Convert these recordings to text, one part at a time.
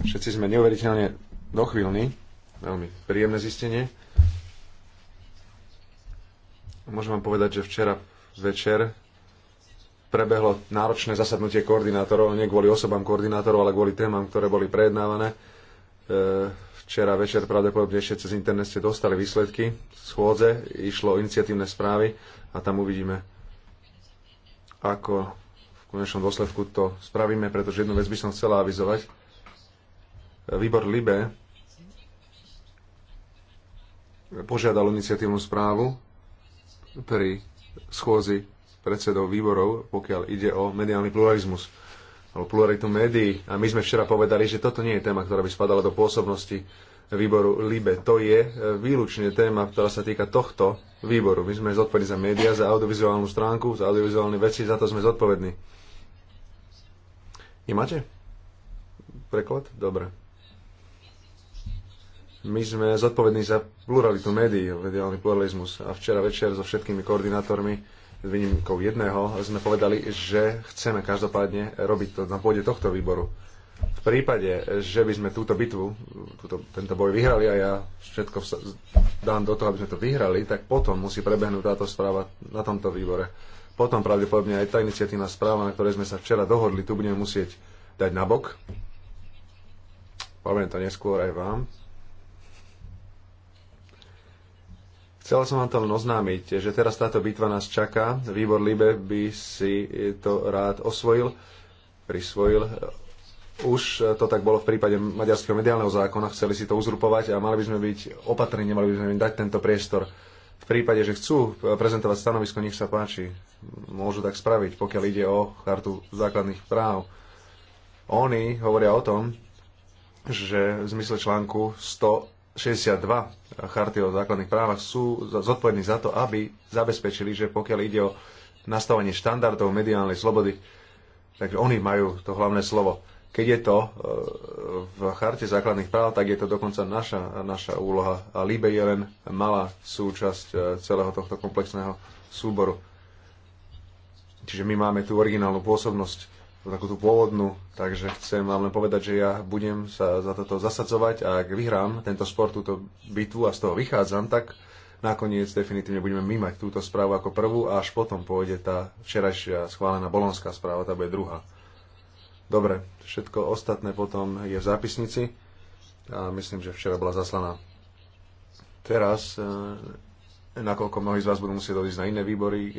Všetci sme neuveriteľne dochvíľní. Veľmi príjemné zistenie. Môžem vám povedať, že včera večer prebehlo náročné zasadnutie koordinátorov, nie kvôli osobám koordinátorov, ale kvôli témam, ktoré boli prejednávané. E, včera večer pravdepodobne ešte cez internet ste dostali výsledky schôdze, išlo o iniciatívne správy a tam uvidíme, ako v konečnom dôsledku to spravíme, pretože jednu vec by som chcela avizovať Výbor LIBE požiadal iniciatívnu správu pri schôzi predsedov výborov, pokiaľ ide o mediálny pluralizmus alebo pluralitu médií. A my sme včera povedali, že toto nie je téma, ktorá by spadala do pôsobnosti výboru LIBE. To je e, výlučne téma, ktorá sa týka tohto výboru. My sme zodpovední za médiá, za audiovizuálnu stránku, za audiovizuálne veci, za to sme zodpovední. Nemáte? Preklad? Dobre. My sme zodpovední za pluralitu médií, mediálny pluralizmus. A včera večer so všetkými koordinátormi, s výnimkou jedného, sme povedali, že chceme každopádne robiť to na pôde tohto výboru. V prípade, že by sme túto bitvu, túto, tento boj vyhrali a ja všetko dám do toho, aby sme to vyhrali, tak potom musí prebehnúť táto správa na tomto výbore. Potom pravdepodobne aj tá iniciatívna správa, na ktorej sme sa včera dohodli, tu budeme musieť dať nabok. Poviem to neskôr aj vám Chcela som vám to len oznámiť, že teraz táto bitva nás čaká. Výbor Libe by si to rád osvojil, prisvojil. Už to tak bolo v prípade maďarského mediálneho zákona, chceli si to uzurpovať a mali by sme byť opatrní, mali by sme im dať tento priestor. V prípade, že chcú prezentovať stanovisko, nech sa páči, môžu tak spraviť, pokiaľ ide o chartu základných práv. Oni hovoria o tom, že v zmysle článku 100 62 charty o základných právach sú zodpovední za to, aby zabezpečili, že pokiaľ ide o nastavenie štandardov mediálnej slobody, tak oni majú to hlavné slovo. Keď je to e, v charte základných práv, tak je to dokonca naša, naša úloha. A Líbe je len malá súčasť e, celého tohto komplexného súboru. Čiže my máme tú originálnu pôsobnosť takú tú pôvodnú, takže chcem vám len povedať, že ja budem sa za toto zasadzovať a ak vyhrám tento sport, túto bitvu a z toho vychádzam, tak nakoniec definitívne budeme my mať túto správu ako prvú a až potom pôjde tá včerajšia schválená bolonská správa, tá bude druhá. Dobre, všetko ostatné potom je v zápisnici a myslím, že včera bola zaslaná. Teraz, eh, nakoľko mnohí z vás budú musieť odísť na iné výbory, eh,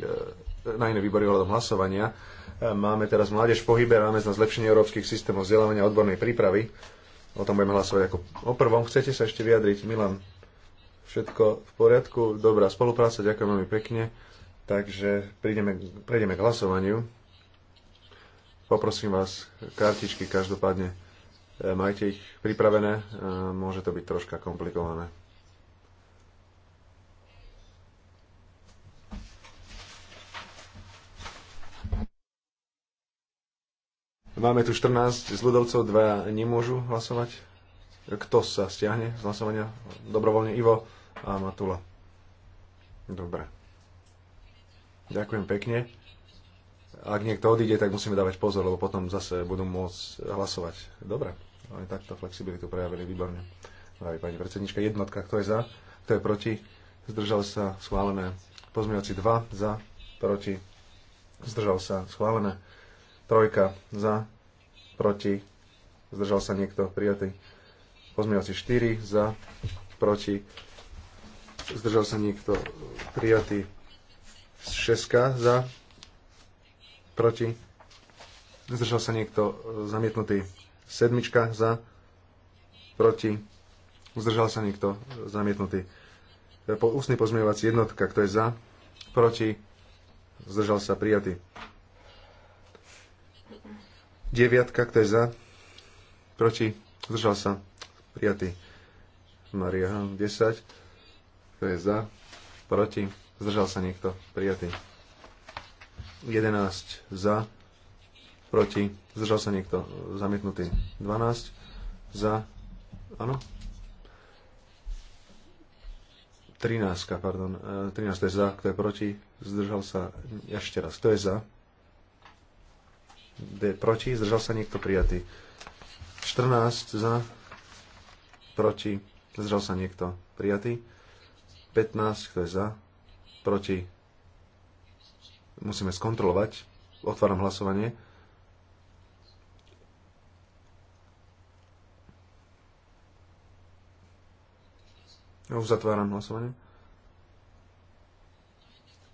na iné výbory ohľadom hlasovania. E, máme teraz Mládež v pohybe, rámec na zlepšenie európskych systémov vzdelávania a odbornej prípravy. O tom budeme hlasovať ako o prvom. Chcete sa ešte vyjadriť, Milan? Všetko v poriadku, dobrá spolupráca, ďakujem veľmi pekne. Takže prídeme, prejdeme k hlasovaniu. Poprosím vás, kartičky každopádne, e, majte ich pripravené, e, môže to byť troška komplikované. Máme tu 14 z ľudovcov, dva nemôžu hlasovať. Kto sa stiahne z hlasovania? Dobrovoľne Ivo a Matula. Dobre. Ďakujem pekne. Ak niekto odíde, tak musíme dávať pozor, lebo potom zase budú môcť hlasovať. Dobre. Oni takto flexibilitu prejavili výborne. Aj pani predsednička, jednotka, kto je za, kto je proti, zdržal sa schválené. Pozmievací 2 za, proti, zdržal sa schválené. Trojka za, proti, zdržal sa niekto, prijatý. Pozmeňovací 4 za, proti, zdržal sa niekto, prijatý. 6 za, proti, zdržal sa niekto, zamietnutý. Sedmička za, proti, zdržal sa niekto, zamietnutý. E, ústny pozmeňovací jednotka, kto je za, proti, zdržal sa, prijatý. Deviatka, kto je za? Proti? Zdržal sa. Prijatý. Maria 10. Kto je za? Proti? Zdržal sa niekto. Prijatý. 11 za. Proti? Zdržal sa niekto. Zamietnutý. 12 za. Áno? 13, pardon. 13 e, je za, kto je proti? Zdržal sa. Ešte raz. Kto je za? D proti, zdržal sa niekto prijatý. 14 za, proti, zdržal sa niekto prijatý. 15, kto je za, proti, musíme skontrolovať. Otváram hlasovanie. Ja už zatváram hlasovanie.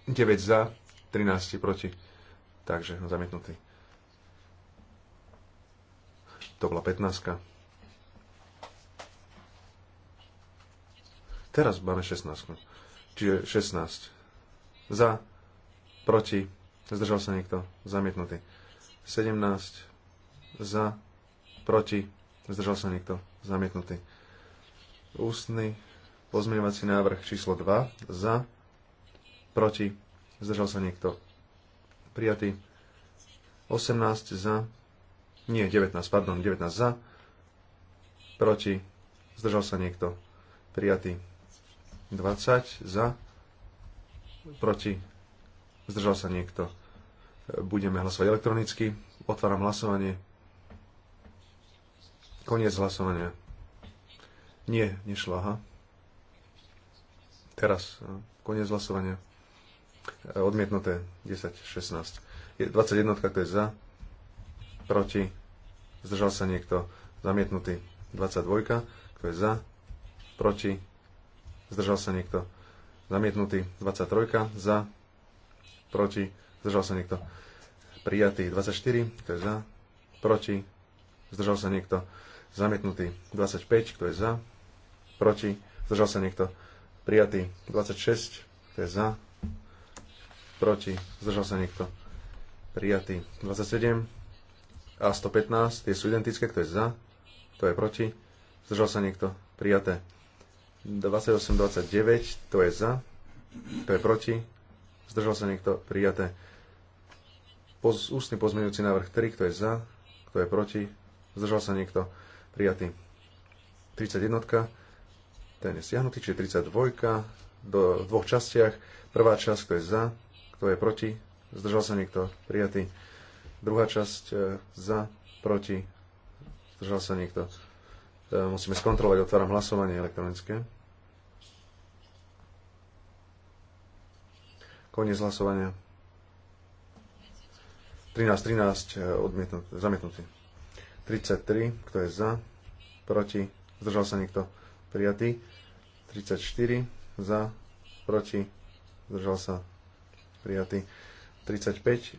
9 za, 13 proti. Takže no, zamietnutý. To bola 15. Teraz máme 16. Čiže 16. Za, proti, zdržal sa niekto, zamietnutý. 17. Za, proti, zdržal sa niekto, zamietnutý. Ústny pozmeňovací návrh číslo 2. Za, proti, zdržal sa niekto, prijatý. 18 za, nie, 19, pardon, 19 za. Proti. Zdržal sa niekto. Prijatý. 20 za. Proti. Zdržal sa niekto. Budeme hlasovať elektronicky. Otváram hlasovanie. Koniec hlasovania. Nie, nešlo, aha. Teraz. Eh, koniec hlasovania. Eh, odmietnuté. 10, 16. 21, to je za. Proti Zdržal sa niekto? Zamietnutý. 22. Kto je za? Proti? Zdržal sa niekto? Zamietnutý. 23. Za? Proti? Zdržal sa niekto? Prijatý. 24. Kto je za? Proti? Zdržal sa niekto? Zamietnutý. 25. Kto je za? Proti? Zdržal sa niekto? Prijatý. 26. Kto je za? Proti? Zdržal sa niekto? Prijatý. 27 a 115, tie sú identické, kto je za, kto je proti, zdržal sa niekto, prijaté. 28, 29, to je za, kto je proti, zdržal sa niekto, prijaté. Poz, ústny pozmeňujúci návrh 3, kto je za, kto je proti, zdržal sa niekto, prijatý. 31, ten je stiahnutý, čiže 32, do, v dvoch častiach. Prvá časť, kto je za, kto je proti, zdržal sa niekto, prijatý Druhá časť e, za, proti, zdržal sa niekto. E, musíme skontrolovať, otváram hlasovanie elektronické. Koniec hlasovania. 13, 13, e, odmietnut, zamietnutý. 33, kto je za, proti, zdržal sa niekto, prijatý. 34, za, proti, zdržal sa, prijatý. 35,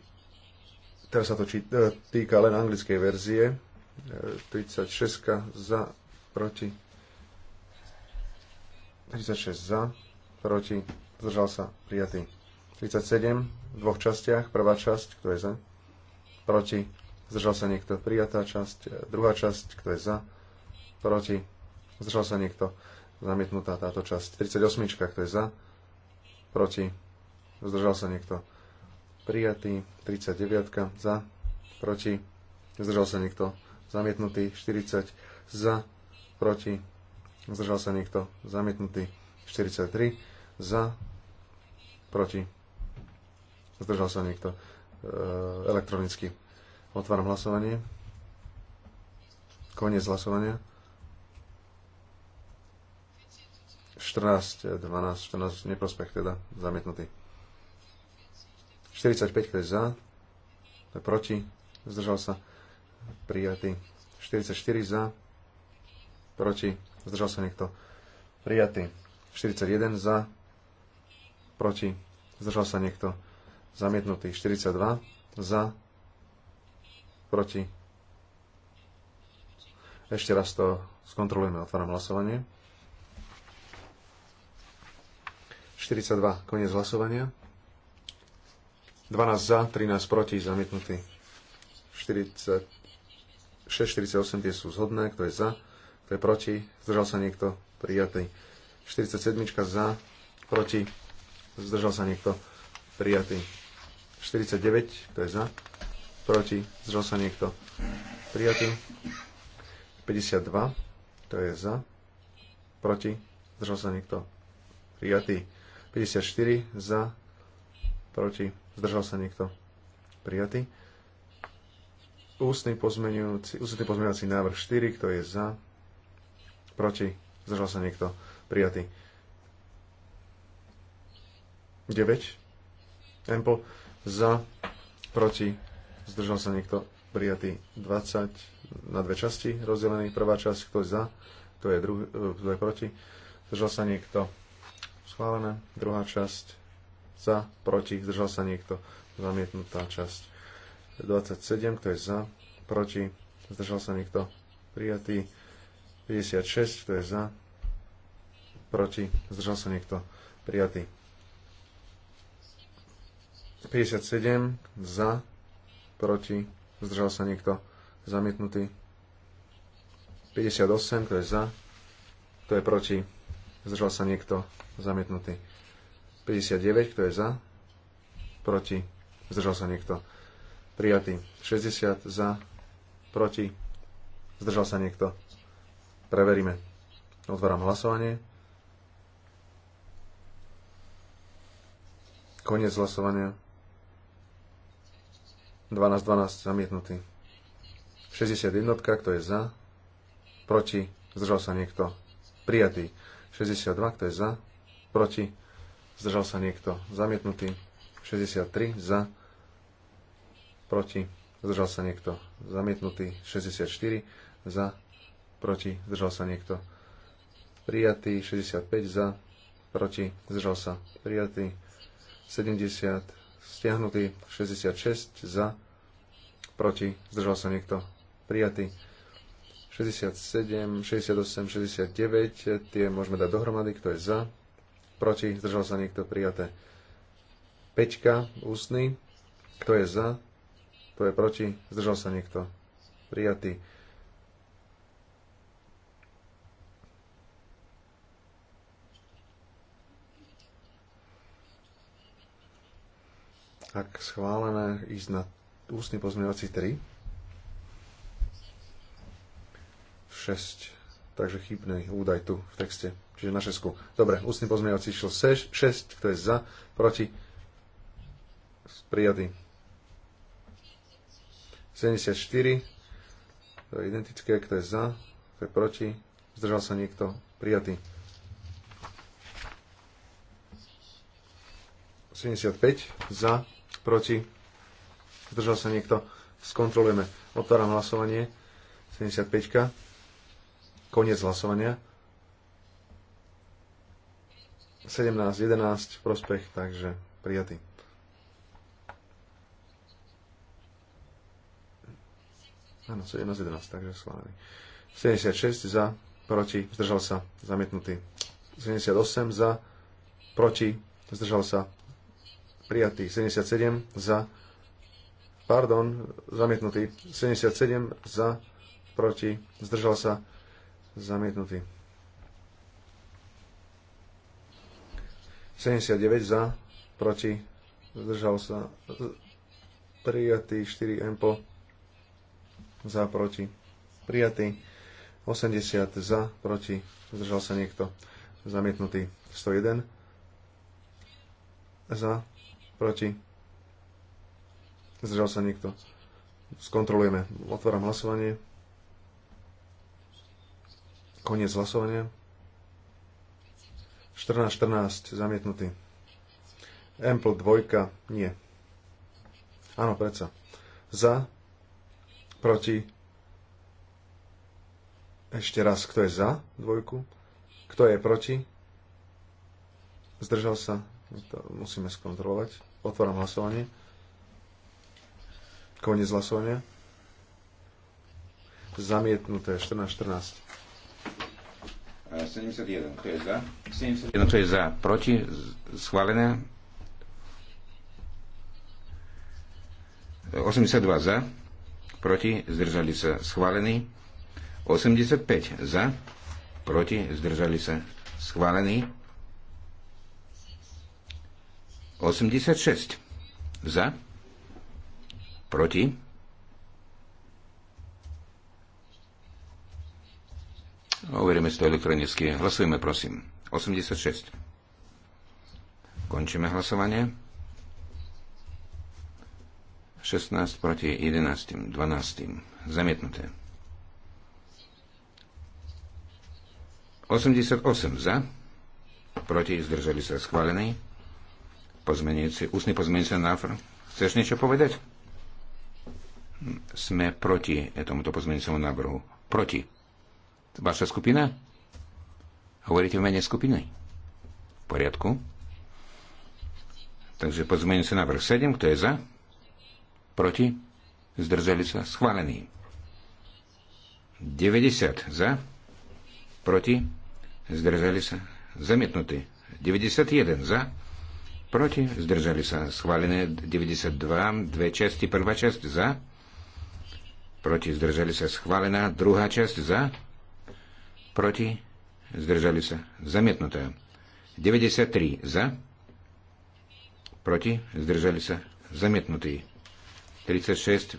Teraz sa to či, e, týka len anglickej verzie. 36 e, za, proti. 36 za, proti. Zdržal sa, prijatý. 37 v dvoch častiach. Prvá časť, kto je za? Proti. Zdržal sa niekto, prijatá časť. E, druhá časť, kto je za? Proti. Zdržal sa niekto, zamietnutá táto časť. 38, kto je za? Proti. Zdržal sa niekto, prijatý, 39 za, proti, zdržal sa niekto, zamietnutý, 40 za, proti, zdržal sa niekto, zamietnutý, 43 za, proti, zdržal sa niekto, e, elektronicky. Otváram hlasovanie. Koniec hlasovania. 14, 12, 14, neprospech teda, zamietnutý. 45, kto je za, to je proti, zdržal sa, prijatý. 44 za, proti, zdržal sa niekto, prijatý. 41 za, proti, zdržal sa niekto, zamietnutý. 42 za, proti. Ešte raz to skontrolujeme, otváram hlasovanie. 42, koniec hlasovania. 12 za, 13 proti, zamietnutý. 46, 48 tie sú zhodné, kto je za, kto je proti, zdržal sa niekto, prijatý. 47 za, proti, zdržal sa niekto, prijatý. 49, kto je za, proti, zdržal sa niekto, prijatý. 52, kto je za, proti, zdržal sa niekto, prijatý. 54 za, proti, Zdržal sa niekto? Prijatý. Ústny pozmeňujúci, ústny návrh 4, kto je za? Proti? Zdržal sa niekto? Prijatý. 9. Ample. Za. Proti. Zdržal sa niekto? Prijatý. 20. Na dve časti rozdelený. Prvá časť, kto je za? Kto je, druh- e, kto je proti? Zdržal sa niekto? Schválené. Druhá časť za, proti, zdržal sa niekto, zamietnutá časť 27, kto je za, proti, zdržal sa niekto, prijatý 56, kto je za, proti, zdržal sa niekto, prijatý 57, za, proti, zdržal sa niekto, zamietnutý 58, kto je za, kto je proti, zdržal sa niekto, zamietnutý 59, kto je za? Proti. Zdržal sa niekto. Prijatý. 60 za. Proti. Zdržal sa niekto. Preveríme. Otváram hlasovanie. Koniec hlasovania. 12, 12, zamietnutý. 61, kto je za? Proti. Zdržal sa niekto. Prijatý. 62, kto je za? Proti. Zdržal sa niekto. Zamietnutý. 63 za. Proti. Zdržal sa niekto. Zamietnutý. 64 za. Proti. Zdržal sa niekto. Prijatý. 65 za. Proti. Zdržal sa. Prijatý. 70. Stiahnutý. 66 za. Proti. Zdržal sa niekto. Prijatý. 67, 68, 69, tie môžeme dať dohromady, kto je za, proti, zdržal sa niekto, prijaté. Peťka, ústny, kto je za, kto je proti, zdržal sa niekto, prijatý. ak schválené, ísť na ústny pozmeňovací 3. 6. Takže chybný údaj tu v texte čiže na šesku. Dobre, ústny pozmeňovací číslo 6, kto je za, proti, prijatý. 74, to je identické, kto je za, kto je proti, zdržal sa niekto, prijatý. 75, za, proti, zdržal sa niekto, skontrolujeme. Otváram hlasovanie. 75. Koniec hlasovania. 17, 11 v prospech, takže prijatý. Áno, 17, 11, takže schválený. 76 za, proti, zdržal sa, zamietnutý. 78 za, proti, zdržal sa, prijatý. 77 za, pardon, zamietnutý. 77 za, proti, zdržal sa, zamietnutý. 79 za, proti, zdržal sa, prijatý 4 empo, za, proti, prijatý 80 za, proti, zdržal sa niekto, zamietnutý 101 za, proti, zdržal sa niekto. Skontrolujeme. Otváram hlasovanie. Koniec hlasovania. 14-14 zamietnutý. Ample 2 nie. Áno, predsa. Za, proti, ešte raz, kto je za dvojku, kto je proti, zdržal sa, to musíme skontrolovať. Otváram hlasovanie. Koniec hlasovania. Zamietnuté 14-14. 71, kto je za? 71, kto je za? Proti? Schválené? 82 za. Proti? Zdržali sa. schválení. 85 za. Proti? Zdržali sa. schválení. 86 za. Proti? Overíme si to elektronicky. Hlasujeme, prosím. 86. Končíme hlasovanie. 16 proti 11, 12. Zamietnuté. 88 za, proti zdržali sa schválený. Pozmenujúci, ústny pozmenujúci návrh. Chceš niečo povedať? Hm, sme proti tomuto pozmenujúcemu návrhu. Proti. Vaša skupina? Hovoríte v mene skupiny? V poriadku. Takže pozmením sa návrh 7. Kto je za? Proti? Zdržali sa? Schválený. 90 za? Proti? Zdržali sa? Zamietnutý. 91 za? Proti? Zdržali sa? Schválené 92. Dve časti. Prvá časť za? Proti? Zdržali sa? Schválená. Druhá časť za? proti, zdržali sa, zamietnuté. 93 za, proti, zdržali sa, zamietnutý. 36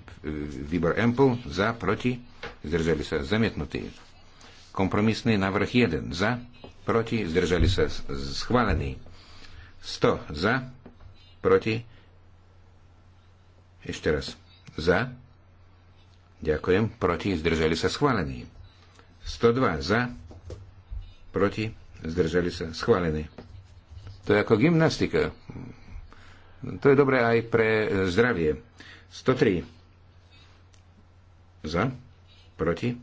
výbor Empl, za, proti, zdržali sa, zamietnutý. Kompromisný návrh 1 za, proti, zdržali sa, schválený. 100 za, proti, ešte raz, za, ďakujem, proti, zdržali sa, schválený. 102 za, proti, zdržali sa, schválený. To je ako gymnastika. To je dobré aj pre e, zdravie. 103 za, proti,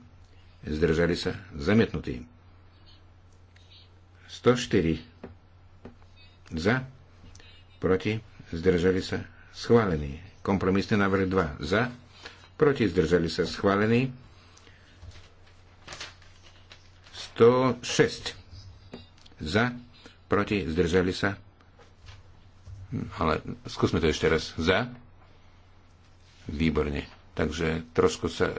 zdržali sa, zamietnutý. 104 za, proti, zdržali sa, schválený. Kompromisný návrh 2 za, proti, zdržali sa, schválený. 106 za, proti, zdržali sa. Ale skúsme to ešte raz. Za. Výborne. Takže trošku sa e,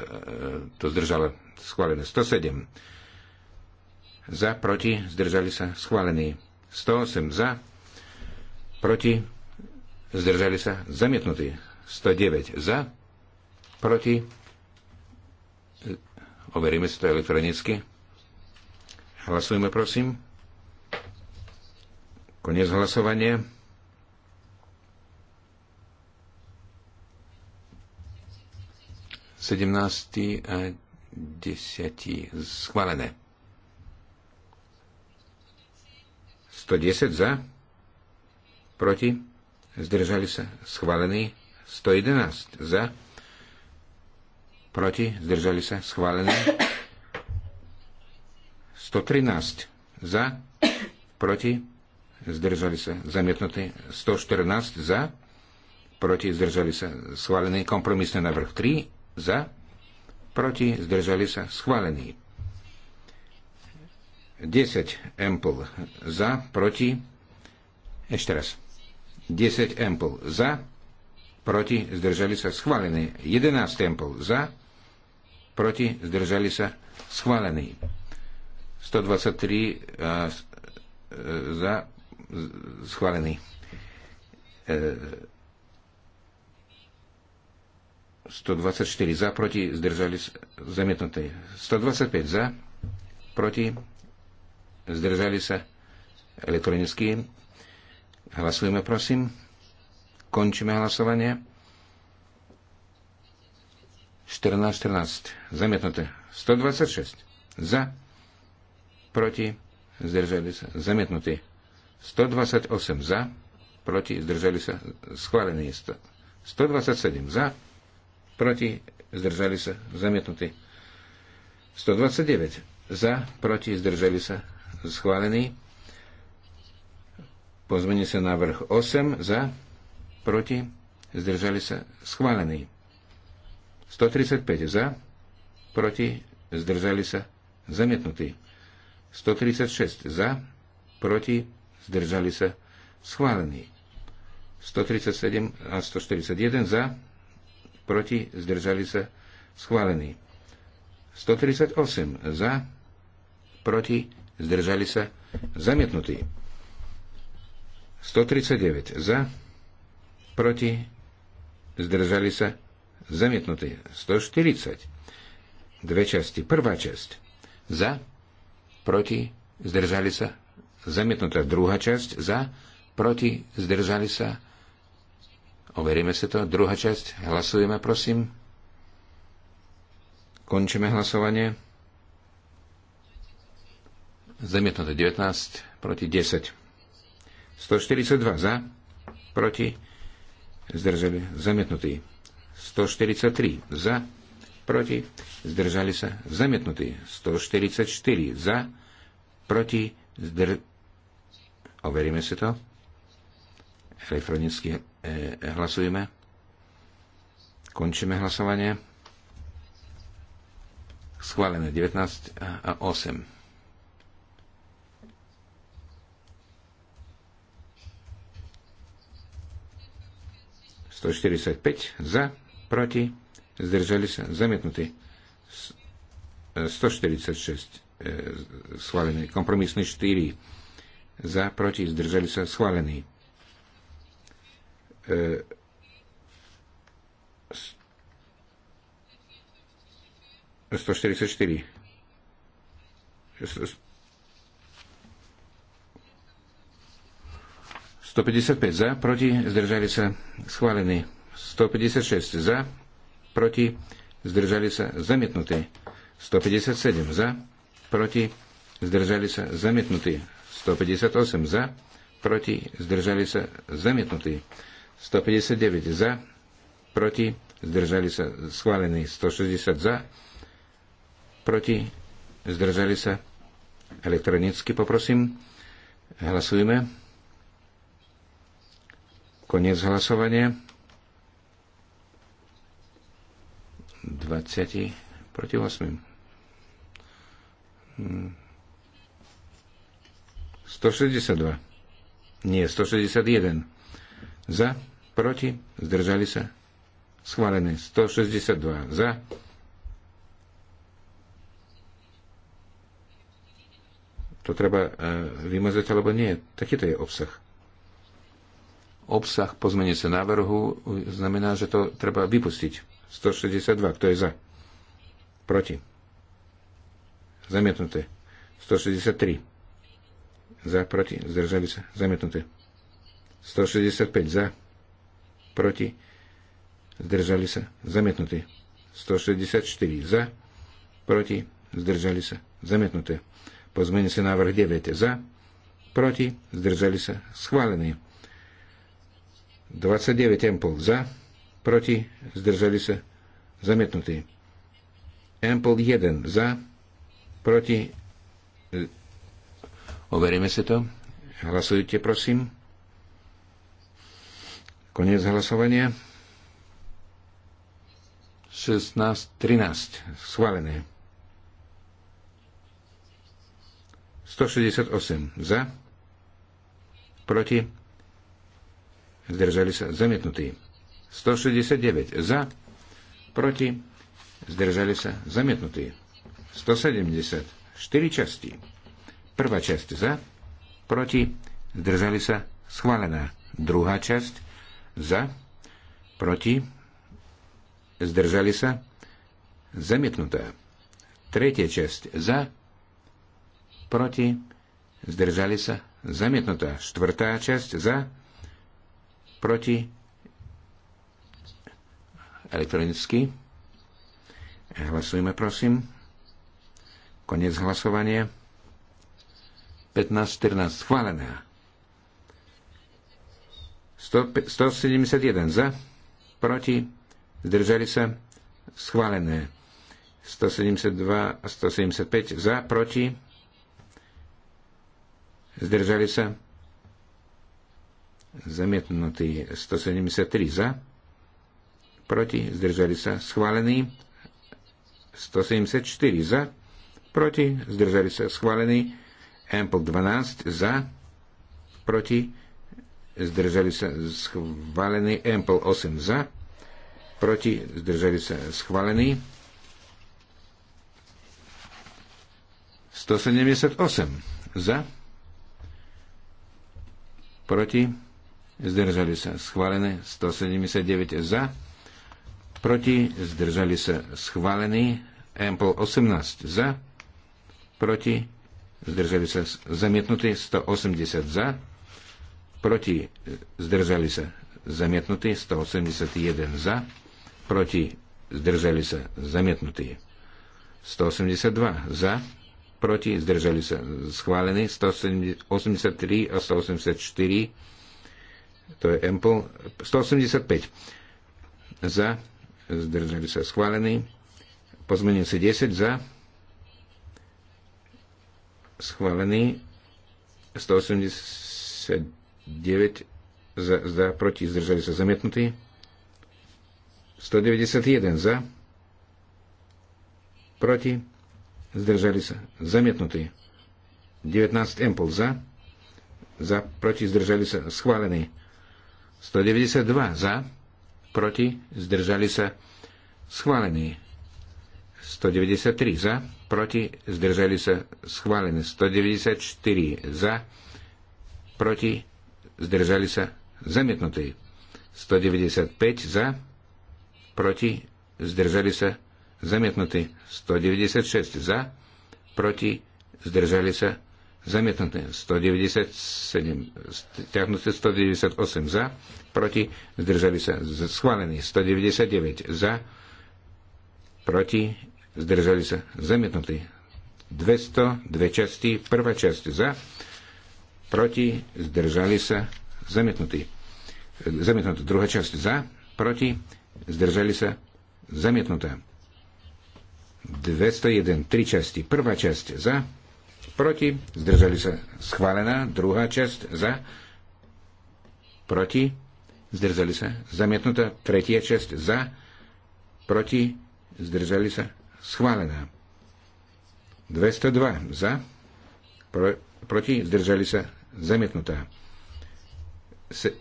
to zdržalo. Schválené. 107. Za, proti, zdržali sa. Schválený. 108 za, proti, zdržali sa. Zamietnutý. 109 za, proti. E, overíme si to elektronicky. Hlasujme, prosím. Konec hlasovania. Sedemnácti a desiatí schválené. 110 za, proti, zdržali sa, schválený, 111 za, proti, zdržali sa, schválený, 113 za, proti, zdržali sa zamietnutí. 114 za, proti, zdržali sa schválený. Kompromisný návrh 3 za, proti, zdržali sa schválený. 10 ampul za, proti, ešte raz, 10 ampul za, proti, zdržali sa schválený. 11 ampul za, proti, zdržali sa schválený. 123 e, za schválený. 124 e, za, proti, zdržali sa, zamietnuté. 125 za, proti, zdržali sa elektronicky. Hlasujeme, prosím. Končíme hlasovanie. 14, 14. Zamietnuté. 126. Za proti, zdržali sa, zamietnutí. 128 za, proti, zdržali sa, schválený. je 127 za, proti, zdržali sa, zamietnutí. 129 za, proti, zdržali sa, schválený. Pozmenie sa návrh 8 za, proti, zdržali sa, schválený. 135 za, proti, zdržali sa, zamietnutý. 136 za, proti, zdržali sa, schválený. 137 a 141 za, proti, zdržali sa, schválený. 138 za, proti, zdržali sa, zamietnutý. 139 za, proti, zdržali sa, zamietnutý. 140. Dve časti. Prvá časť. Za, proti, zdržali sa, zamietnutá druhá časť, za, proti, zdržali sa, overíme sa to, druhá časť, hlasujeme, prosím. Končíme hlasovanie. Zamietnuté 19 proti 10. 142 za, proti, zdržali, zamietnutý. 143 za, proti, zdržali sa, zamietnutí. 144 za, proti, zdr... Overíme si to. Elektronicky e, hlasujeme. Končíme hlasovanie. Schválené 19 a 8. 145 za, proti, zdržali sa, zamietnutí. 146 e, e, schválený, kompromisný 4 za, proti, zdržali sa, schválený. 144. E, sto päťdesiat päť za, proti, zdržali sa schválení. Sto päťdesiat šesť za, proti, zdržali sa zamietnutí. 157 za, proti, zdržali sa zamietnutí. 158 za, proti, zdržali sa zamietnutí. 159 za, proti, zdržali sa schválení. 160 za, proti, zdržali sa elektronicky, poprosím. Hlasujeme. Koniec hlasovania. 20 proti 8. 162. Hm. Nie, 161. Za, proti, zdržali sa. Schválené. 162. Za. To treba e, vymazať alebo nie. Takýto je obsah obsah pozmenie sa návrhu e, znamená, že to treba vypustiť. 162. Kto je za? Proti. Zamietnuté. 163. Za, proti, zdržali sa, zamietnuté. 165 za, proti, zdržali sa, zamietnuté. 164 za, proti, zdržali sa, zamietnuté. Po Pozmení sa návrh 9 za, proti, zdržali sa, schválené. 29 empol za, proti, zdržali sa, zamietnutí. Ample 1 za, proti, e, overíme si to. Hlasujte, prosím. Koniec hlasovania. 16, 13. Schválené. 168 za, proti, zdržali sa, zamietnutí. 169 za, proti, zdržali sa, zamietnutí. 170, 4 časti. Prvá časť za, proti, zdržali sa, schválená. Druhá časť za, proti, zdržali sa, zamietnutá. Tretia časť za, proti, zdržali sa, zamietnutá. Štvrtá časť za, proti, elektronicky. Hlasujme, prosím. Konec hlasovania. 15-14. Schválená. 171 za, proti, zdržali sa, schválené. 172 a 175 za, proti, zdržali sa, zamietnutý 173 za, proti, zdržali sa schválený. 174 za, proti, zdržali sa schválený. Ample 12 za, proti, zdržali sa schválený. Ample 8 za, proti, zdržali sa schválený. 178 za, proti, zdržali sa schválené 179 za, proti, zdržali sa schválení, Ample 18 za, proti, zdržali sa zamietnutí, 180 za, proti, zdržali sa zamietnutí, 181 za, proti, zdržali sa zamietnutí, 182 za, proti, zdržali sa schválení, 183 a 184, to je Ample, 185 za, zdržali sa schválení. Pozmenujúci 10 za, schválený. 189 za, za proti, zdržali sa zamietnutí. 191 za, proti, zdržali sa zamietnutí. 19 empol za, za proti, zdržali sa schválený. 192 za, proti, zdržali sa, schválený. 193 za, proti, zdržali sa, schválený. 194 za, proti, zdržali sa, zamietnutý. 195 za, proti, zdržali sa, zamietnutý. 196 za, proti, zdržali sa, zamietnutý. Zamietnuté 197, stiahnuté 198 za, proti, zdržali sa schválený 199 za, proti, zdržali sa zamietnutí 200, dve časti, prvá časť za, proti, zdržali sa zamietnutí. Zamietnutá druhá časť za, proti, zdržali sa zamietnutá. 201, tri časti, prvá časť za, proti, zdržali sa schválená, druhá časť za, proti, zdržali sa zamietnutá, tretia časť za, proti, zdržali sa schválená. 202 za, pro, proti, zdržali sa zamietnutá.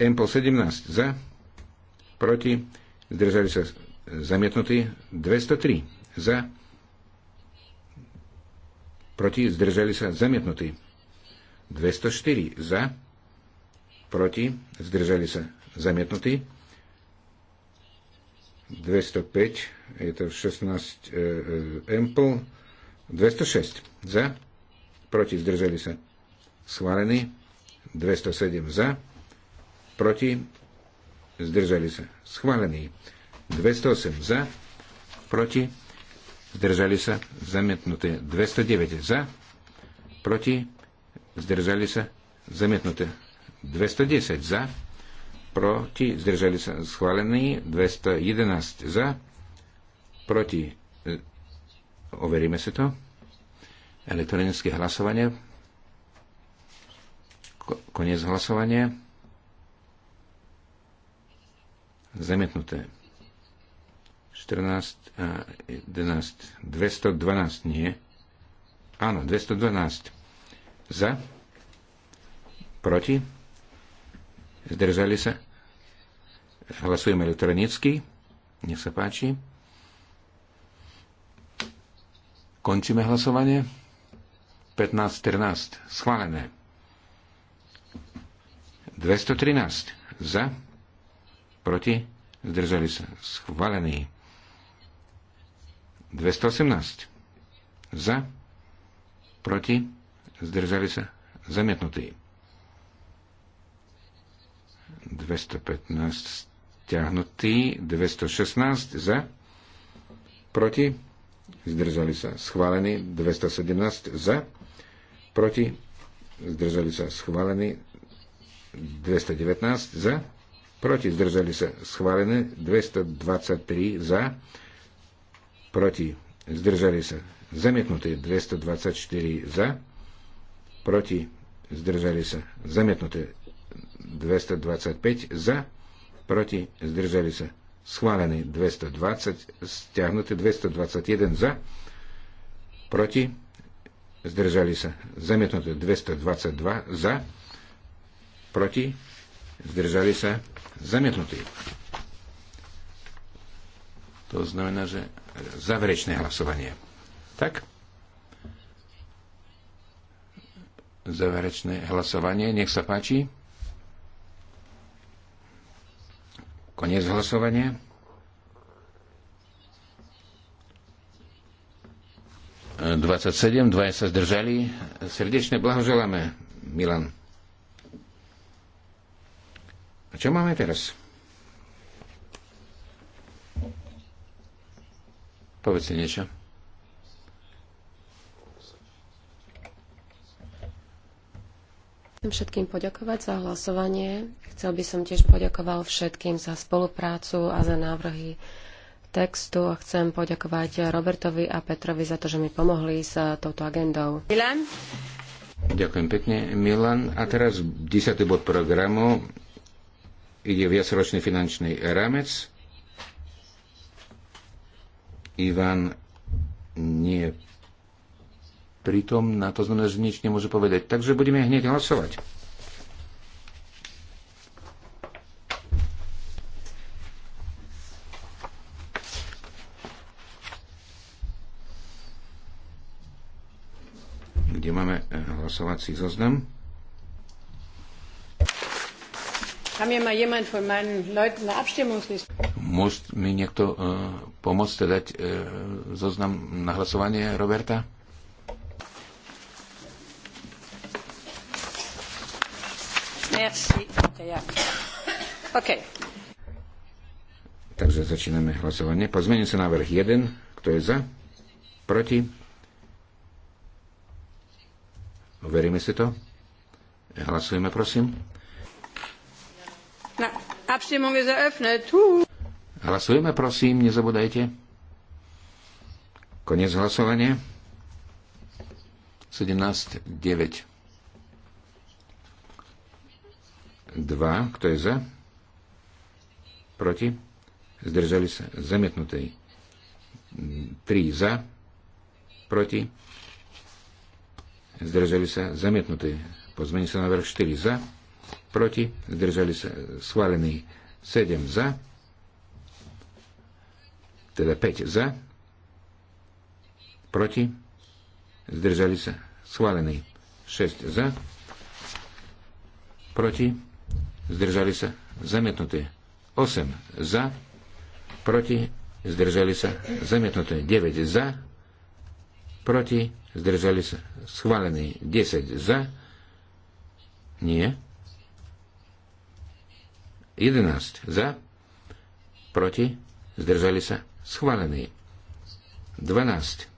Empol 17 za, proti, zdržali sa zamietnutí, 203 za, proti, zdržali sa, zamietnutí. 204 za, proti, zdržali sa, zamietnutí. 205, je to 16 e, e, Ample, 206 za, proti, zdržali sa, schválení. 207 za, proti, zdržali sa, schválení. 208 za, proti, zdržali sa, zamietnuté 209 za, proti, zdržali sa, zamietnuté 210 za, proti, zdržali sa, schválený 211 za, proti, e, overíme si to, elektronické hlasovanie, koniec hlasovania, zamietnuté 14 a 11. 212 nie. Áno, 212. Za. Proti. Zdržali sa. Hlasujeme elektronicky. Nech sa páči. Končíme hlasovanie. 15-14. Schválené. 213. Za. Proti. Zdržali sa. Schválený. 218. Za. Proti. Zdržali sa. Zamietnutý. 215 stiahnutý. 216 za. Proti. Zdržali sa. Schválený. 217 za. Proti. Zdržali sa. Schválený. 219 za. Proti. Zdržali sa. Schválený. 223 za proti, zdržali sa, zamietnuté 224 za, proti, zdržali sa, zamietnuté 225 za, proti, zdržali sa, schválený 220, stiahnuté 221 za, proti, zdržali sa, zamietnuté 222 za, proti, zdržali sa, zamietnutý. To znamená, že záverečné hlasovanie. Tak? Záverečné hlasovanie. Nech sa páči. Koniec hlasovania. Dvadsaťsedem, dvaja sa zdržali. Srdečne blahoželáme, Milan. A čo máme teraz? Povedzte niečo. Chcem všetkým poďakovať za hlasovanie. Chcel by som tiež poďakoval všetkým za spoluprácu a za návrhy textu a chcem poďakovať Robertovi a Petrovi za to, že mi pomohli s uh, touto agendou. Milan. Ďakujem pekne, Milan. A teraz 10. bod programu ide viacročný finančný rámec. Ivan nie je pritom, na to znamená, že nič nemôže povedať. Takže budeme hneď hlasovať. kde máme eh, hlasovací zoznam. Haben wir mal jemand von meinen Leuten eine Abstimmungsliste? Môže mi niekto e, pomôcť teda dať e, zoznam na hlasovanie Roberta? Merci. Okay, yeah. okay. Takže začíname hlasovanie. Pozmením sa návrh 1. Kto je za? Proti? Overíme si to. Hlasujeme, prosím. Na, Abstimmung ist eröffnet. Huh. Hlasujeme, prosím, nezabudajte. Konec hlasovania. 17, 9. 2. Kto je za? Proti? Zdržali sa. Zamietnutej. 3 za. Proti? Zdržali sa. Zamietnutej. Pozmení sa na vrch 4 za. Proti? Zdržali sa. Schválený 7 za teda 5 za, proti, zdržali sa, schválený. 6 za, proti, zdržali sa, zamietnuté. 8 za, proti, zdržali sa, zamietnuté. 9 za, proti, zdržali sa, schválený. 10 za, nie. 11 za, proti, zdržali sa, Schválený. 12.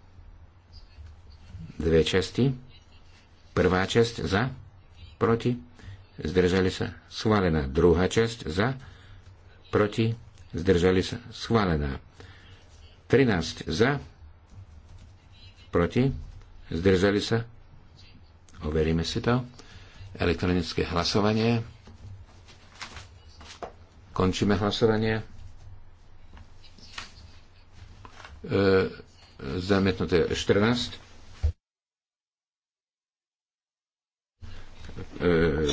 Dve časti. Prvá časť za, proti, zdržali sa, schválená. Druhá časť za, proti, zdržali sa, schválená. 13 za, proti, zdržali sa. Overíme si to. Elektronické hlasovanie. Končíme hlasovanie. e, zametnuté 14,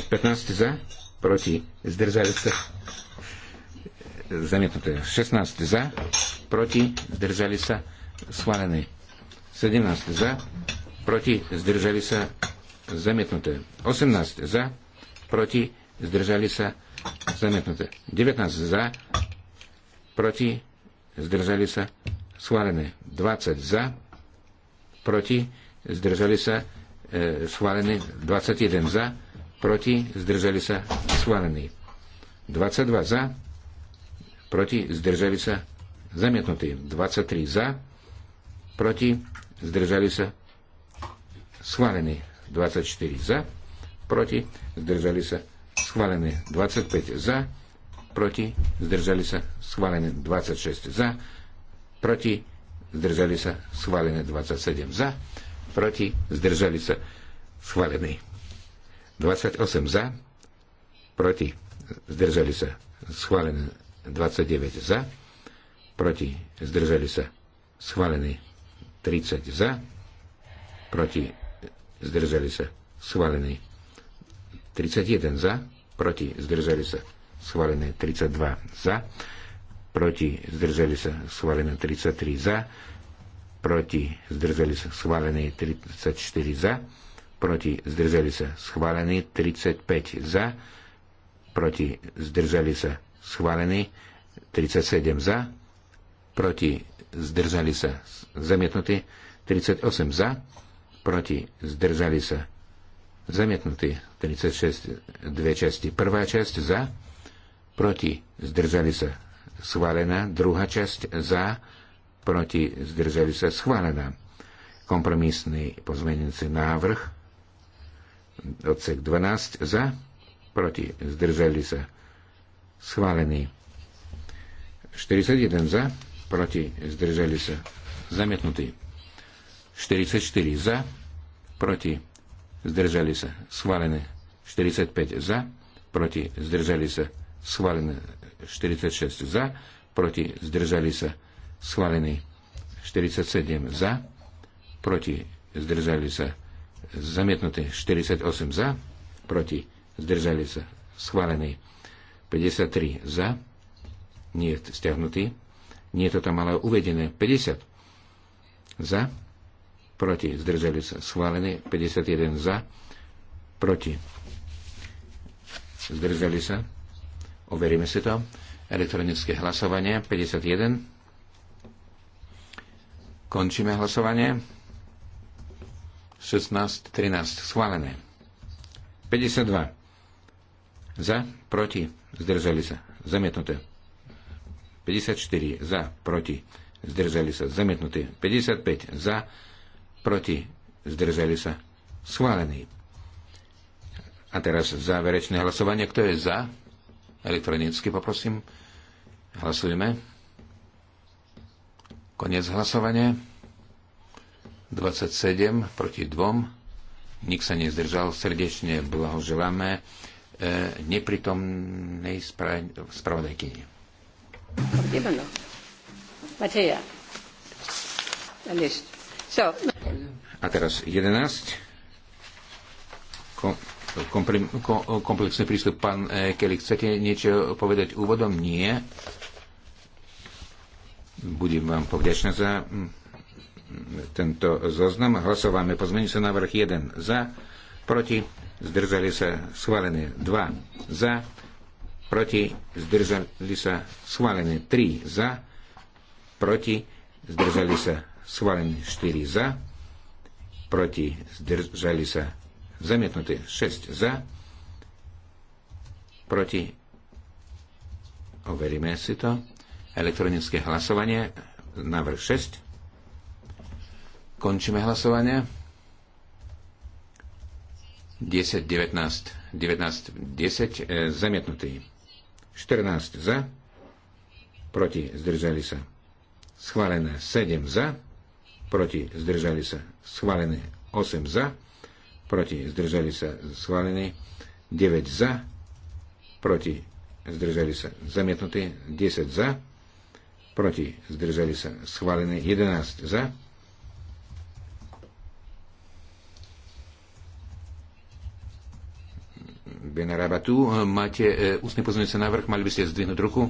15 za, proti, zdržali sa, zamietnuté 16 za, proti, zdržali sa, schválené 17 za, proti, zdržali sa, zamietnuté 18 za, proti, zdržali sa, zamietnuté 19 za, proti, zdržali sa, schválené 20 za, proti, zdržali sa, e, schválené 21 za, proti, zdržali sa, schválený 22 za, proti, zdržali sa, zamietnutý 23 za, proti, zdržali sa, schválený 24 za, proti, zdržali sa, schválený 25 za, proti, zdržali sa, schválený 26 za, proti, zdržali sa, schválené 27 za, proti, zdržali sa, schválený. 28 za, proti, zdržali sa, schválené 29 za, proti, zdržali sa, schválený 30 za, proti, zdržali sa, schválený 31 za, proti, zdržali sa, schválené 32 za, proti, zdrželi sa schválené 33 za, proti, zdrželi sa schválené 34 za, proti, zdrželi sa schválené 35 za, proti, zdrželi sa schválené 37 za, proti, zdrželi sa zamietnutí 38 za, proti, zdrželi sa zamietnutí 36 dve časti. Prvá časť za, proti, zdrželi sa schválená. Druhá časť za, proti, zdržali sa, schválená. Kompromisný pozmenujúci návrh, odsek 12, za, proti, zdržali sa, schválený. 41 za, proti, zdržali sa, zamietnutý. 44 za, proti, zdržali sa, schválené. 45 za, proti, zdržali sa, schválené. 46 za, proti zdržali sa schválený 47 za, proti zdržali sa zamietnuté 48 za, proti zdržali sa schválený 53 za, nie je stiahnutý, nie je to tam ale uvedené 50 za, proti zdržali sa schválený 51 za, proti zdržali sa Overíme si to. Elektronické hlasovanie 51. Končíme hlasovanie. 16, 13. Schválené. 52. Za, proti, zdržali sa. Zamietnuté. 54. Za, proti, zdržali sa. Zamietnuté. 55. Za, proti, zdržali sa. Schválený. A teraz záverečné hlasovanie. Kto je za? Elektronicky poprosím. Hlasujeme. Konec hlasovania. 27 proti 2. Nik sa nezdržal. Srdečne blahoželáme e, nepritomnej spra- spravodajkyni. A teraz 11. Ko- komplexný prístup. Pán eh, Kelly, chcete niečo povedať úvodom? Nie. Budem vám povďačná za mm, tento zoznam. Hlasováme sa návrh 1 za, proti, zdržali sa schválené 2 za, proti, zdržali sa schválené 3 za, proti, zdržali sa schválené 4 za, proti, zdržali sa Zamietnuté. 6 za. Proti. Overíme si to. Elektronické hlasovanie. Návrh 6. Končíme hlasovanie. 10, 19, 19, 10, e, zamietnutý. 14 za, proti, zdržali sa. Schválené 7 za, proti, zdržali sa. Schválené 8 za, proti, zdržali sa schválení, 9 za, proti, zdržali sa zamietnutí, 10 za, proti, zdržali sa schválení, 11 za, Bena Rabatu, máte e, ústny pozmeňujúci návrh, mali by ste zdvihnúť ruku?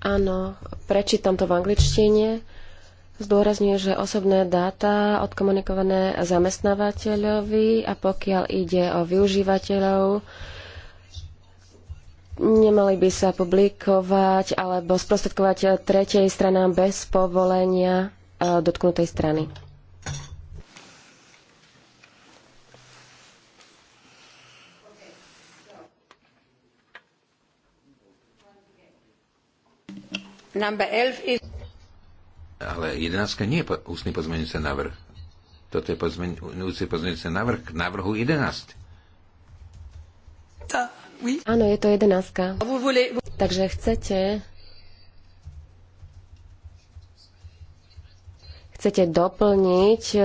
Áno, prečítam to v angličtine zdôrazňuje, že osobné dáta odkomunikované zamestnávateľovi a pokiaľ ide o využívateľov, nemali by sa publikovať alebo sprostredkovať tretej stranám bez povolenia e, dotknutej strany. Number 11 is ale 11 nie je po, ústny pozmeňujúci návrh. Toto je pozmeňujúci pozmeňujúci návrh k návrhu 11. Tá, oui. Áno, je to 11. Takže chcete chcete doplniť e,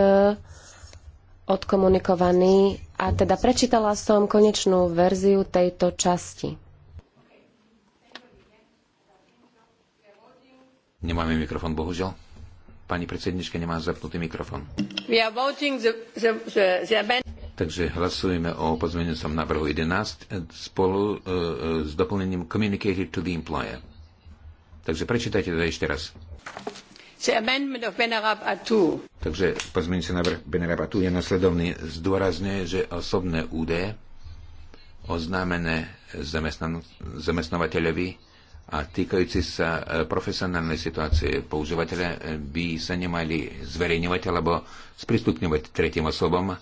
odkomunikovaný a teda prečítala som konečnú verziu tejto časti. Nemáme mikrofon, bohužiaľ. Pani predsednička nemá zapnutý mikrofón. The, the, the, Takže hlasujeme o pozmeňujúcom návrhu 11 spolu e, e, s doplnením Communicated to the Employer. Takže prečítajte to ešte raz. Takže pozmeňujúci návrh Benarabatu je nasledovný. Zdôrazňuje, že osobné údaje oznámené zamestnan- zamestnávateľovi a týkajúci sa e, profesionálnej situácie používateľa e, by sa nemali zverejňovať alebo sprístupňovať tretím osobom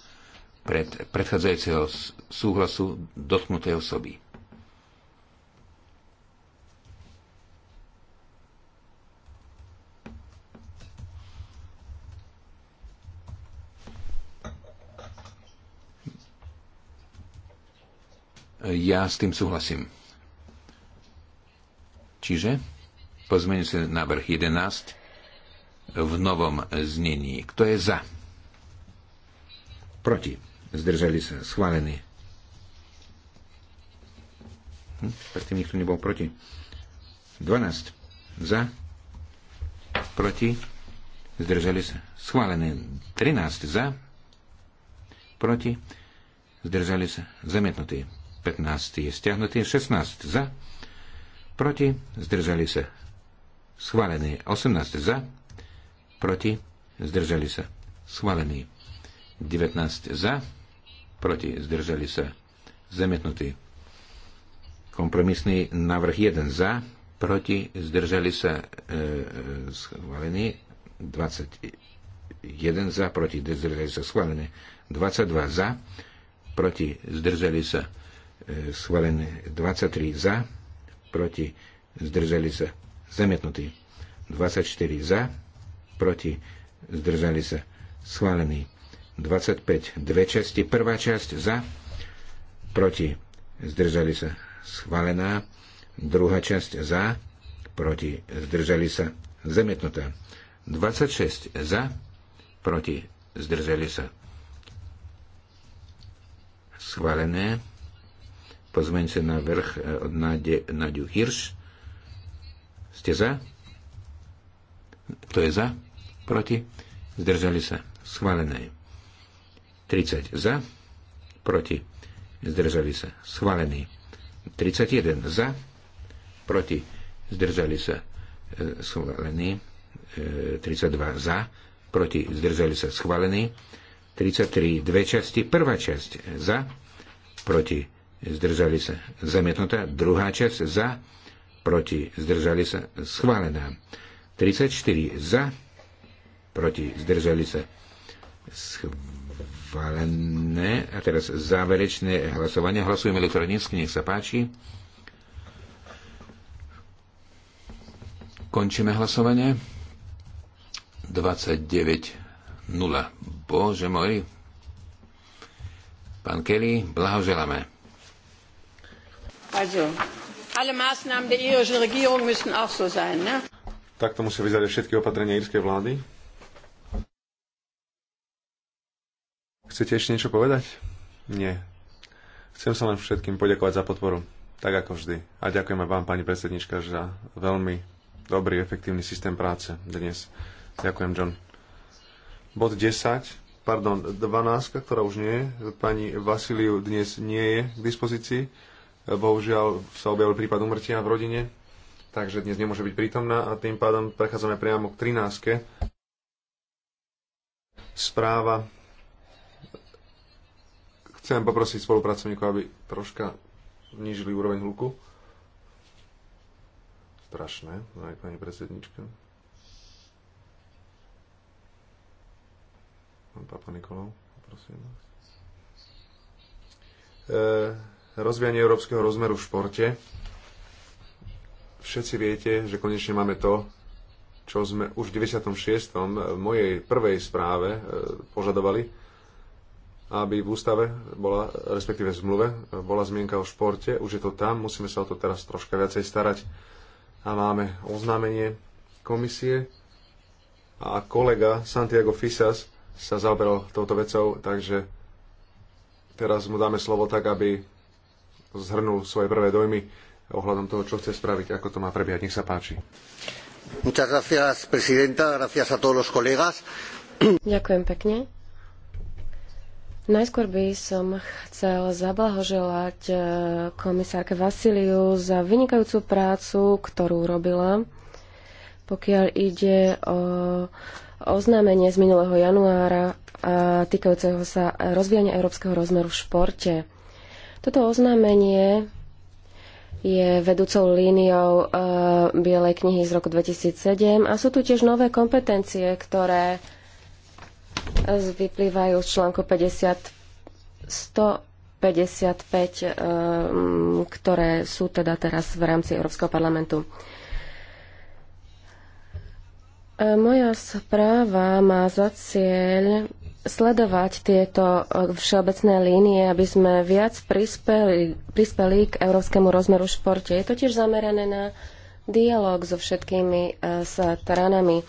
pred predchádzajúceho súhlasu dotknutej osoby. Ja s tým súhlasím. Čiže pozmeňujem sa na vrch 11 v novom znení. Kto je za? Proti. Zdržali sa. Schválený. Hm? Predtým nikto nebol proti. 12. Za. Proti. Zdržali sa. Schválený. 13. Za. Proti. Zdržali sa. Zamietnutý. 15. Je stiahnutý. 16. Za proti, zdržali sa. Schválený. 18 za, proti, zdržali sa. Schválený. 19 za, proti, zdržali sa. Zamietnutý. Kompromisný návrh 1 e, e, za, proti, zdržali sa. E, schválený. 21 za, proti, zdržali sa. Schválený. 22 za, proti, zdržali sa. E, schválený. 23 za, proti, zdržali sa, zamietnutý. 24 za, proti, zdržali sa, schválený. 25, dve časti, prvá časť za, proti, zdržali sa, schválená. Druhá časť za, proti, zdržali sa, zamietnutá. 26 za, proti, zdržali sa, schválené. Pozmeňte na vrch e, od Nade, Nadiu Hirš. Ste za? Kto je za? Proti? Zdržali sa. Schválené. 30 za. Proti. Zdržali sa. Schválený. 31 e, e, za. Proti. Zdržali sa. Schválený. 32 za. Proti. Zdržali sa. Schválený. 33. Dve časti. Prvá časť za. Proti zdržali sa zamietnutá, druhá časť za, proti, zdržali sa schválená. 34 za, proti, zdržali sa schválené. A teraz záverečné hlasovanie. Hlasujeme elektronicky, nech sa páči. Končíme hlasovanie. 29.0. Bože môj. Pán Kelly, blahoželáme. Also, alle Maßnahmen der irischen Regierung müssen auch so sein, ne? Takto musia vyzerať všetky opatrenia írskej vlády. Chcete ešte niečo povedať? Nie. Chcem sa len všetkým poďakovať za podporu, tak ako vždy. A ďakujem aj vám, pani predsednička, za veľmi dobrý, efektívny systém práce dnes. Ďakujem, John. Bod 10, pardon, 12, ktorá už nie je, pani Vasiliu dnes nie je k dispozícii. Bohužiaľ sa objavil prípad umrtia v rodine, takže dnes nemôže byť prítomná a tým pádom prechádzame priamo k 13. Správa. Chcem poprosiť spolupracovníkov, aby troška znížili úroveň hluku. Strašné, aj pani predsednička. Pán Papa Nikolov, poprosím vás. E rozvíjanie európskeho rozmeru v športe. Všetci viete, že konečne máme to, čo sme už v 96. v mojej prvej správe e, požadovali, aby v ústave bola, respektíve v zmluve, bola zmienka o športe. Už je to tam, musíme sa o to teraz troška viacej starať. A máme oznámenie komisie a kolega Santiago Fisas sa zaoberal touto vecou, takže teraz mu dáme slovo tak, aby zhrnul svoje prvé dojmy ohľadom toho, čo chce spraviť, ako to má prebiehať. Nech sa páči. Ďakujem pekne. Najskôr by som chcel zablahoželať e, komisárke Vasiliu za vynikajúcu prácu, ktorú robila, pokiaľ ide o oznámenie z minulého januára týkajúceho sa rozvíjania európskeho rozmeru v športe. Toto oznámenie je vedúcou líniou e, Bielej knihy z roku 2007 a sú tu tiež nové kompetencie, ktoré vyplývajú z článku 50, 155, e, ktoré sú teda teraz v rámci Európskeho parlamentu. E, moja správa má za cieľ sledovať tieto eh, všeobecné línie, aby sme viac prispeli, prispeli k európskemu rozmeru športe. Je to tiež zamerané na dialog so všetkými eh, stranami.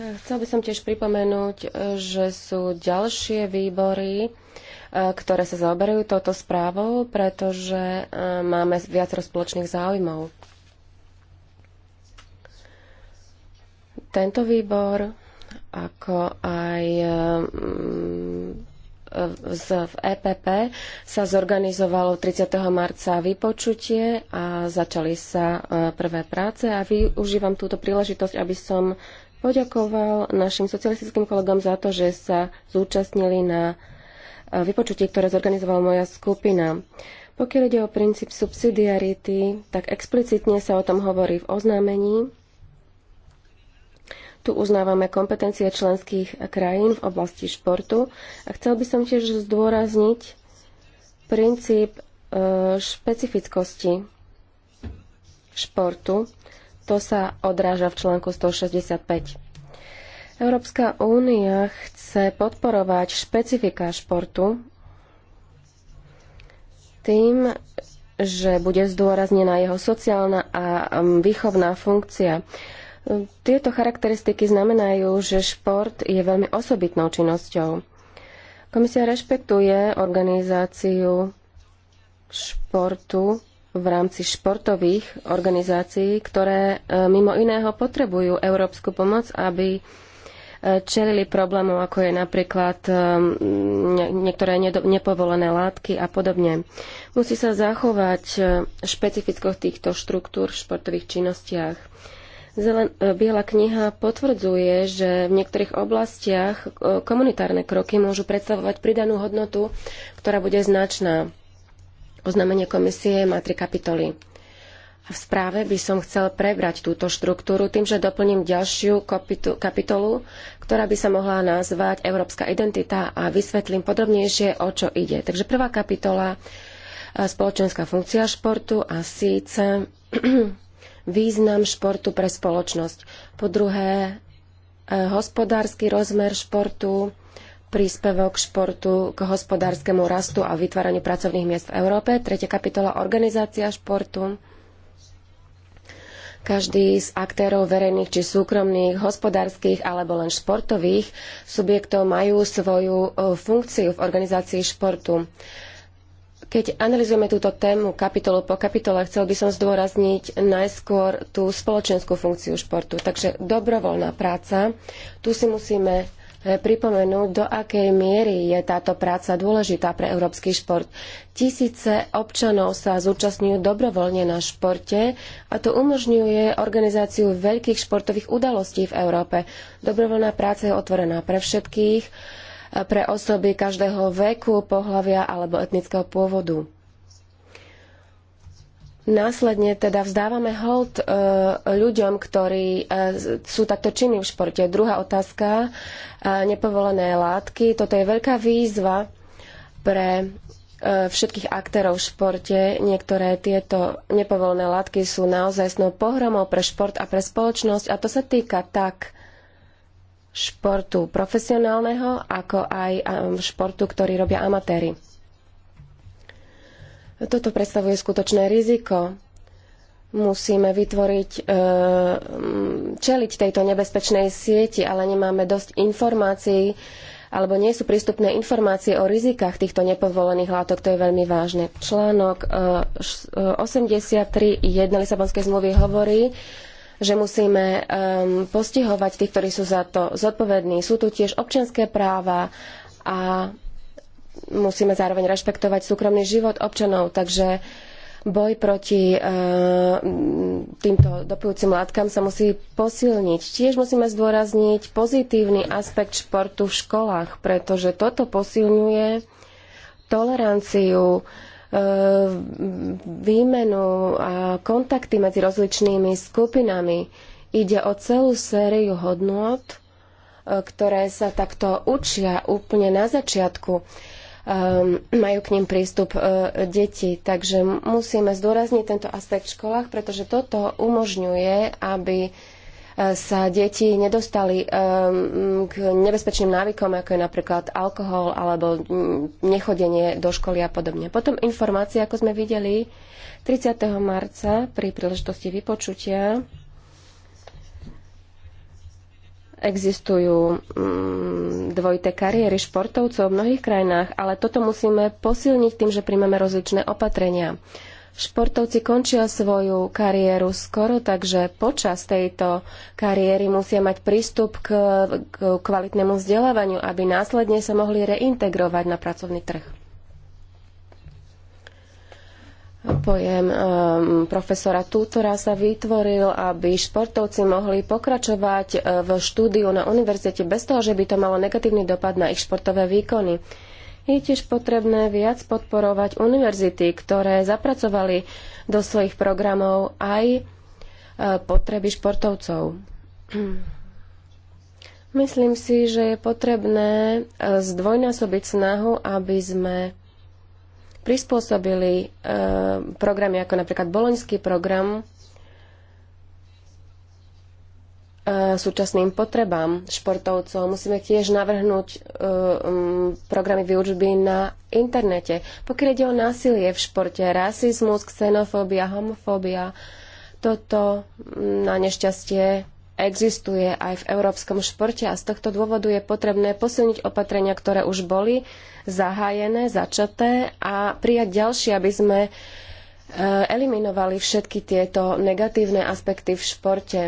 Eh, chcel by som tiež pripomenúť, že sú ďalšie výbory, ktoré sa zaoberajú touto správou, pretože máme viac spoločných záujmov. Tento výbor ako aj mm, v EPP sa zorganizovalo 30. marca vypočutie a začali sa e, prvé práce a využívam túto príležitosť, aby som poďakoval našim socialistickým kolegom za to, že sa zúčastnili na e, vypočutí, ktoré zorganizovala moja skupina. Pokiaľ ide o princíp subsidiarity, tak explicitne sa o tom hovorí v oznámení tu uznávame kompetencie členských krajín v oblasti športu a chcel by som tiež zdôrazniť princíp e, špecifickosti športu. To sa odráža v článku 165. Európska únia chce podporovať špecifika športu tým, že bude zdôraznená jeho sociálna a výchovná funkcia. Tieto charakteristiky znamenajú, že šport je veľmi osobitnou činnosťou. Komisia rešpektuje organizáciu športu v rámci športových organizácií, ktoré e, mimo iného potrebujú európsku pomoc, aby e, čelili problémom, ako je napríklad e, niektoré nepovolené látky a podobne. Musí sa zachovať špecifickosť týchto štruktúr v športových činnostiach. Zelen, e, Biela kniha potvrdzuje, že v niektorých oblastiach e, komunitárne kroky môžu predstavovať pridanú hodnotu, ktorá bude značná. Oznámenie komisie má tri kapitoly. v správe by som chcel prebrať túto štruktúru tým, že doplním ďalšiu kapitolu, ktorá by sa mohla nazvať Európska identita a vysvetlím podrobnejšie, o čo ide. Takže prvá kapitola e, spoločenská funkcia športu a síce význam športu pre spoločnosť. Po druhé, e, hospodársky rozmer športu, príspevok športu k hospodárskemu rastu a vytváraniu pracovných miest v Európe. Tretia kapitola, organizácia športu každý z aktérov verejných či súkromných, hospodárskych alebo len športových subjektov majú svoju e, funkciu v organizácii športu. Keď analizujeme túto tému kapitolu po kapitole, chcel by som zdôrazniť najskôr tú spoločenskú funkciu športu. Takže dobrovoľná práca. Tu si musíme e, pripomenúť, do akej miery je táto práca dôležitá pre európsky šport. Tisíce občanov sa zúčastňujú dobrovoľne na športe a to umožňuje organizáciu veľkých športových udalostí v Európe. Dobrovoľná práca je otvorená pre všetkých pre osoby každého veku, pohlavia alebo etnického pôvodu. Následne teda vzdávame hold e, ľuďom, ktorí e, sú takto činní v športe. Druhá otázka, e, nepovolené látky. Toto je veľká výzva pre všetkých aktérov v športe. Niektoré tieto nepovolené látky sú naozaj snou pohromou pre šport a pre spoločnosť a to sa týka tak športu profesionálneho, ako aj um, športu, ktorý robia amatéri. Toto predstavuje skutočné riziko. Musíme vytvoriť, e, čeliť tejto nebezpečnej sieti, ale nemáme dosť informácií, alebo nie sú prístupné informácie o rizikách týchto nepovolených látok. To je veľmi vážne. Článok 83.1 e, e, Lisabonskej zmluvy hovorí, že musíme um, postihovať tých, ktorí sú za to zodpovední. Sú tu tiež občianské práva a musíme zároveň rešpektovať súkromný život občanov. Takže boj proti uh, týmto dopujúcim látkam sa musí posilniť. Tiež musíme zdôrazniť pozitívny aspekt športu v školách, pretože toto posilňuje toleranciu, výmenu a kontakty medzi rozličnými skupinami. Ide o celú sériu hodnôt, e, ktoré sa takto učia úplne na začiatku. E, majú k ním prístup e, deti, takže musíme zdôrazniť tento aspekt v školách, pretože toto umožňuje, aby sa deti nedostali ehm, k nebezpečným návykom, ako je napríklad alkohol alebo mm, nechodenie do školy a podobne. Potom informácie, ako sme videli 30. marca pri príležitosti vypočutia, existujú mm, dvojité kariéry športovcov v mnohých krajinách, ale toto musíme posilniť tým, že príjmeme rozličné opatrenia. Športovci končia svoju kariéru skoro, takže počas tejto kariéry musia mať prístup k, k kvalitnému vzdelávaniu, aby následne sa mohli reintegrovať na pracovný trh. Pojem um, profesora Tútora sa vytvoril, aby športovci mohli pokračovať uh, v štúdiu na univerzite bez toho, že by to malo negatívny dopad na ich športové výkony. Je tiež potrebné viac podporovať univerzity, ktoré zapracovali do svojich programov aj e, potreby športovcov. Myslím si, že je potrebné e, zdvojnásobiť snahu, aby sme prispôsobili e, programy ako napríklad Boloňský program E, súčasným potrebám športovcov. Musíme tiež navrhnúť e, programy výučby na internete. Pokiaľ ide o násilie v športe, rasizmus, xenofóbia, homofóbia, toto na nešťastie existuje aj v európskom športe a z tohto dôvodu je potrebné posilniť opatrenia, ktoré už boli zahájené, začaté a prijať ďalšie, aby sme e, eliminovali všetky tieto negatívne aspekty v športe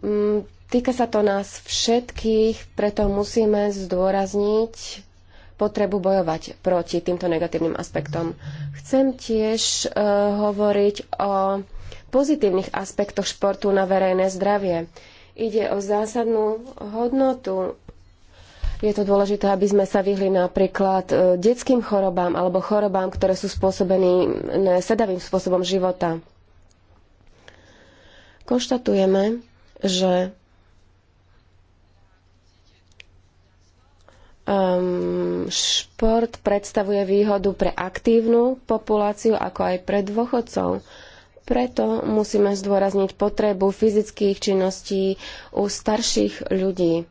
Mm, týka sa to nás všetkých, preto musíme zdôrazniť potrebu bojovať proti týmto negatívnym aspektom. Chcem tiež uh, hovoriť o pozitívnych aspektoch športu na verejné zdravie. Ide o zásadnú hodnotu. Je to dôležité, aby sme sa vyhli napríklad uh, detským chorobám alebo chorobám, ktoré sú spôsobené sedavým spôsobom života. Konštatujeme, že um, šport predstavuje výhodu pre aktívnu populáciu, ako aj pre dôchodcov. Preto musíme zdôrazniť potrebu fyzických činností u starších ľudí,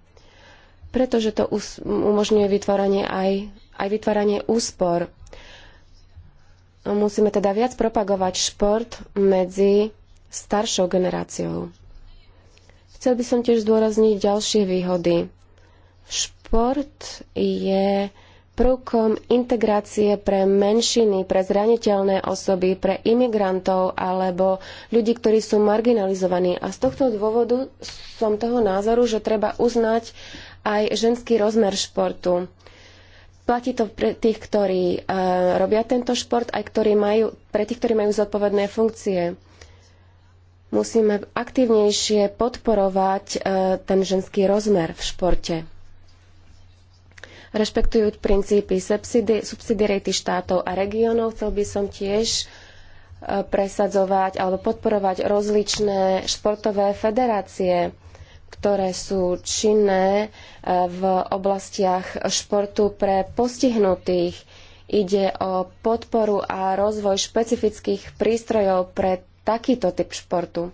pretože to umožňuje vytváranie aj, aj vytváranie úspor. Musíme teda viac propagovať šport medzi staršou generáciou. Chcel by som tiež zdôrazniť ďalšie výhody. Šport je prvkom integrácie pre menšiny, pre zraniteľné osoby, pre imigrantov alebo ľudí, ktorí sú marginalizovaní. A z tohto dôvodu som toho názoru, že treba uznať aj ženský rozmer športu. Platí to pre tých, ktorí uh, robia tento šport, aj ktorí majú, pre tých, ktorí majú zodpovedné funkcie. Musíme aktívnejšie podporovať e, ten ženský rozmer v športe rešpektujúc princípy subsidiarity štátov a regiónov. Chcel by som tiež e, presadzovať alebo podporovať rozličné športové federácie, ktoré sú činné e, v oblastiach športu pre postihnutých. Ide o podporu a rozvoj špecifických prístrojov pre takýto typ športu.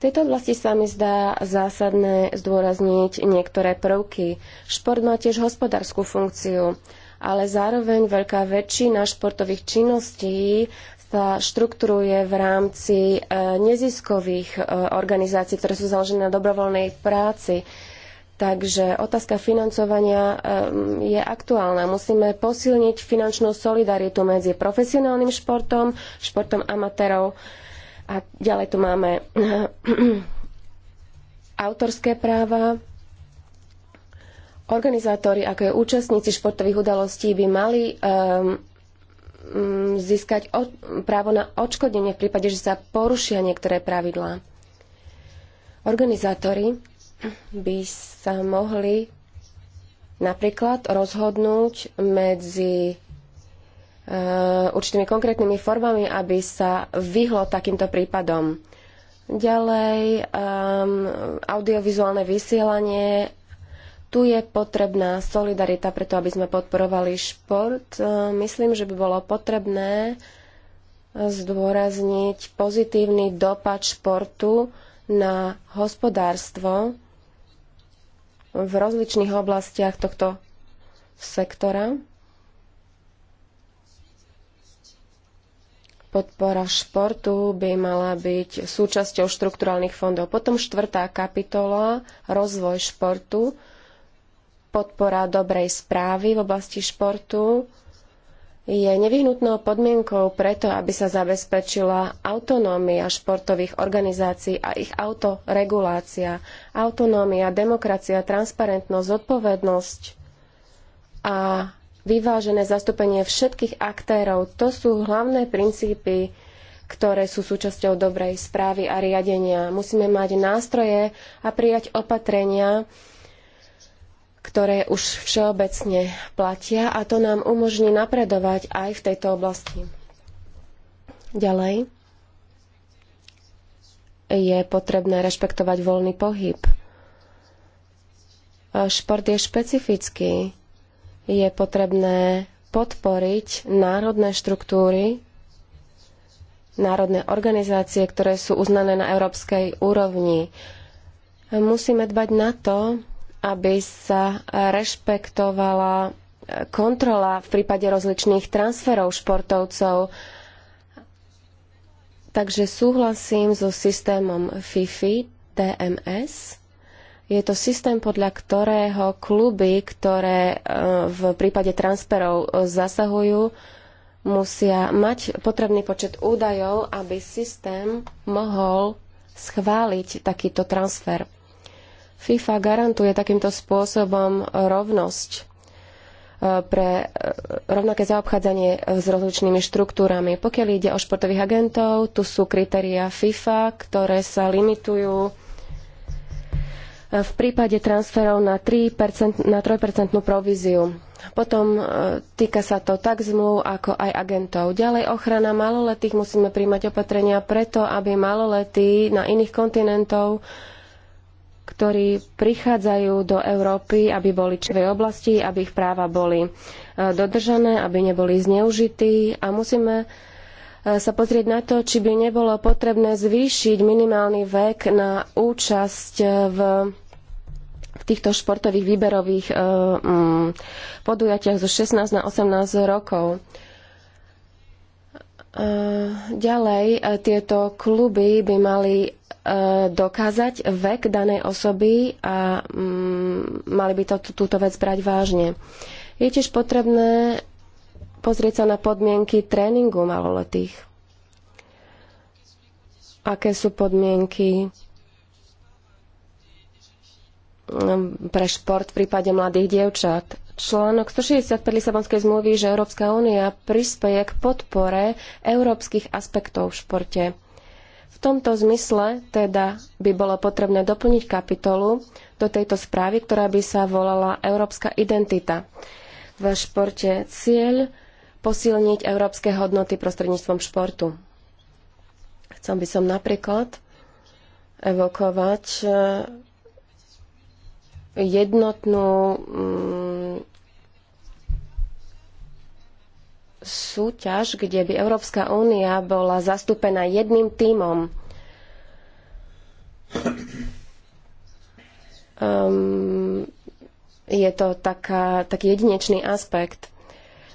V tejto oblasti sa mi zdá zásadné zdôrazniť niektoré prvky. Šport má tiež hospodárskú funkciu, ale zároveň veľká väčšina športových činností sa štruktúruje v rámci e, neziskových e, organizácií, ktoré sú založené na dobrovoľnej práci. Takže otázka financovania e, je aktuálna. Musíme posilniť finančnú solidaritu medzi profesionálnym športom, športom amatérov a ďalej tu máme autorské práva. Organizátori, ako je účastníci športových udalostí, by mali um, získať o, právo na odškodnenie v prípade, že sa porušia niektoré pravidlá. Organizátori by sa mohli napríklad rozhodnúť medzi Eh, určitými konkrétnymi formami, aby sa vyhlo takýmto prípadom. Ďalej, um, audiovizuálne vysielanie. Tu je potrebná solidarita, preto aby sme podporovali šport. Eh, myslím, že by bolo potrebné zdôrazniť pozitívny dopad športu na hospodárstvo v rozličných oblastiach tohto sektora. Podpora športu by mala byť súčasťou štrukturálnych fondov. Potom štvrtá kapitola, rozvoj športu, podpora dobrej správy v oblasti športu je nevyhnutnou podmienkou preto, aby sa zabezpečila autonómia športových organizácií a ich autoregulácia. Autonómia, demokracia, transparentnosť, zodpovednosť a vyvážené zastúpenie všetkých aktérov. To sú hlavné princípy, ktoré sú súčasťou dobrej správy a riadenia. Musíme mať nástroje a prijať opatrenia, ktoré už všeobecne platia a to nám umožní napredovať aj v tejto oblasti. Ďalej je potrebné rešpektovať voľný pohyb. Šport je špecifický je potrebné podporiť národné štruktúry, národné organizácie, ktoré sú uznané na európskej úrovni. Musíme dbať na to, aby sa rešpektovala kontrola v prípade rozličných transferov športovcov. Takže súhlasím so systémom FIFI, TMS, je to systém, podľa ktorého kluby, ktoré e, v prípade transferov e, zasahujú, musia mať potrebný počet údajov, aby systém mohol schváliť takýto transfer. FIFA garantuje takýmto spôsobom rovnosť e, pre rovnaké zaobchádzanie s rozličnými štruktúrami. Pokiaľ ide o športových agentov, tu sú kritériá FIFA, ktoré sa limitujú v prípade transferov na, 3%, na 3% províziu. Potom e, týka sa to tak zmluv, ako aj agentov. Ďalej ochrana maloletých musíme príjmať opatrenia preto, aby maloletí na iných kontinentov ktorí prichádzajú do Európy, aby boli čivej oblasti, aby ich práva boli e, dodržané, aby neboli zneužití a musíme e, sa pozrieť na to, či by nebolo potrebné zvýšiť minimálny vek na účasť v týchto športových výberových e, mm, podujatiach zo 16 na 18 rokov. E, ďalej, e, tieto kluby by mali dokázať vek danej osoby a mm, mali by to, túto vec brať vážne. Je tiež potrebné pozrieť sa na podmienky tréningu maloletých. Aké sú podmienky Um, pre šport v prípade mladých dievčat. Článok 165 Lisabonskej zmluvy, že Európska únia prispeje k podpore európskych aspektov v športe. V tomto zmysle teda by bolo potrebné doplniť kapitolu do tejto správy, ktorá by sa volala Európska identita. V športe cieľ posilniť európske hodnoty prostredníctvom športu. Chcel by som napríklad evokovať jednotnú mm, súťaž, kde by Európska únia bola zastúpená jedným tímom. Um, je to taká, taký jedinečný aspekt.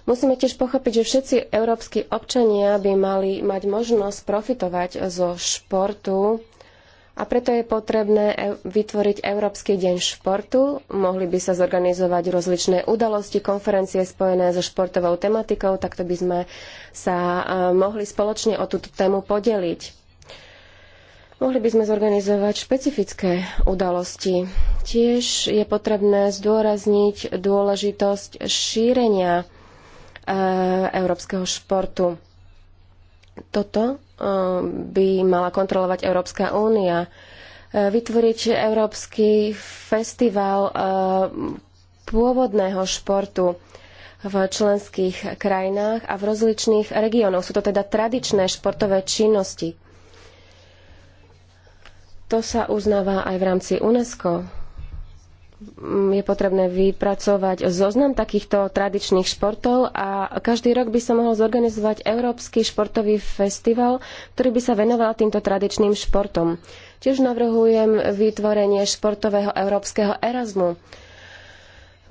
Musíme tiež pochopiť, že všetci európsky občania by mali mať možnosť profitovať zo športu, a preto je potrebné e- vytvoriť Európsky deň športu. Mohli by sa zorganizovať rozličné udalosti, konferencie spojené so športovou tematikou, takto by sme sa e, mohli spoločne o túto tému podeliť. Mohli by sme zorganizovať špecifické udalosti. Tiež je potrebné zdôrazniť dôležitosť šírenia e, európskeho športu. Toto eh, by mala kontrolovať Európska únia. Eh, vytvoriť Európsky festival eh, pôvodného športu v členských krajinách a v rozličných regiónoch. Sú to teda tradičné športové činnosti. To sa uznáva aj v rámci UNESCO. Mm, je potrebné vypracovať zoznam takýchto tradičných športov a každý rok by sa mohol zorganizovať Európsky športový festival, ktorý by sa venoval týmto tradičným športom. Tiež navrhujem vytvorenie športového európskeho Erasmu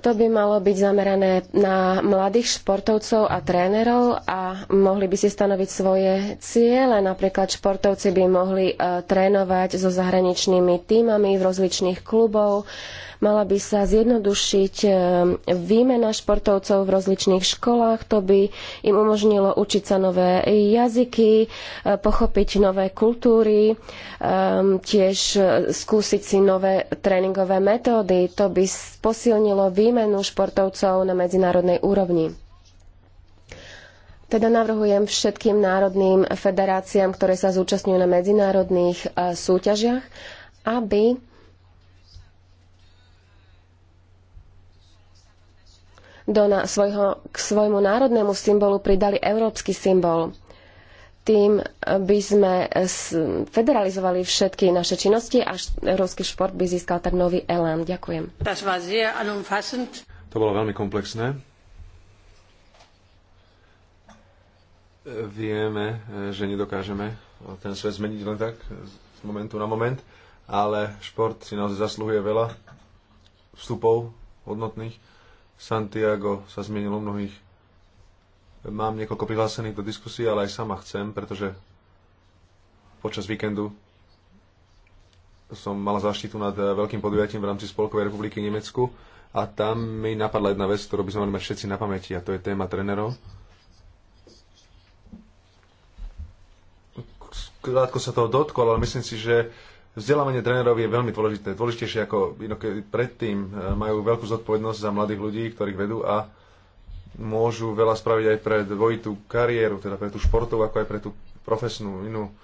to by malo byť zamerané na mladých športovcov a trénerov a mohli by si stanoviť svoje ciele. Napríklad športovci by mohli e, trénovať so zahraničnými týmami v rozličných klubov. Mala by sa zjednodušiť e, výmena športovcov v rozličných školách. To by im umožnilo učiť sa nové jazyky, e, pochopiť nové kultúry, tiež skúsiť si nové tréningové metódy. To by posilnilo výmenu výmenu športovcov na medzinárodnej úrovni. Teda navrhujem všetkým národným federáciám, ktoré sa zúčastňujú na medzinárodných e, súťažiach, aby do na svojho, k svojmu národnému symbolu pridali európsky symbol tým by sme eh, federalizovali všetky naše činnosti a európsky šport by získal tak nový elán. Ďakujem. To bolo veľmi komplexné. Vieme, eh, že nedokážeme ten svet zmeniť len tak z momentu na moment, ale šport si naozaj zasluhuje veľa vstupov hodnotných. Santiago sa zmenil o mnohých Mám niekoľko prihlásených do diskusie, ale aj sama chcem, pretože počas víkendu som mala zaštitu nad veľkým podujatím v rámci Spolkovej republiky Nemecku a tam mi napadla jedna vec, ktorú by sme mali mať všetci na pamäti a to je téma trénerov. Krátko sa toho dotkol, ale myslím si, že vzdelávanie trénerov je veľmi dôležité. Dôležitejšie ako inokedy predtým. Majú veľkú zodpovednosť za mladých ľudí, ktorých vedú a môžu veľa spraviť aj pre dvojitú kariéru, teda pre tú športovú, ako aj pre tú profesnú inú.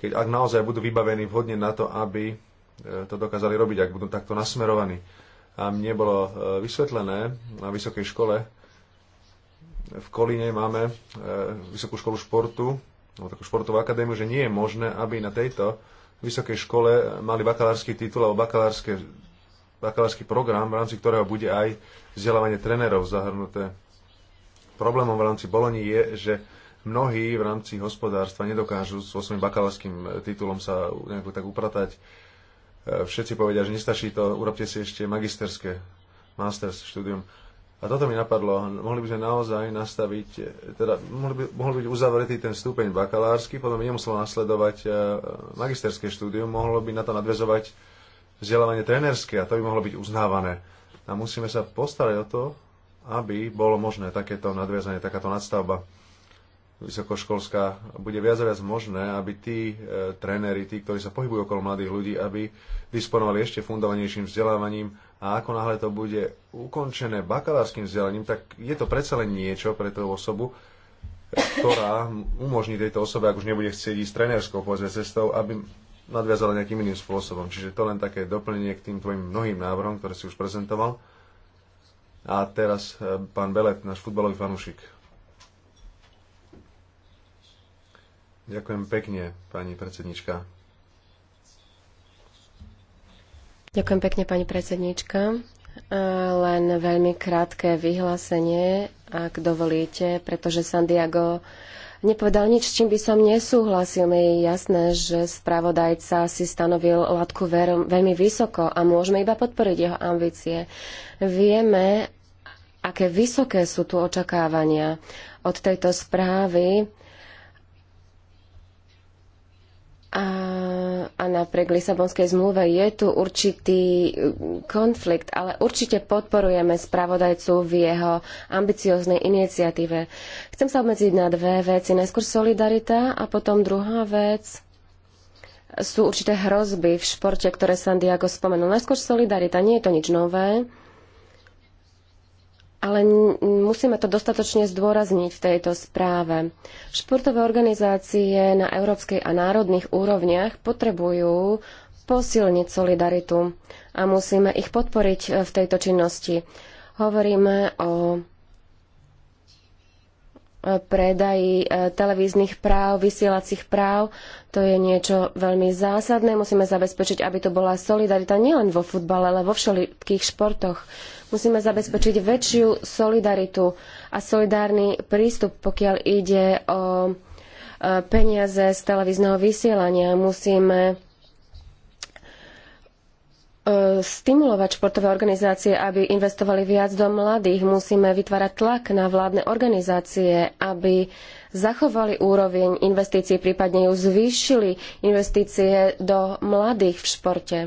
Keď, ak naozaj budú vybavení vhodne na to, aby e, to dokázali robiť, ak budú takto nasmerovaní. A mne bolo e, vysvetlené na vysokej škole, v Kolíne máme e, Vysokú školu športu, alebo takú športovú akadémiu, že nie je možné, aby na tejto vysokej škole mali bakalársky titul alebo bakalársky program, v rámci ktorého bude aj vzdelávanie trénerov zahrnuté problémom v rámci Boloni je, že mnohí v rámci hospodárstva nedokážu s svojím bakalárským e, titulom sa nejako tak upratať. E, všetci povedia, že nestačí to, urobte si ešte magisterské, masters štúdium. A toto mi napadlo, mohli by sme naozaj nastaviť, e, teda mohli by, mohol byť uzavretý ten stupeň bakalársky, potom by nemuselo nasledovať magisterské štúdium, mohlo by na to nadvezovať vzdelávanie trénerské a to by mohlo byť uznávané. A musíme sa postarať o to, aby bolo možné takéto nadviazanie, takáto nadstavba vysokoškolská, bude viac a viac možné, aby tí e, tréneri, tí, ktorí sa pohybujú okolo mladých ľudí, aby disponovali ešte fundovanejším vzdelávaním a ako náhle to bude ukončené bakalárským vzdelaním, tak je to predsa len niečo pre tú osobu, ktorá umožní tejto osobe, ak už nebude chcieť ísť trénerskou povedzme cestou, aby nadviazala nejakým iným spôsobom. Čiže to len také doplnenie k tým tvojim mnohým návrhom, ktoré si už prezentoval. A teraz eh, pán Belet, náš futbalový fanúšik. Ďakujem pekne, pani predsednička. Ďakujem pekne, pani predsednička. Eh, len veľmi krátke vyhlásenie, ak dovolíte, pretože Diego nepovedal nič, s čím by som nesúhlasil. je jasné, že spravodajca si stanovil latku veľmi vysoko a môžeme iba podporiť jeho ambície. Vieme, aké vysoké sú tu očakávania od tejto správy a, a napriek Lisabonskej zmluve je tu určitý mm, konflikt, ale určite podporujeme spravodajcu v jeho ambicióznej iniciatíve. Chcem sa obmedziť na dve veci. Najskôr solidarita a potom druhá vec sú určité hrozby v športe, ktoré Santiago spomenul. Najskôr solidarita, nie je to nič nové ale musíme to dostatočne zdôrazniť v tejto správe. Športové organizácie na európskej a národných úrovniach potrebujú posilniť solidaritu a musíme ich podporiť e, v tejto činnosti. Hovoríme o e, predaji e, televíznych práv, vysielacích práv. To je niečo veľmi zásadné. Musíme zabezpečiť, aby to bola solidarita nielen vo futbale, ale vo všetkých športoch musíme zabezpečiť väčšiu solidaritu a solidárny prístup, pokiaľ ide o e, peniaze z televízneho vysielania. Musíme e, stimulovať športové organizácie, aby investovali viac do mladých. Musíme vytvárať tlak na vládne organizácie, aby zachovali úroveň investícií, prípadne ju zvýšili investície do mladých v športe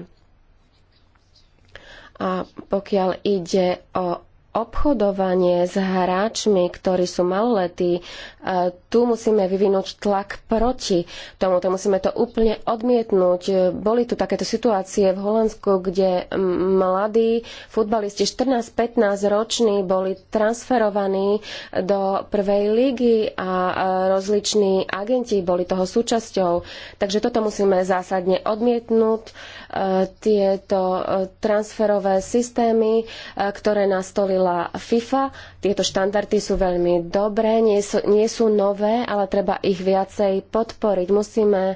pokiaľ ide o obchodovanie s hráčmi, ktorí sú maloletí, e, tu musíme vyvinúť tlak proti tomuto. Musíme to úplne odmietnúť. E, boli tu takéto situácie v Holandsku, kde mladí futbalisti 14-15 roční boli transferovaní do prvej lígy a e, rozliční agenti boli toho súčasťou. Takže toto musíme zásadne odmietnúť. Tieto transferové systémy, ktoré nastolili schválila FIFA. Tieto štandardy sú veľmi dobré, nie sú, nie sú nové, ale treba ich viacej podporiť. Musíme e,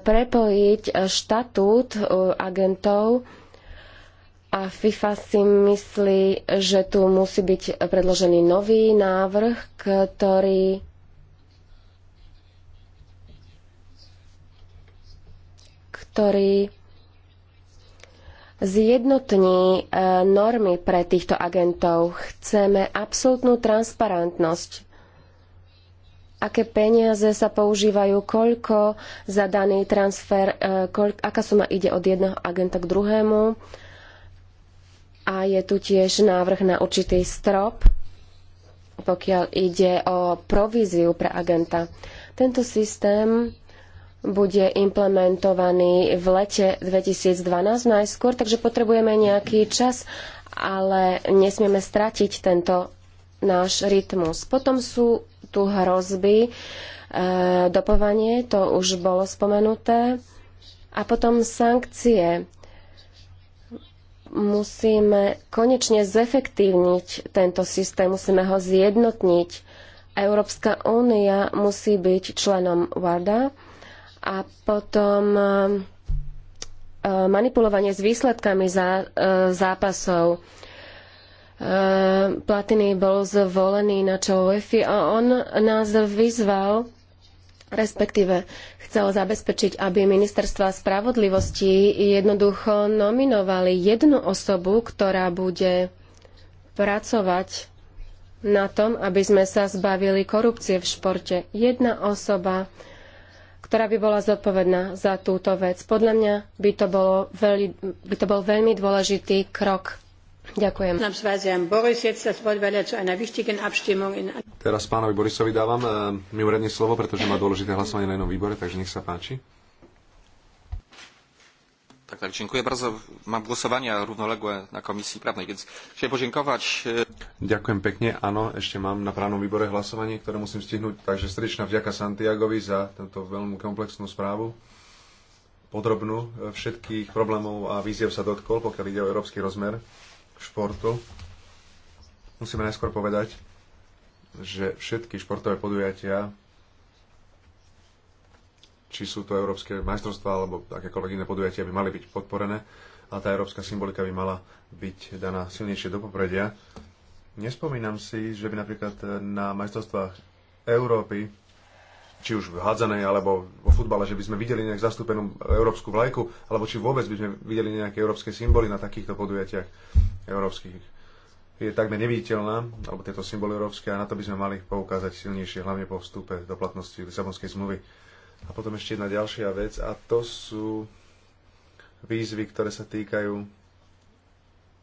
prepojiť e, štatút e, agentov a FIFA si myslí, že tu musí byť predložený nový návrh, ktorý ktorý zjednotní e, normy pre týchto agentov. Chceme absolútnu transparentnosť aké peniaze sa používajú, koľko za daný transfer, e, koľko, aká suma ide od jedného agenta k druhému. A je tu tiež návrh na určitý strop, pokiaľ ide o províziu pre agenta. Tento systém bude implementovaný v lete 2012 najskôr, takže potrebujeme nejaký čas, ale nesmieme stratiť tento náš rytmus. Potom sú tu hrozby, e, dopovanie, to už bolo spomenuté, a potom sankcie. Musíme konečne zefektívniť tento systém, musíme ho zjednotniť. Európska únia musí byť členom WADA, a potom eh, eh, manipulovanie s výsledkami eh, zápasov. Platiny bol zvolený na čo UEFI a on nás vyzval, respektíve chcel zabezpečiť, aby ministerstva spravodlivosti jednoducho nominovali jednu osobu, ktorá bude pracovať na tom, aby sme sa zbavili korupcie v športe. Jedna osoba, ktorá by bola zodpovedná za túto vec. Podľa mňa by to, bolo veľi, by to bol veľmi dôležitý krok. Ďakujem. Teraz pánovi Borisovi dávam eh, mimoriadne slovo, pretože má dôležité hlasovanie na jednom výbore, takže nech sa páči. Tak, tak, dziękuję bardzo. Mam głosowania równoległe na Komisji Prawnej, więc chcę podziękować. E, Ďakujem pekne. Áno, ešte mám na právnom výbore hlasovanie, ktoré musím stihnúť. Takže srdečná vďaka Santiagovi za tento veľmi komplexnú správu podrobnú. E, všetkých problémov a víziev sa dotkol, pokiaľ ide o európsky rozmer športu. Musíme najskôr povedať, že všetky športové podujatia či sú to európske majstrovstvá alebo akékoľvek iné podujatia by mali byť podporené a tá európska symbolika by mala byť daná silnejšie do popredia. Nespomínam si, že by napríklad na majstrovstvách Európy, či už v hádzanej alebo vo futbale, že by sme videli nejak zastúpenú európsku vlajku, alebo či vôbec by sme videli nejaké európske symboly na takýchto podujatiach európskych je takmer neviditeľná, alebo tieto symboly európske, a na to by sme mali poukázať silnejšie, hlavne po vstupe do platnosti Lisabonskej zmluvy. A potom ešte jedna ďalšia vec a to sú výzvy, ktoré sa týkajú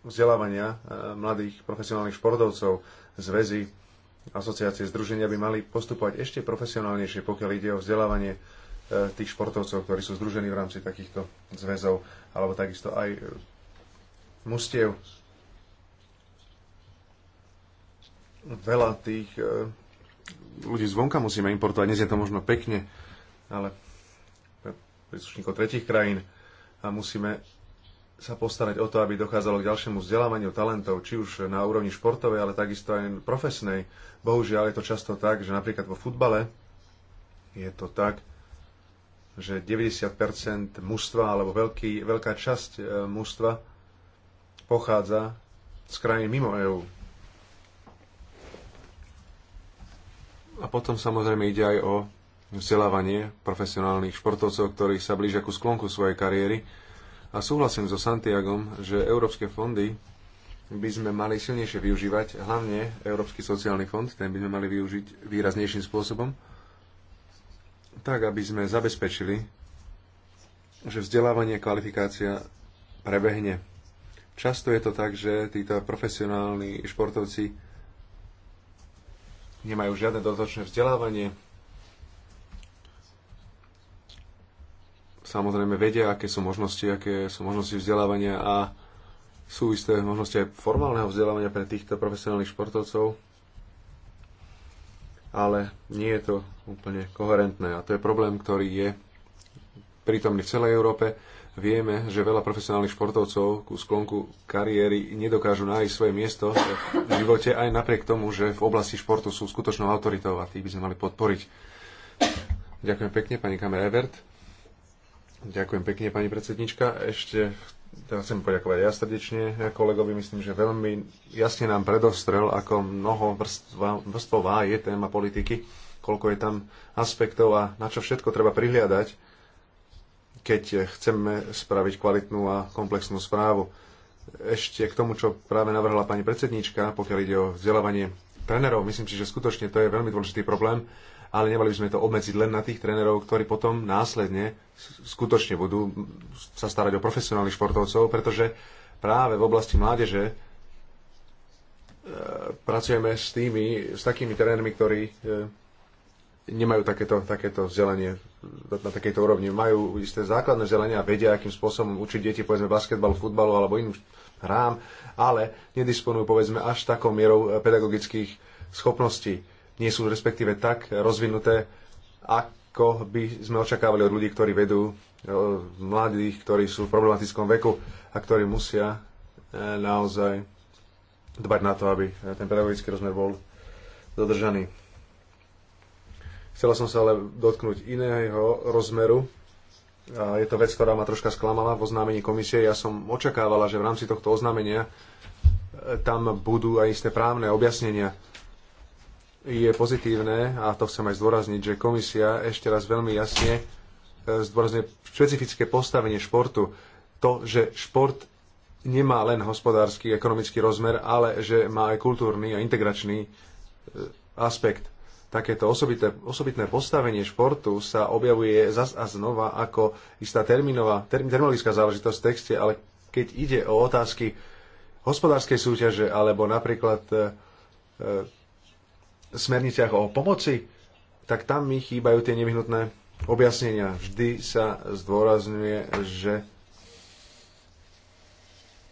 vzdelávania e, mladých profesionálnych športovcov, zväzy, asociácie, združenia by mali postupovať ešte profesionálnejšie, pokiaľ ide o vzdelávanie e, tých športovcov, ktorí sú združení v rámci takýchto zväzov, alebo takisto aj e, mustiev. Veľa tých ľudí zvonka musíme importovať, dnes je to možno pekne ale pre príslušníkov tretich krajín a musíme sa postarať o to, aby dochádzalo k ďalšiemu vzdelávaniu talentov, či už na úrovni športovej, ale takisto aj profesnej. Bohužiaľ je to často tak, že napríklad vo futbale je to tak, že 90% mužstva alebo veľký, veľká časť e, mužstva pochádza z krajín mimo EÚ. A potom samozrejme ide aj o vzdelávanie profesionálnych športovcov, ktorí sa blížia ku sklonku svojej kariéry. A súhlasím so Santiagom, že európske fondy by sme mali silnejšie využívať, hlavne Európsky sociálny fond, ten by sme mali využiť výraznejším spôsobom, tak aby sme zabezpečili, že vzdelávanie, kvalifikácia prebehne. Často je to tak, že títo profesionálni športovci nemajú žiadne dodatočné vzdelávanie, samozrejme vedia, aké sú možnosti, aké sú možnosti vzdelávania a sú isté možnosti aj formálneho vzdelávania pre týchto profesionálnych športovcov, ale nie je to úplne koherentné a to je problém, ktorý je prítomný v celej Európe. Vieme, že veľa profesionálnych športovcov ku sklonku kariéry nedokážu nájsť svoje miesto v živote aj napriek tomu, že v oblasti športu sú skutočnou autoritou a tých by sme mali podporiť. Ďakujem pekne, pani kamera Evert. Ďakujem pekne, pani predsednička. Ešte ja chcem poďakovať ja srdečne kolegovi. Myslím, že veľmi jasne nám predostrel, ako mnoho vrstva, vrstvová je téma politiky, koľko je tam aspektov a na čo všetko treba prihliadať, keď chceme spraviť kvalitnú a komplexnú správu. Ešte k tomu, čo práve navrhla pani predsedníčka, pokiaľ ide o vzdelávanie trénerov, myslím si, že skutočne to je veľmi dôležitý problém ale nemali by sme to obmedziť len na tých trénerov, ktorí potom následne skutočne budú sa starať o profesionálnych športovcov, pretože práve v oblasti mládeže e, pracujeme s tými, s takými trénermi, ktorí e, nemajú takéto, takéto vzdelanie na takejto úrovni. Majú isté základné vzdelanie a vedia, akým spôsobom učiť deti, povedzme, basketbalu, futbalu alebo iným hrám, ale nedisponujú, povedzme, až takou mierou e, pedagogických schopností nie sú respektíve tak rozvinuté, ako by sme očakávali od ľudí, ktorí vedú e, mladých, ktorí sú v problematickom veku a ktorí musia e, naozaj dbať na to, aby e, ten pedagogický rozmer bol dodržaný. Chcela som sa ale dotknúť iného rozmeru. Je to vec, ktorá ma troška sklamala v oznámení komisie. Ja som očakávala, že v rámci tohto oznámenia tam budú aj isté právne objasnenia je pozitívne, a to chcem aj zdôrazniť, že komisia ešte raz veľmi jasne e, zdôrazňuje špecifické postavenie športu. To, že šport nemá len hospodársky, ekonomický rozmer, ale že má aj kultúrny a integračný e, aspekt. Takéto osobité, osobitné postavenie športu sa objavuje zas a znova ako istá terminová, term, terminologická záležitosť v texte, ale keď ide o otázky hospodárskej súťaže alebo napríklad e, smerniciach o pomoci, tak tam mi chýbajú tie nevyhnutné objasnenia. Vždy sa zdôrazňuje, že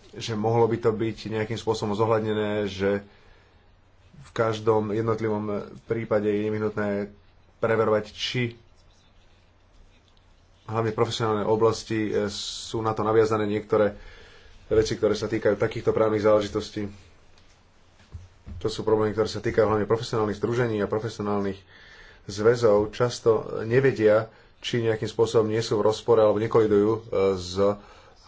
že mohlo by to byť nejakým spôsobom zohľadnené, že v každom jednotlivom prípade je nevyhnutné preverovať, či hlavne profesionálne oblasti eh, sú na to naviazané niektoré veci, ktoré sa týkajú takýchto právnych záležitostí to sú problémy, ktoré sa týkajú hlavne profesionálnych združení a profesionálnych zväzov, často nevedia, či nejakým spôsobom nie sú v rozpore alebo nekolidujú e, s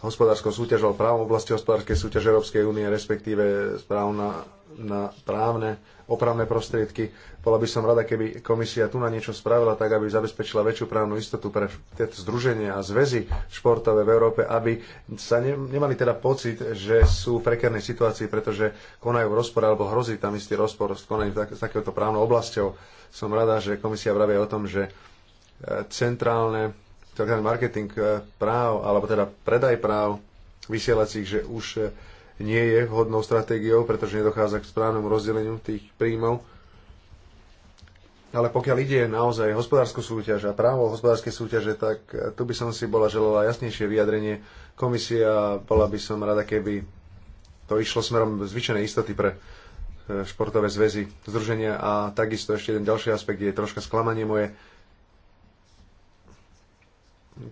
hospodárskou súťažou, právom v oblasti hospodárskej súťaže Európskej únie, respektíve správna na právne, opravné prostriedky. Bola by som rada, keby komisia tu na niečo spravila tak, aby zabezpečila väčšiu právnu istotu pre tieto združenia a zväzy športové v Európe, aby sa ne, nemali teda pocit, že sú v prekernej situácii, pretože konajú v rozpore alebo hrozí tam istý rozpor s konaním tak, s takéhoto právnou oblasťou. Som rada, že komisia vravie o tom, že e, centrálne marketing e, práv, alebo teda predaj práv vysielacích, že už e, nie je vhodnou stratégiou, pretože nedochádza k správnemu rozdeleniu tých príjmov. Ale pokiaľ ide naozaj hospodárskú súťaž a právo hospodárskej súťaže, tak eh, tu by som si bola želala jasnejšie vyjadrenie komisia. Bola by som rada, keby to išlo smerom zvyčajnej istoty pre eh, športové zväzy, združenia a takisto ešte jeden ďalší aspekt je troška sklamanie moje.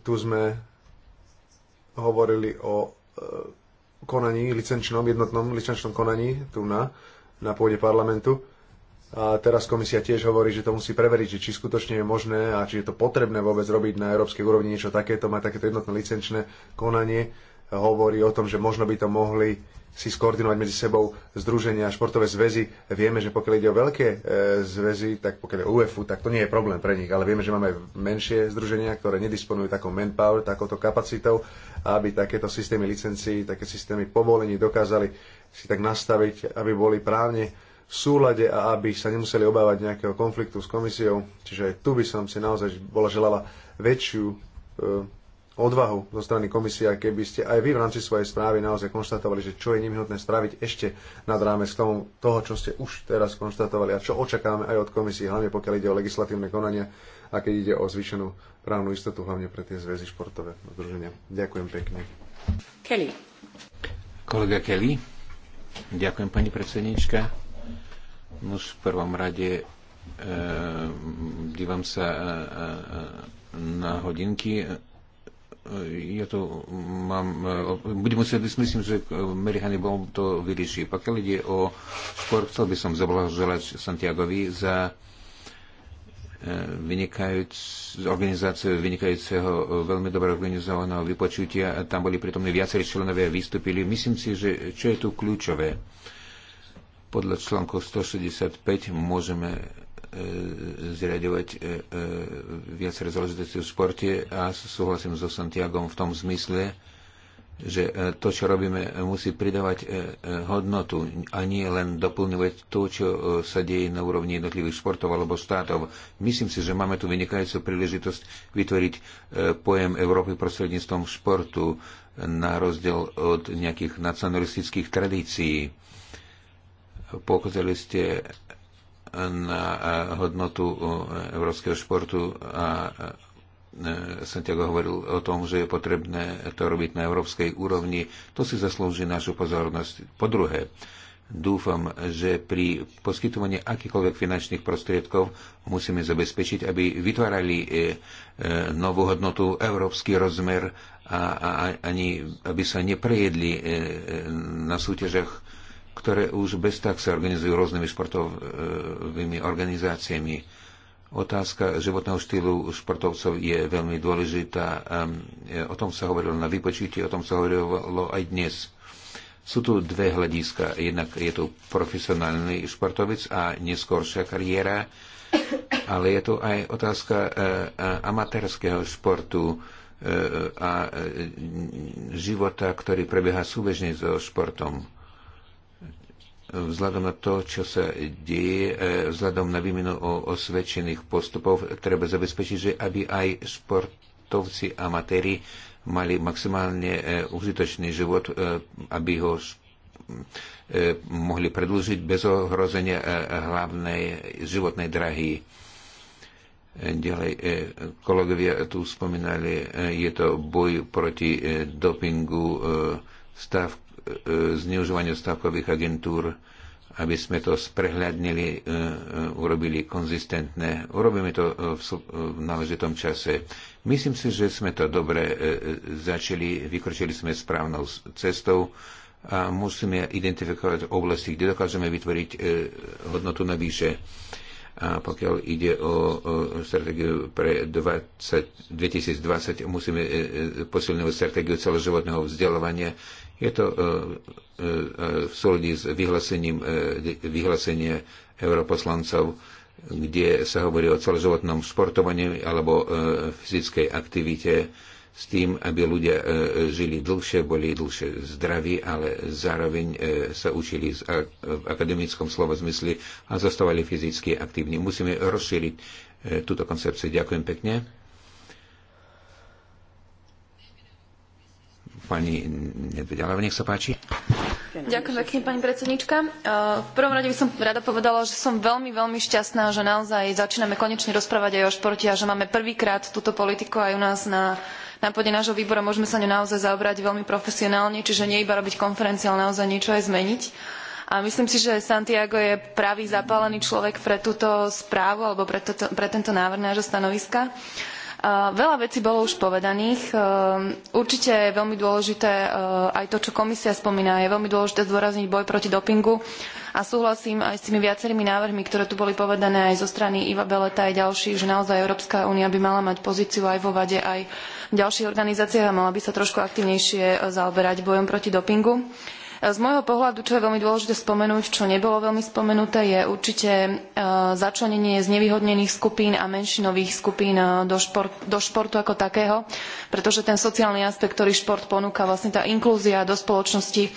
Tu sme hovorili o eh, konaní, licenčnom, jednotnom licenčnom konaní tu na, na pôde parlamentu. A teraz komisia tiež hovorí, že to musí preveriť, že či skutočne je možné a či je to potrebné vôbec robiť na európskej úrovni niečo takéto, mať takéto jednotné licenčné konanie hovorí o tom, že možno by to mohli si skoordinovať medzi sebou združenia a športové zväzy. Vieme, že pokiaľ ide o veľké e, zväzy, tak pokiaľ je UEFU, tak to nie je problém pre nich, ale vieme, že máme menšie združenia, ktoré nedisponujú takou manpower, takouto kapacitou, aby takéto systémy licencií, také systémy povolení dokázali si tak nastaviť, aby boli právne v súlade a aby sa nemuseli obávať nejakého konfliktu s komisiou. Čiže tu by som si naozaj bola želala väčšiu e, odvahu zo strany Komisie, keby ste aj vy v rámci svojej správy naozaj konštatovali, že čo je nevyhodné spraviť ešte nad rámec tomu toho, čo ste už teraz konštatovali a čo očakávame aj od komisie, hlavne pokiaľ ide o legislatívne konania a keď ide o zvýšenú právnu istotu, hlavne pre tie zväzy športové združenia. Ďakujem pekne. Kelly. Kolega Kelly. Ďakujem, pani predsednička. No, v prvom rade e, dívam sa e, e, na hodinky ja to mám, e, budem musieť, myslím, že Merihany bol to vyrieši. Pokiaľ ide o šport, chcel by som zablahoželať Santiagovi za e, vynikajúc, organizáciu vynikajúceho, e, veľmi dobre organizovaného vypočutia. Tam boli pritomní viacerí členovia vystúpili. Myslím si, že čo je tu kľúčové? Podľa článku 165 môžeme E, zriadovať e, e, viaceré záležitosti v športe a súhlasím so Santiagom v tom zmysle, že to, čo robíme, musí pridávať hodnotu a nie len doplňovať to, čo sa deje na úrovni jednotlivých športov alebo štátov. Myslím si, že máme tu vynikajúcu príležitosť vytvoriť pojem Európy prostredníctvom športu na rozdiel od nejakých nacionalistických tradícií. Pokazali ste na eh, hodnotu eh, európskeho športu a eh, Santiago hovoril o tom, že je potrebné to robiť na európskej úrovni. To si zaslúži našu pozornosť. Po druhé, dúfam, že pri poskytovaní akýchkoľvek finančných prostriedkov musíme zabezpečiť, aby vytvárali novú hodnotu, európsky rozmer a, a ani aby sa neprejedli na súťažach ktoré už bez tak sa organizujú rôznymi športovými organizáciami. Otázka životného štýlu športovcov je veľmi dôležitá. Ehm, o tom sa hovorilo na vypočíti, o tom sa hovorilo aj dnes. Sú tu dve hľadiska. Jednak je tu profesionálny športovec a neskôršia kariéra, ale je tu aj otázka eh, eh, amatérskeho športu eh, a života, ktorý prebieha súbežne so športom vzhľadom na to, čo sa deje, e, vzhľadom na výmenu osvedčených postupov, treba zabezpečiť, že aby aj športovci amatéri mali maximálne e, užitočný život, e, aby ho mohli predlžiť bez ohrozenia hlavnej životnej drahy. Ďalej, kolegovia tu spomínali, je to boj proti dopingu, stav zneužívaniu stavkových agentúr, aby sme to sprehľadnili, e, e, urobili konzistentné. Urobíme to e, v náležitom čase. Myslím si, že sme to dobre začali, vykročili sme správnou cestou a musíme identifikovať oblasti, kde dokážeme vytvoriť hodnotu navyše. A pokiaľ ide o stratégiu pre 20, 2020, musíme posilňovať stratégiu celoživotného vzdelávania je to v e, e, e, súlade s vyhlásením, vyhlásenie europoslancov, kde sa hovorí o celoživotnom sportovaní alebo fyzickej aktivite s tým, aby ľudia žili dlhšie, boli dlhšie zdraví, ale zároveň sa učili v akademickom slova zmysli a zostávali fyzicky aktívni. Musíme rozšíriť túto koncepciu. Ďakujem pekne. Pani Nedvedalova, nech sa páči. Ďakujem pekne, pani predsednička. E, v prvom rade by som rada povedala, že som veľmi, veľmi šťastná, že naozaj začíname konečne rozprávať aj o športe a že máme prvýkrát túto politiku aj u nás na na pôde nášho výbora môžeme sa ňou naozaj zaobrať veľmi profesionálne, čiže nie iba robiť konferencie, ale naozaj niečo aj zmeniť. A myslím si, že Santiago je pravý zapálený človek pre túto správu alebo pre, toto, pre tento návrh nášho stanoviska. Uh, Veľa vecí bolo už povedaných. Určite je veľmi dôležité aj to, čo komisia spomína. Je veľmi dôležité zdôrazniť boj proti dopingu a súhlasím aj s tými viacerými návrhmi, ktoré tu boli povedané aj zo strany Iva Beleta aj ďalších, že naozaj Európska únia by mala mať pozíciu aj vo vade, aj v ďalších organizáciách a mala by sa trošku aktívnejšie zaoberať bojom proti dopingu. Z môjho pohľadu, čo je veľmi dôležité spomenúť, čo nebolo veľmi spomenuté, je určite e, začlenenie znevýhodnených skupín a menšinových skupín e, do, šport, do športu ako takého, pretože ten sociálny aspekt, ktorý šport ponúka, vlastne tá inklúzia do spoločnosti,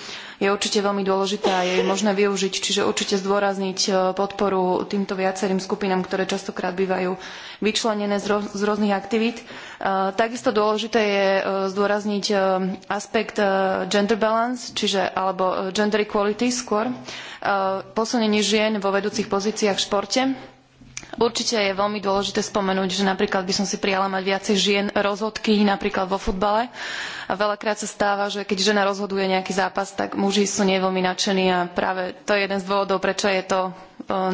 je určite veľmi dôležité a je možné využiť. Čiže určite zdôrazniť e, podporu týmto viacerým skupinám, ktoré častokrát bývajú vyčlenené z rôznych aktivít. E, takisto dôležité je e, zdôrazniť aspekt gender balance, čiže alebo gender equality skôr, posunenie žien vo vedúcich pozíciách v športe Určite je veľmi dôležité spomenúť, že napríklad by som si prijala mať viacej žien rozhodky, napríklad vo futbale. A veľakrát sa stáva, že keď žena rozhoduje nejaký zápas, tak muži sú nie veľmi nadšení a práve to je jeden z dôvodov, prečo je to e,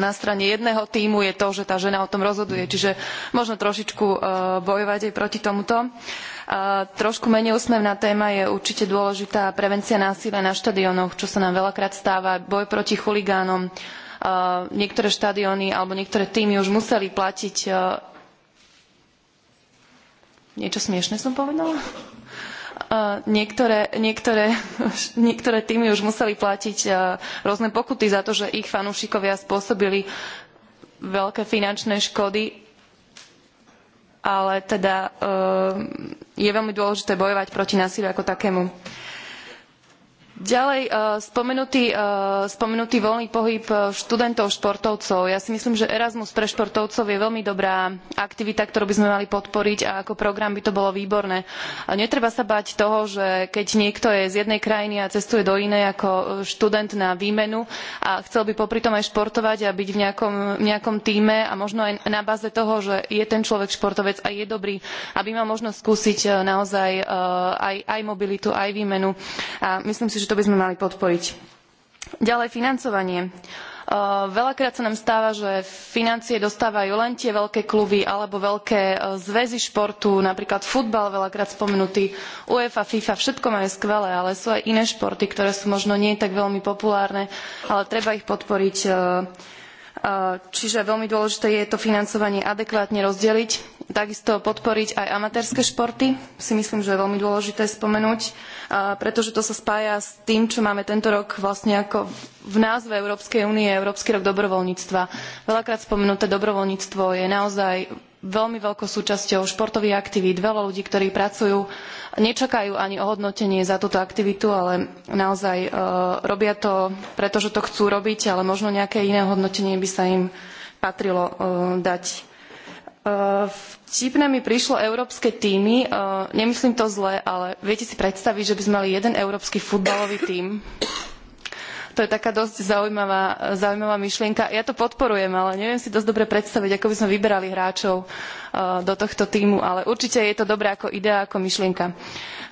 na strane jedného týmu je to, že tá žena o tom rozhoduje. Čiže možno trošičku e, bojovať aj proti tomuto. Trošku menej úsmevná téma je určite dôležitá prevencia násilia na štadionoch, čo sa nám veľakrát stáva, boj proti chuligánom, Eh, niektoré štadióny alebo niektoré týmy už museli platiť eh, niečo smiešne som povedala? Eh, niektoré, niektoré, niektoré týmy už museli platiť rôzne pokuty za to, že ich fanúšikovia spôsobili veľké finančné škody ale teda uh, je veľmi dôležité bojovať proti násiliu ako takému. Ďalej, eh, spomenutý, eh, spomenutý voľný pohyb eh, študentov, športovcov. Ja si myslím, že Erasmus pre športovcov je veľmi dobrá aktivita, ktorú by sme mali podporiť a ako program by to bolo výborné. A netreba sa bať toho, že keď niekto je z jednej krajiny a cestuje do inej ako študent na výmenu a chcel by popri tom aj športovať a byť v nejakom, nejakom tíme a možno aj na báze toho, že je ten človek športovec a je dobrý, aby mal možnosť skúsiť naozaj aj, aj mobilitu, aj výmenu. A myslím si, že to by sme mali podporiť. Ďalej financovanie. E, veľakrát sa nám stáva, že financie dostávajú len tie veľké kluby alebo veľké e, zväzy športu, napríklad futbal veľakrát spomenutý, UEFA, FIFA, všetko majú skvelé, ale sú aj iné športy, ktoré sú možno nie tak veľmi populárne, ale treba ich podporiť e, Eh, čiže veľmi dôležité je to financovanie adekvátne rozdeliť, takisto podporiť aj amatérske športy, si myslím, že je veľmi dôležité spomenúť, eh, pretože to sa spája s tým, čo máme tento rok vlastne ako v názve Európskej únie, Európsky rok dobrovoľníctva. Veľakrát spomenuté dobrovoľníctvo je naozaj veľmi veľkou súčasťou športových aktivít. Veľa ľudí, ktorí pracujú, nečakajú ani ohodnotenie za túto aktivitu, ale naozaj e, robia to, pretože to chcú robiť, ale možno nejaké iné hodnotenie by sa im patrilo e, dať. E, vtipné mi prišlo európske týmy, nemyslím to zle, ale viete si predstaviť, že by sme mali jeden európsky futbalový tím to je taká dosť zaujímavá, zaujímavá myšlienka. Ja to podporujem, ale neviem si dosť dobre predstaviť, ako by sme vyberali hráčov uh, do tohto týmu, ale určite je to dobré ako idea, ako myšlienka.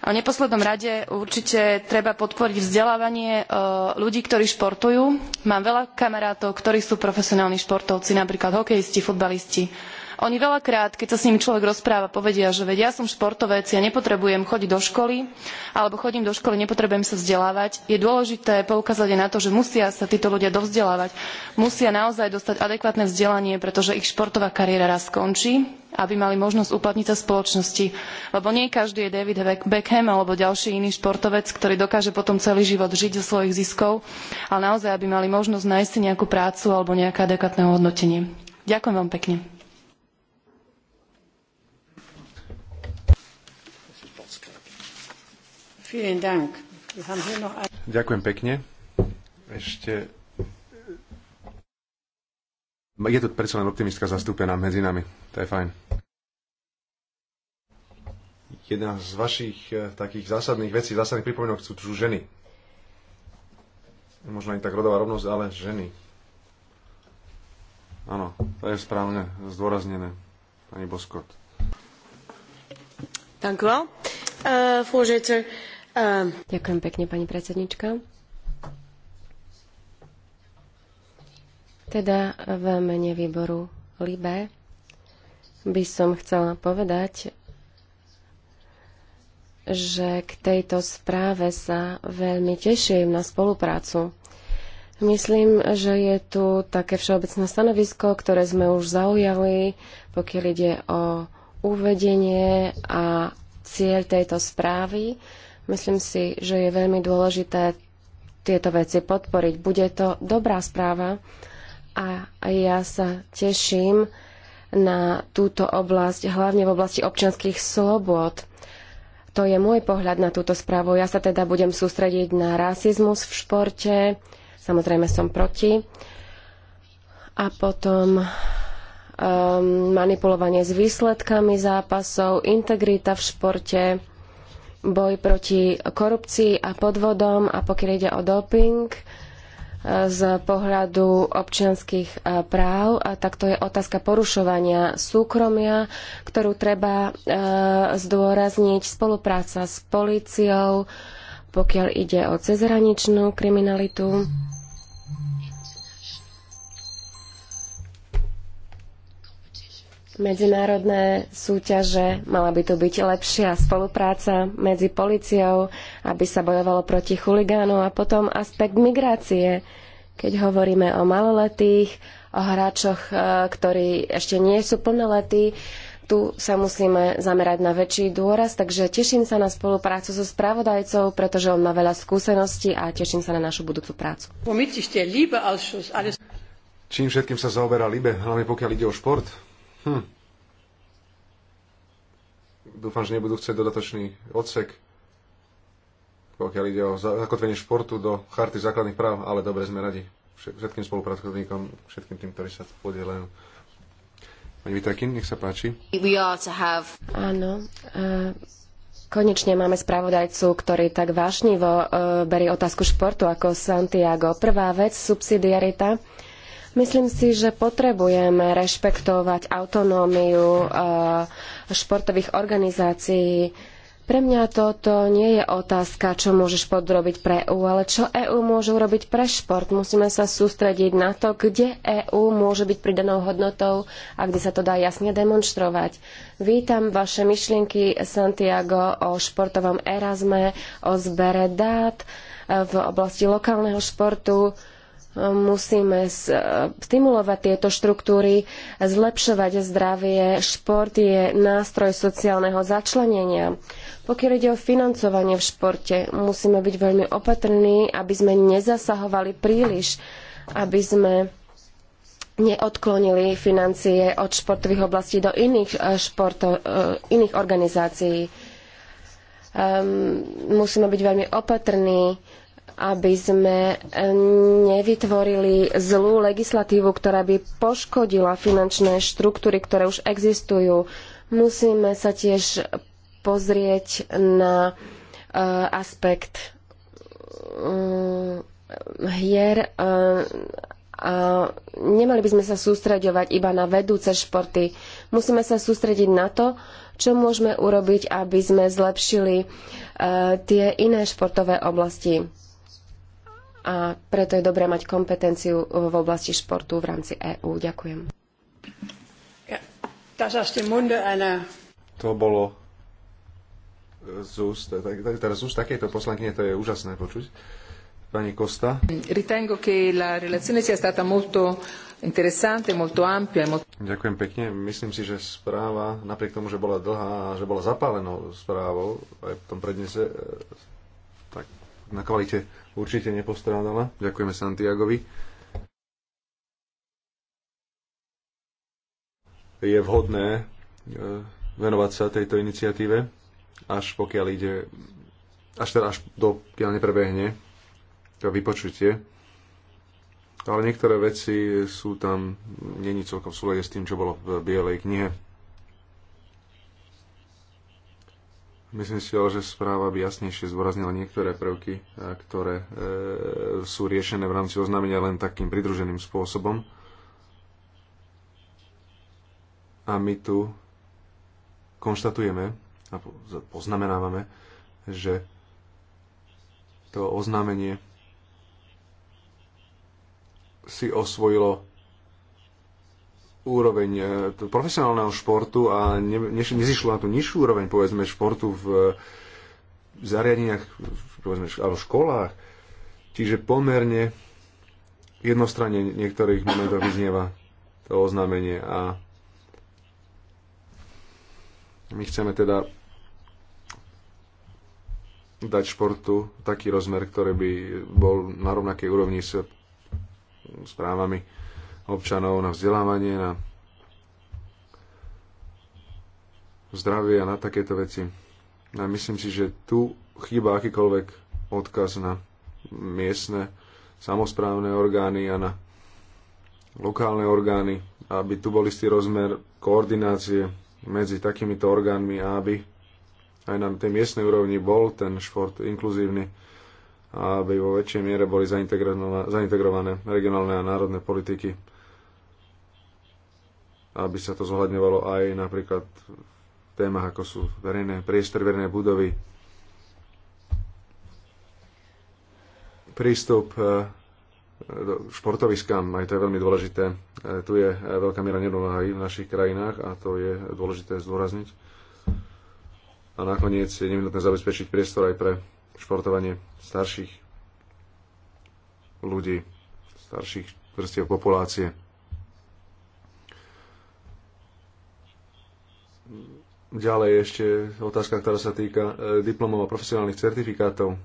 A v neposlednom rade určite treba podporiť vzdelávanie uh, ľudí, ktorí športujú. Mám veľa kamarátov, ktorí sú profesionálni športovci, napríklad hokejisti, futbalisti oni veľakrát, keď sa s nimi človek rozpráva, povedia, že veď ja som športovec, ja nepotrebujem chodiť do školy, alebo chodím do školy, nepotrebujem sa vzdelávať. Je dôležité poukázať aj na to, že musia sa títo ľudia dovzdelávať. Musia naozaj dostať adekvátne vzdelanie, pretože ich športová kariéra raz skončí aby mali možnosť uplatniť sa v spoločnosti. Lebo nie každý je David Beckham alebo ďalší iný športovec, ktorý dokáže potom celý život žiť zo svojich ziskov, ale naozaj, aby mali možnosť nájsť si nejakú prácu alebo nejaké adekvátne hodnotenie. Ďakujem vám pekne. Ďakujem pekne. Ešte je tu predsa len optimistka zastúpená medzi nami. To je fajn. Jedna z vašich eh, takých zásadných vecí, zásadných pripomienok sú tu ženy. Možno ani tak rodová rovnosť, ale ženy. Áno, to je správne zdôraznené, pani Boskot. Dank uh, voorzitter. Ehm. Ďakujem pekne, pani predsednička. Teda v mene výboru Libe by som chcela povedať, že k tejto správe sa veľmi teším na spoluprácu. Myslím, že je tu také všeobecné stanovisko, ktoré sme už zaujali, pokiaľ ide o uvedenie a cieľ tejto správy. Myslím si, že je veľmi dôležité tieto veci podporiť. Bude to dobrá správa a ja sa teším na túto oblasť, hlavne v oblasti občianskych slobôd. To je môj pohľad na túto správu. Ja sa teda budem sústrediť na rasizmus v športe. Samozrejme som proti. A potom um, manipulovanie s výsledkami zápasov, integrita v športe boj proti korupcii a podvodom a pokiaľ ide o doping e, z pohľadu občianskych e, práv, tak to je otázka porušovania súkromia, ktorú treba e, zdôrazniť spolupráca s políciou, pokiaľ ide o cezhraničnú kriminalitu. Mm. medzinárodné súťaže, mala by tu byť lepšia spolupráca medzi policiou, aby sa bojovalo proti chuligánu a potom aspekt migrácie, keď hovoríme o maloletých, o hráčoch, e, ktorí ešte nie sú plnoletí. Tu sa musíme zamerať na väčší dôraz, takže teším sa na spoluprácu so spravodajcov, pretože on má veľa skúseností a teším sa na našu budúcu prácu. Čím všetkým sa zaoberá Libe, hlavne pokiaľ ide o šport? Hm. Dúfam, že nebudú chcieť dodatočný odsek, pokiaľ ide o zakotvenie športu do charty základných práv, ale dobre, sme radi všetkým spolupracovníkom, všetkým tým, ktorí sa podielajú. Pani Vitakin, nech sa páči. We are to have... Áno, uh... Konečne máme spravodajcu, ktorý tak vášnivo uh, berie otázku športu ako Santiago. Prvá vec, subsidiarita. Myslím si, že potrebujeme rešpektovať autonómiu eh, športových organizácií. Pre mňa toto nie je otázka, čo môže šport robiť pre EÚ, ale čo EÚ môže urobiť pre šport. Musíme sa sústrediť na to, kde EÚ môže byť pridanou hodnotou a kde sa to dá jasne demonštrovať. Vítam vaše myšlienky, Santiago, o športovom Erasme, o zbere dát eh, v oblasti lokálneho športu musíme e, stimulovať tieto štruktúry, zlepšovať zdravie. Šport je nástroj sociálneho začlenenia. Pokiaľ ide o financovanie v športe, musíme byť veľmi opatrní, aby sme nezasahovali príliš, aby sme neodklonili financie od športových oblastí do iných, e, športov, e, iných organizácií. Um, musíme byť veľmi opatrní aby sme e, nevytvorili zlú legislatívu, ktorá by poškodila finančné štruktúry, ktoré už existujú. Musíme sa tiež pozrieť na e, aspekt mm, hier e, a nemali by sme sa sústreďovať iba na vedúce športy. Musíme sa sústrediť na to, čo môžeme urobiť, aby sme zlepšili tie iné športové oblasti a preto je dobré mať kompetenciu uh, v oblasti športu v rámci EÚ. Ďakujem. To bolo uh, z úst, tak, tak, teraz z úst takéto poslankyne, to je úžasné počuť. Pani Costa. Ritengo che la relazione sia stata molto interessante, molto ampia. Molto... Ďakujem pekne. Myslím si, že správa, napriek tomu, že bola dlhá a že bola zapálenou správou aj v tom prednese na kvalite určite nepostrádala. Ďakujeme Santiagovi. Je vhodné e, venovať sa tejto iniciatíve, až pokiaľ ide, až teda až kiaľ neprebehne to vypočutie. Ale niektoré veci sú tam, není celkom v s tým, čo bolo v Bielej knihe. Myslím si, že správa by jasnejšie zvoraznila niektoré prvky, e, ktoré e, sú riešené v rámci oznámenia len takým pridruženým spôsobom. A my tu konštatujeme a poznamenávame, že to oznámenie si osvojilo úroveň e, profesionálneho športu a ne, ne, nezišlo na tú nižšiu úroveň, povedzme, športu v zariadeniach, povedzme, alebo školách. Čiže pomerne jednostranne niektorých momentov vyznieva to oznámenie a my chceme teda dať športu taký rozmer, ktorý by bol na rovnakej úrovni s správami občanov, na vzdelávanie, na zdravie a na takéto veci. A myslím si, že tu chýba akýkoľvek odkaz na miestne samozprávne orgány a na lokálne orgány, aby tu bol istý rozmer koordinácie medzi takýmito orgánmi a aby aj na tej miestnej úrovni bol ten šport inkluzívny a aby vo väčšej miere boli zaintegrované, zaintegrované regionálne a národné politiky aby sa to zohľadňovalo aj napríklad v témach, ako sú verejné priestory, verejné budovy, prístup e, športoviskám, aj to je veľmi dôležité. E, tu je e, veľká miera nerovnováhy v našich krajinách a to je dôležité zdôrazniť. A nakoniec je nevinutné zabezpečiť priestor aj pre športovanie starších ľudí, starších vrstiev populácie. Ďalej ešte otázka, ktorá sa týka e, diplomov a profesionálnych certifikátov.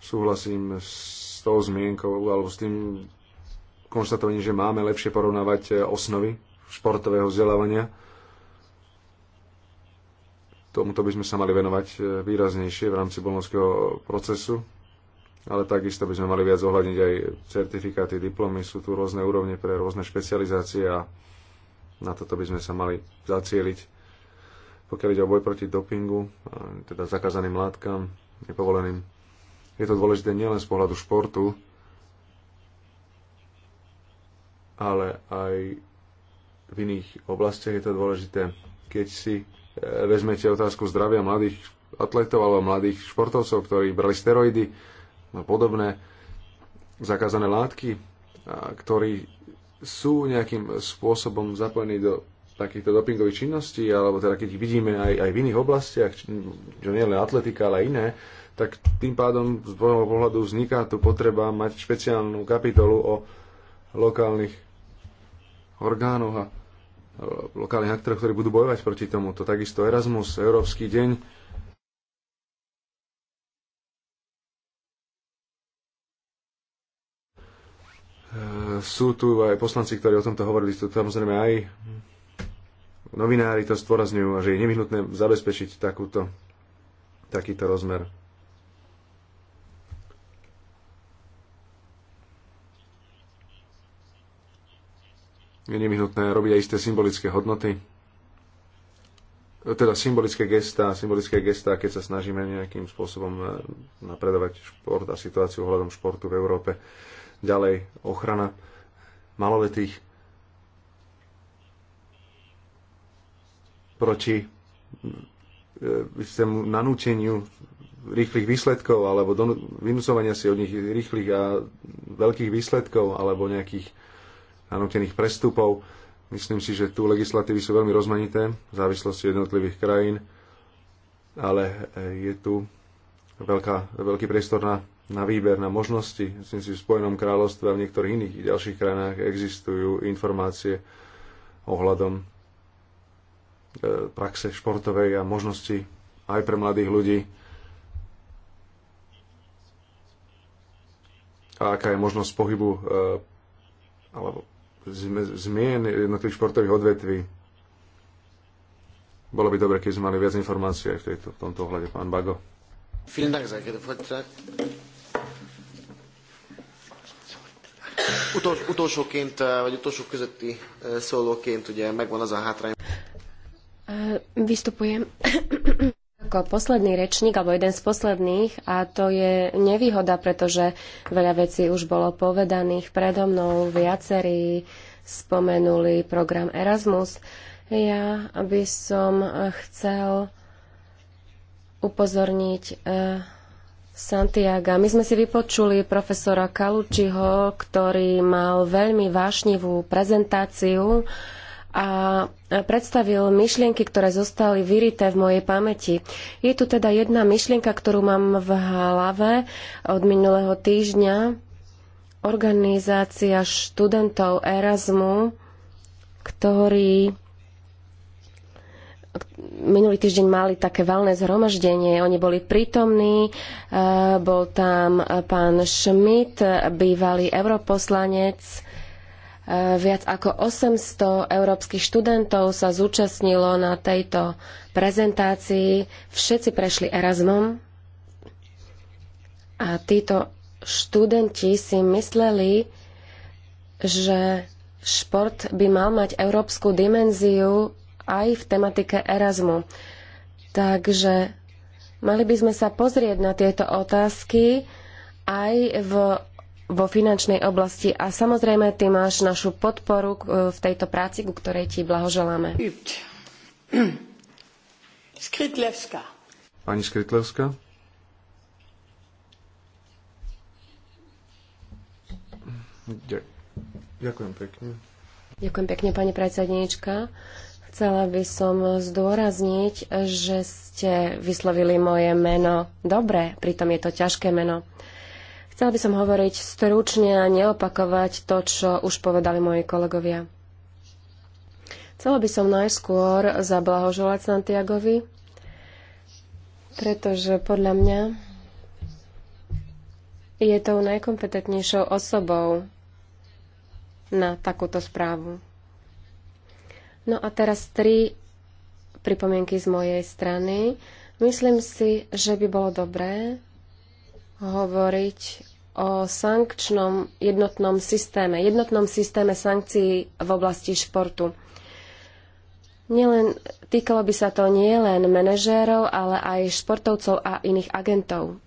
Súhlasím s tou zmienkou alebo s tým konštatovaním, že máme lepšie porovnávať e, osnovy športového vzdelávania. Tomuto by sme sa mali venovať e, výraznejšie v rámci bolonského procesu ale takisto by sme mali viac ohľadniť aj certifikáty, diplomy. Sú tu rôzne úrovne pre rôzne špecializácie a na toto by sme sa mali zacieliť. Pokiaľ ide o boj proti dopingu, teda zakázaným látkam, nepovoleným, je to dôležité nielen z pohľadu športu, ale aj v iných oblastiach je to dôležité. Keď si e, vezmete otázku zdravia mladých atletov alebo mladých športovcov, ktorí brali steroidy, a no, podobné zakázané látky, ktorí sú nejakým spôsobom zapojení do takýchto dopingových činností, alebo teda keď ich vidíme aj, aj v iných oblastiach, čo nie len atletika, ale iné, tak tým pádom z môjho pohľadu vzniká tu potreba mať špeciálnu kapitolu o lokálnych orgánoch a e, lokálnych aktoroch, ktorí budú bojovať proti tomu. To Takisto Erasmus, Európsky deň sú tu aj poslanci, ktorí o tomto hovorili, sú to samozrejme aj novinári to stvorazňujú a že je nevyhnutné zabezpečiť takúto, takýto rozmer. Je nevyhnutné robiť aj isté symbolické hodnoty, teda symbolické gesta, symbolické gesta, keď sa snažíme nejakým spôsobom eh, napredovať šport a situáciu ohľadom športu v Európe ďalej ochrana maloletých proti e, systému nanúčeniu rýchlych výsledkov alebo vynúcovania si od nich rýchlych a veľkých výsledkov alebo nejakých nanútených prestupov. Myslím si, že tu legislatívy sú veľmi rozmanité v závislosti jednotlivých krajín, ale e, je tu veľká, veľký priestor na na výber, na možnosti. Myslím si, v Spojenom kráľovstve a v niektorých iných ďalších krajinách existujú informácie ohľadom e, praxe športovej a možnosti aj pre mladých ľudí. A aká je možnosť pohybu e, alebo zmien jednotlivých športových odvetví. Bolo by dobre, keď sme mali viac informácií aj v, tejto, v tomto ohľade, pán Bago. Vielen Dank, sehr geehrter Vortrag. Utol, utolsóként, eh, vagy utolsó közötti eh, szólóként ugye megvan az a hátrány. Eh, vystupujem ako posledný rečník, alebo jeden z posledných, a to je nevýhoda, pretože veľa vecí už bolo povedaných predo mnou, viacerí spomenuli program Erasmus. Ja by som chcel upozorniť Santiago. My sme si vypočuli profesora Kalučiho, ktorý mal veľmi vášnivú prezentáciu a predstavil myšlienky, ktoré zostali vyrité v mojej pamäti. Je tu teda jedna myšlienka, ktorú mám v hlave od minulého týždňa. Organizácia študentov Erasmu, ktorí minulý týždeň mali také valné zhromaždenie, oni boli prítomní, e, bol tam pán Schmidt, bývalý europoslanec, e, viac ako 800 európskych študentov sa zúčastnilo na tejto prezentácii. Všetci prešli Erasmom a títo študenti si mysleli, že šport by mal mať európsku dimenziu aj v tematike Erasmu. Takže mali by sme sa pozrieť na tieto otázky aj v, vo finančnej oblasti a samozrejme ty máš našu podporu e, v tejto práci, ku ktorej ti blahoželáme. Skrytlevská. Pani Skrytlevská. Ďakujem pekne. Ďakujem pekne, pani predsedníčka. Chcela by som zdôrazniť, že ste vyslovili moje meno dobre, pritom je to ťažké meno. Chcela by som hovoriť stručne a neopakovať to, čo už povedali moji kolegovia. Chcela by som najskôr zablahoželať Santiagovi, pretože podľa mňa je tou najkompetentnejšou osobou na takúto správu. No a teraz tri pripomienky z mojej strany. Myslím si, že by bolo dobré hovoriť o sankčnom jednotnom systéme, jednotnom systéme sankcií v oblasti športu. Nielen, týkalo by sa to nielen manažérov, ale aj športovcov a iných agentov.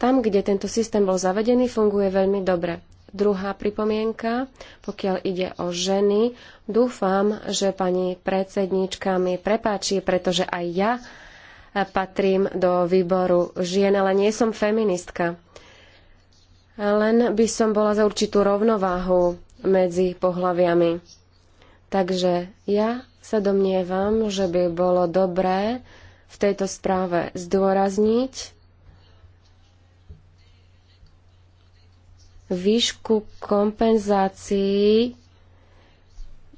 Tam, kde tento systém bol zavedený, funguje veľmi dobre. Druhá pripomienka, pokiaľ ide o ženy, dúfam, že pani predsedníčka mi prepáči, pretože aj ja e, patrím do výboru žien, ale nie som feministka. Len by som bola za určitú rovnováhu medzi pohlaviami. Takže ja sa domnievam, že by bolo dobré v tejto správe zdôrazniť, výšku kompenzácií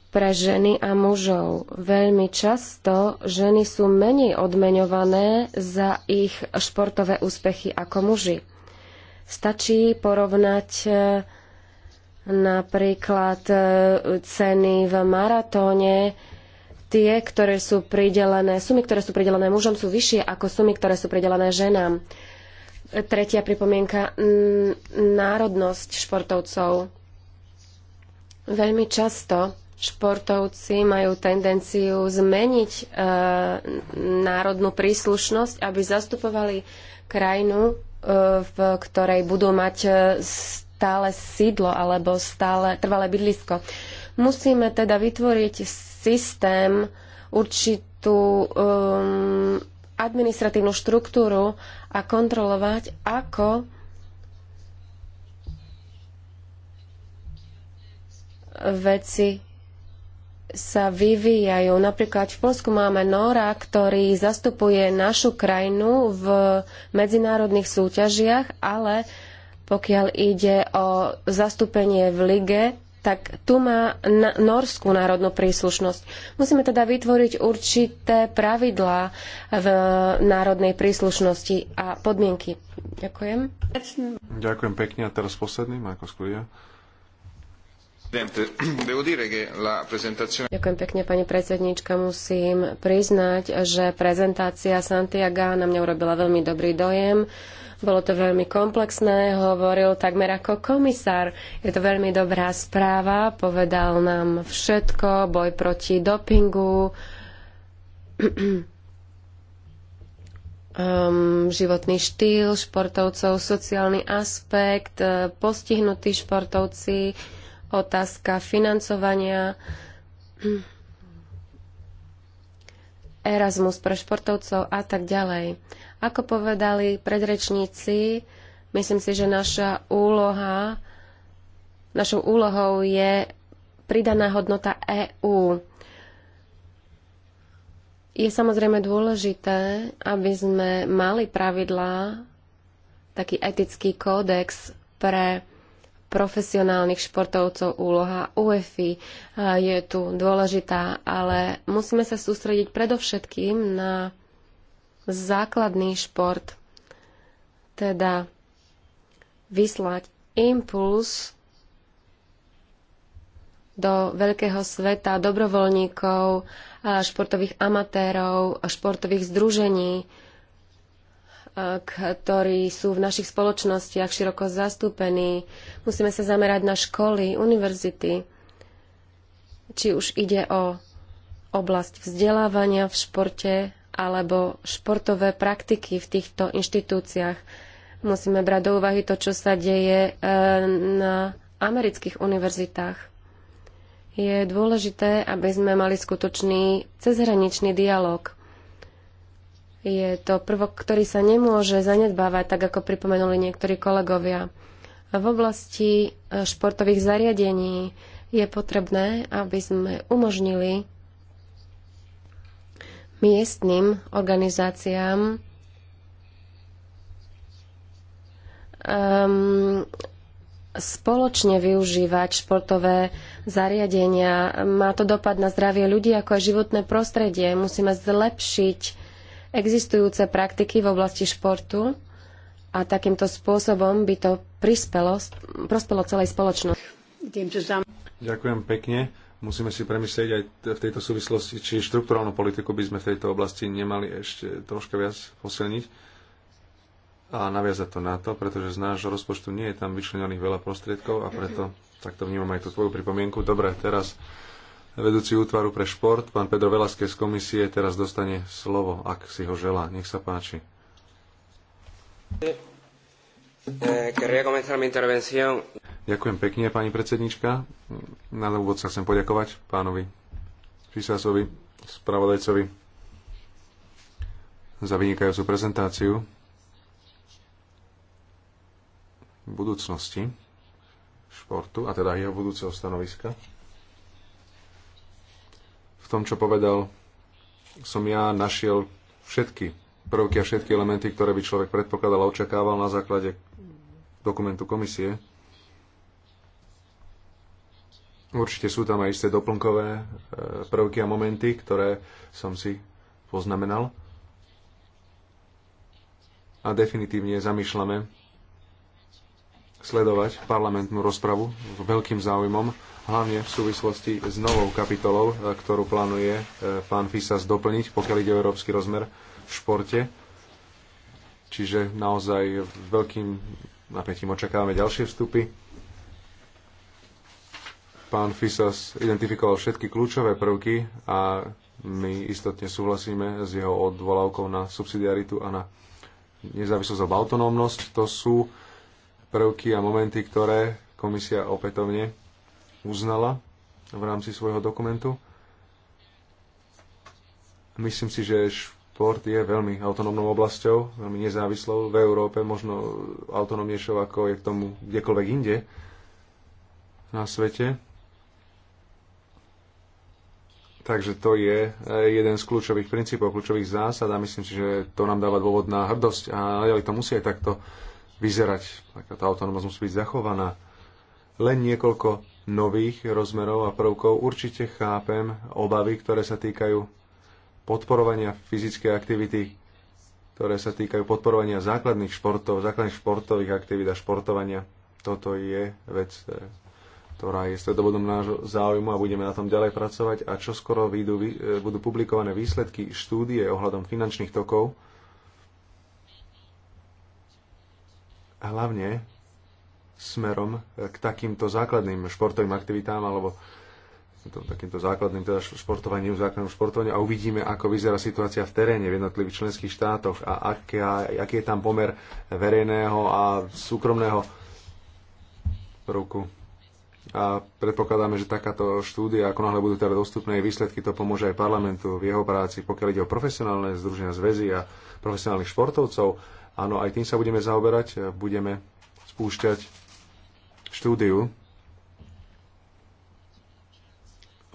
pre ženy a mužov. Veľmi často ženy sú menej odmeňované za ich športové úspechy ako muži. Stačí porovnať e, napríklad e, ceny v maratóne, tie, ktoré sú pridelené, sumy, ktoré sú pridelené mužom, sú vyššie ako sumy, ktoré sú pridelené ženám. Tretia pripomienka. Národnosť športovcov. Veľmi často športovci majú tendenciu zmeniť e, národnú príslušnosť, aby zastupovali krajinu, e, v ktorej budú mať e, stále sídlo alebo stále trvalé bydlisko. Musíme teda vytvoriť systém určitú um, administratívnu štruktúru a kontrolovať, ako veci sa vyvíjajú. Napríklad v Polsku máme Nora, ktorý zastupuje našu krajinu v medzinárodných súťažiach, ale pokiaľ ide o zastúpenie v lige, tak tu má norskú národnú príslušnosť. Musíme teda vytvoriť určité pravidlá v národnej príslušnosti a podmienky. Ďakujem. Ďakujem pekne a teraz posledný, Marko Skúria. Ďakujem pekne, pani predsednička. Musím priznať, že prezentácia Santiaga na mňa urobila veľmi dobrý dojem. Bolo to veľmi komplexné, hovoril takmer ako komisár. Je to veľmi dobrá správa, povedal nám všetko, boj proti dopingu, um, životný štýl športovcov, sociálny aspekt, eh, postihnutí športovci, otázka financovania. Erasmus pre športovcov a tak ďalej. Ako povedali predrečníci, myslím si, že naša úloha, našou úlohou je pridaná hodnota EÚ. Je samozrejme dôležité, aby sme mali pravidlá, taký etický kódex pre profesionálnych športovcov úloha UEFI je tu dôležitá, ale musíme sa sústrediť predovšetkým na základný šport, teda vyslať impuls do veľkého sveta dobrovoľníkov, športových amatérov, športových združení, ktorí sú v našich spoločnostiach široko zastúpení. Musíme sa zamerať na školy, univerzity, či už ide o oblasť vzdelávania v športe alebo športové praktiky v týchto inštitúciách. Musíme brať do úvahy to, čo sa deje e, na amerických univerzitách. Je dôležité, aby sme mali skutočný cezhraničný dialog. Je to prvok, ktorý sa nemôže zanedbávať, tak ako pripomenuli niektorí kolegovia. V oblasti e, športových zariadení je potrebné, aby sme umožnili miestnym organizáciám um, spoločne využívať športové zariadenia. Má to dopad na zdravie ľudí ako aj životné prostredie. Musíme zlepšiť existujúce praktiky v oblasti športu a takýmto spôsobom by to prispelo, prospelo celej spoločnosti. Ďakujem pekne. Musíme si premyslieť aj v tejto súvislosti, či štruktúrálnu politiku by sme v tejto oblasti nemali ešte troška viac posilniť a naviazať to na to, pretože z nášho rozpočtu nie je tam vyčlenených veľa prostriedkov a preto takto vnímam aj tú tvoju pripomienku. Dobre, teraz vedúci útvaru pre šport, pán Pedro Velaské z komisie, teraz dostane slovo, ak si ho želá. Nech sa páči. Eh, querría comenzar mi intervención Ďakujem pekne, pani predsednička. Na úvod sa chcem poďakovať pánovi Fisasovi, spravodajcovi, za vynikajúcu prezentáciu budúcnosti športu, a teda jeho budúceho stanoviska. V tom, čo povedal, som ja našiel všetky prvky a všetky elementy, ktoré by človek predpokladal a očakával na základe dokumentu komisie, Určite sú tam aj isté doplnkové e, prvky a momenty, ktoré som si poznamenal. A definitívne zamýšľame sledovať parlamentnú rozpravu s veľkým záujmom, hlavne v súvislosti s novou kapitolou, e, ktorú plánuje e, pán Fisas doplniť, pokiaľ ide o európsky rozmer v športe. Čiže naozaj veľkým napätím očakávame ďalšie vstupy Pán Fisas identifikoval všetky kľúčové prvky a my istotne súhlasíme s jeho odvolávkou na subsidiaritu a na nezávislosť a autonómnosť. To sú prvky a momenty, ktoré komisia opätovne uznala v rámci svojho dokumentu. Myslím si, že šport je veľmi autonómnou oblasťou, veľmi nezávislou v Európe, možno autonómnejšou ako je k tomu kdekoľvek inde na svete. Takže to je e, jeden z kľúčových princípov, kľúčových zásad a myslím si, že to nám dáva dôvod na hrdosť a naďalej to musí aj takto vyzerať. Taká tá autonómnosť musí byť zachovaná. Len niekoľko nových rozmerov a prvkov. Určite chápem obavy, ktoré sa týkajú podporovania fyzickej aktivity, ktoré sa týkajú podporovania základných športov, základných športových aktivít a športovania. Toto je vec, e, ktorá je stredobodom nášho záujmu a budeme na tom ďalej pracovať a čo skoro výjdu, e, budú publikované výsledky štúdie ohľadom finančných tokov. Hlavne smerom e, k takýmto základným športovým aktivitám alebo takýmto základným teda športovaním, základným športovaniu a uvidíme, ako vyzerá situácia v teréne v jednotlivých členských štátoch a aký, aký je tam pomer verejného a súkromného ruku a predpokladáme, že takáto štúdia, ako náhle budú teda dostupné výsledky, to pomôže aj parlamentu v jeho práci, pokiaľ ide o profesionálne združenia zväzy a profesionálnych športovcov. Áno, aj tým sa budeme zaoberať, budeme spúšťať štúdiu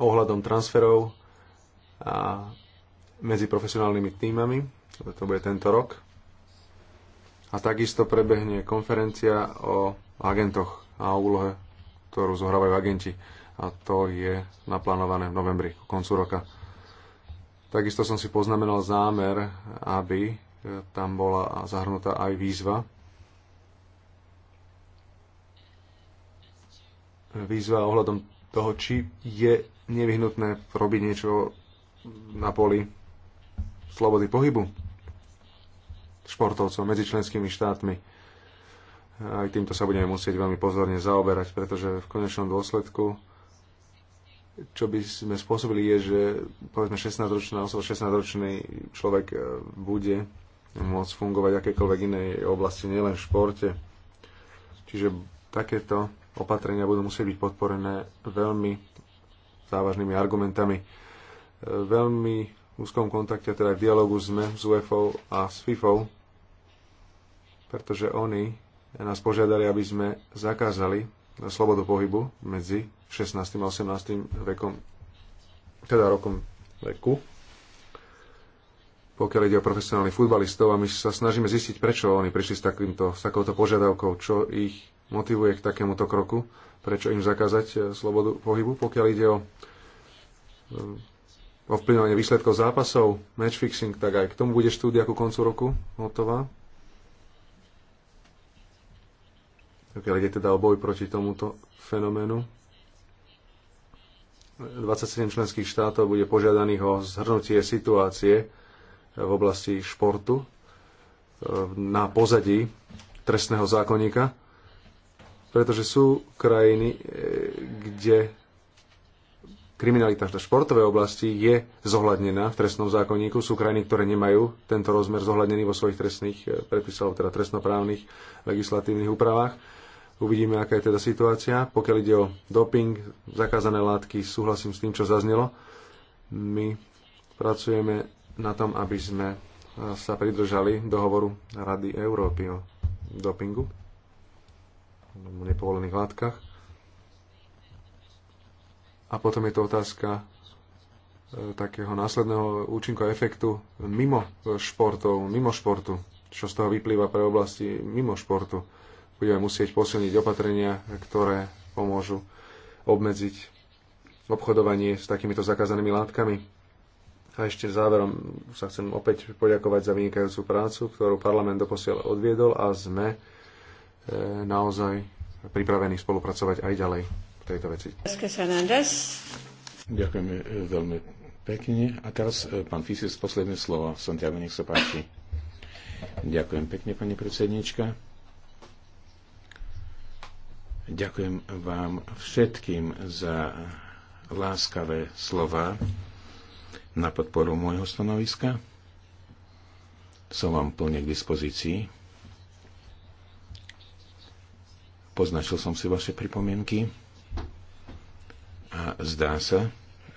ohľadom transferov a medzi profesionálnymi týmami, to bude tento rok. A takisto prebehne konferencia o agentoch a o úlohe ktorú zohrávajú agenti a to je naplánované v novembri, koncu roka. Takisto som si poznamenal zámer, aby e, tam bola zahrnutá aj výzva. Výzva ohľadom toho, či je nevyhnutné robiť niečo na poli slobody pohybu športovcov medzi členskými štátmi. Aj týmto sa budeme musieť veľmi pozorne zaoberať, pretože v konečnom dôsledku čo by sme spôsobili je, že povedzme 16-ročná osoba, 16-ročný človek e, bude môcť fungovať v akékoľvek inej oblasti, nielen v športe. Čiže takéto opatrenia budú musieť byť podporené veľmi závažnými argumentami. E, veľmi v úzkom kontakte, teda v dialogu sme s UFO a s FIFO, pretože oni nás požiadali, aby sme zakázali slobodu pohybu medzi 16. a 18. vekom, teda rokom veku, pokiaľ ide o profesionálnych futbalistov a my sa snažíme zistiť, prečo oni prišli s, takýmto, s takouto požiadavkou, čo ich motivuje k takémuto kroku, prečo im zakázať e, slobodu pohybu, pokiaľ ide o e, ovplyvňovanie výsledkov zápasov, matchfixing, tak aj k tomu bude štúdia ku koncu roku hotová. pokiaľ ide teda o boj proti tomuto fenoménu. 27 členských štátov bude požiadaných o zhrnutie situácie v oblasti športu e, na pozadí trestného zákonníka, pretože sú krajiny, e, kde kriminalita v športovej oblasti je zohľadnená v trestnom zákonníku. Sú krajiny, ktoré nemajú tento rozmer zohľadnený vo svojich trestných e, predpisov, teda trestnoprávnych legislatívnych úpravách. Uvidíme, aká je teda situácia. Pokiaľ ide o doping, zakázané látky, súhlasím s tým, čo zaznelo. My pracujeme na tom, aby sme e, sa pridržali dohovoru Rady Európy o dopingu, o nepovolených látkach. A potom je to otázka e, takého následného účinku a efektu mimo športov, mimo športu, čo z toho vyplýva pre oblasti mimo športu budeme musieť posilniť opatrenia, ktoré pomôžu obmedziť obchodovanie s takýmito zakázanými látkami. A ešte záverom sa chcem opäť poďakovať za vynikajúcu prácu, ktorú parlament doposiaľ odviedol a sme e, naozaj pripravení spolupracovať aj ďalej v tejto veci. Ďakujeme e, veľmi pekne. A teraz e, pán Fisis, posledné slovo. Santiago, nech sa páči. Ďakujem pekne, pani predsednička. Ďakujem vám všetkým za láskavé slova na podporu môjho stanoviska. Som vám plne k dispozícii. Poznačil som si vaše pripomienky a zdá sa,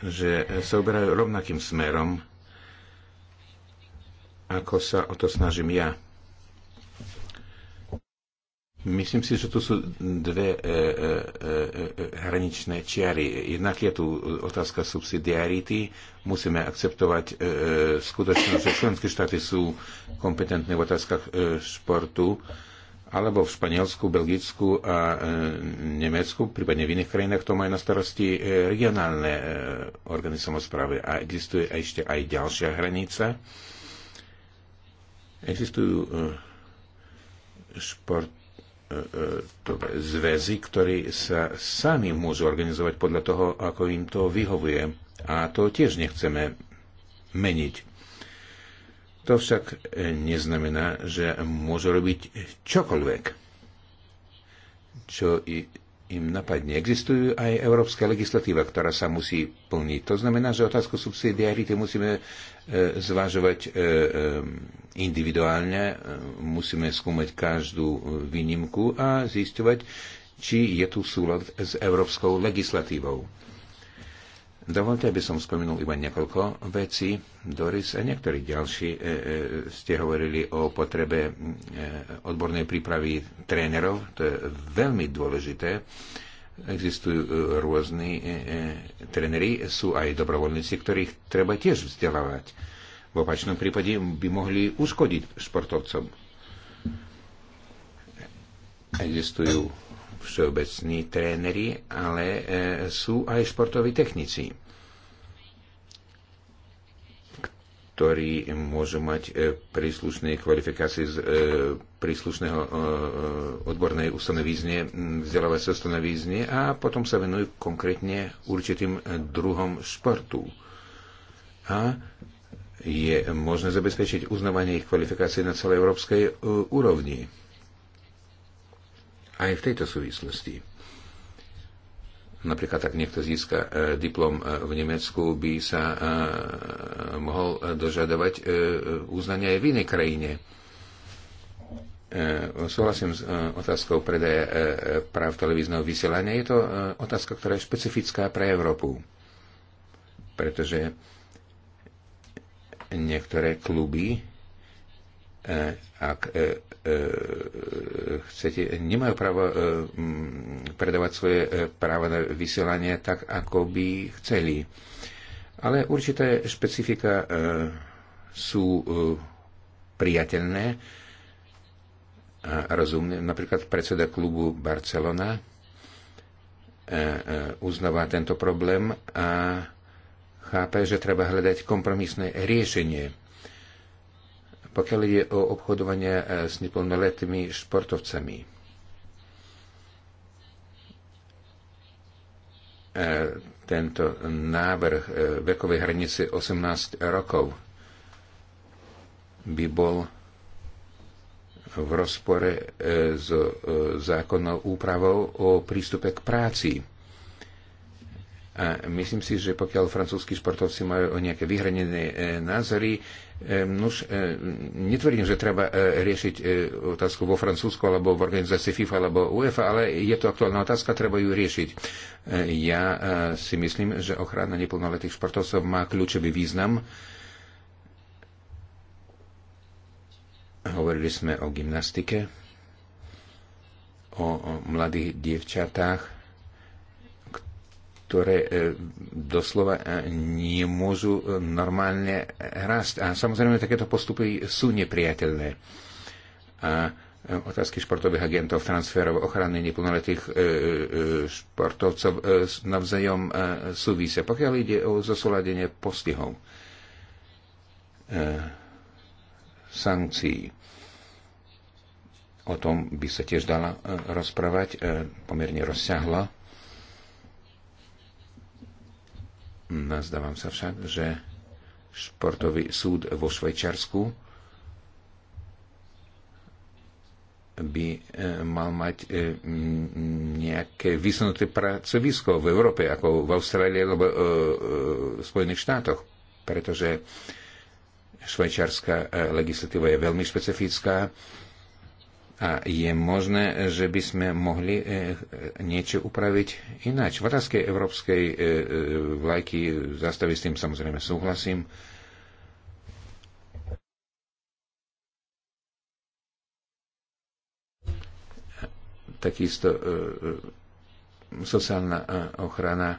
že sa oberajú rovnakým smerom, ako sa o to snažím ja. Myslím si, že tu sú dve e, e, e, e, hraničné čiary. Jednak je tu otázka subsidiarity. Musíme akceptovať e, e, skutočnosť, že členské štáty sú kompetentné v otázkach e, športu, alebo v Španielsku, Belgicku a e, Nemecku, prípadne v iných krajinách to majú na starosti e, regionálne e, orgány samozprávy. A existuje ešte aj ďalšia hranica. Existujú e, šport E, e, e, zväzy, ktorí sa sami môžu organizovať podľa toho, ako im to vyhovuje. A to tiež nechceme meniť. To však neznamená, že môžu robiť čokoľvek, čo im napadne. Existujú aj európska legislatíva, ktorá sa musí plniť. To znamená, že otázku subsidiarity musíme e, zvažovať e, e, individuálne, musíme skúmať každú výnimku a zistovať, či je tu súlad s európskou legislatívou. Dovolte, aby som spomenul iba niekoľko vecí. Doris a niektorí ďalší e, e, ste hovorili o potrebe e, odbornej prípravy trénerov. To je veľmi dôležité. Existujú e, rôzni e, e, tréneri, sú aj dobrovoľníci, ktorých treba tiež vzdelávať. V opačnom prípade by mohli uškodiť športovcom. Existujú všeobecní tréneri, ale e, sú aj športoví technici, ktorí môžu mať e, príslušné kvalifikácie z e, príslušného odbornej ustanovízne, vzdelávacej ustanovízne a potom sa venujú konkrétne určitým druhom športu. A je možné zabezpečiť uznávanie ich kvalifikácie na celej európskej úrovni aj v tejto súvislosti. Napríklad, ak niekto získa e, diplom e, v Nemecku, by sa e, mohol dožadovať uznania aj v inej krajine. Súhlasím s otázkou predaja práv televízneho vysielania. Je to otázka, ktorá je špecifická pre Európu. Pretože niektoré kluby E, ak e, e, chcete, nemajú právo predávať svoje práva na vysielanie tak, ako by chceli. Ale určité špecifika sú priateľné a rozumné. Napríklad predseda klubu Barcelona uznáva tento problém a chápe, že treba hľadať kompromisné riešenie pokiaľ ide o obchodovanie e, s neplnoletými športovcami. E, tento návrh e, vekovej hranice 18 rokov by bol v rozpore s zákonnou úpravou o prístupe k práci. A myslím si, že pokiaľ francúzskí športovci majú nejaké vyhranené e, názory, e, nuž, e, netvrdím, že treba riešiť otázku vo Francúzsku alebo v organizácii FIFA alebo UEFA, ale je to aktuálna otázka, treba ju riešiť. Ja si myslím, že ochrana neplnoletých športovcov má kľúčový význam. Hovorili sme o gymnastike, o, o mladých dievčatách, ktoré e, doslova e, nemôžu e, normálne rásť. A samozrejme, takéto postupy sú nepriateľné. A otázky športových agentov, transferov, ochrany neplnoletých športovcov navzájom súvisia, pokiaľ ide o zosúladenie postihov sankcií. O tom by sa tiež dala rozprávať pomerne rozsiahlo Nazdávam sa však, že športový súd vo Švajčarsku by e, mal mať e, nejaké vysunuté pracovisko v Európe, ako v Austrálii alebo e, v Spojených štátoch, pretože švajčiarska legislatíva je veľmi špecifická a je možné, že by sme mohli e, e, niečo upraviť ináč. V otázke európskej e, vlajky zastaviť s tým samozrejme súhlasím. Takisto sociálna ochrana.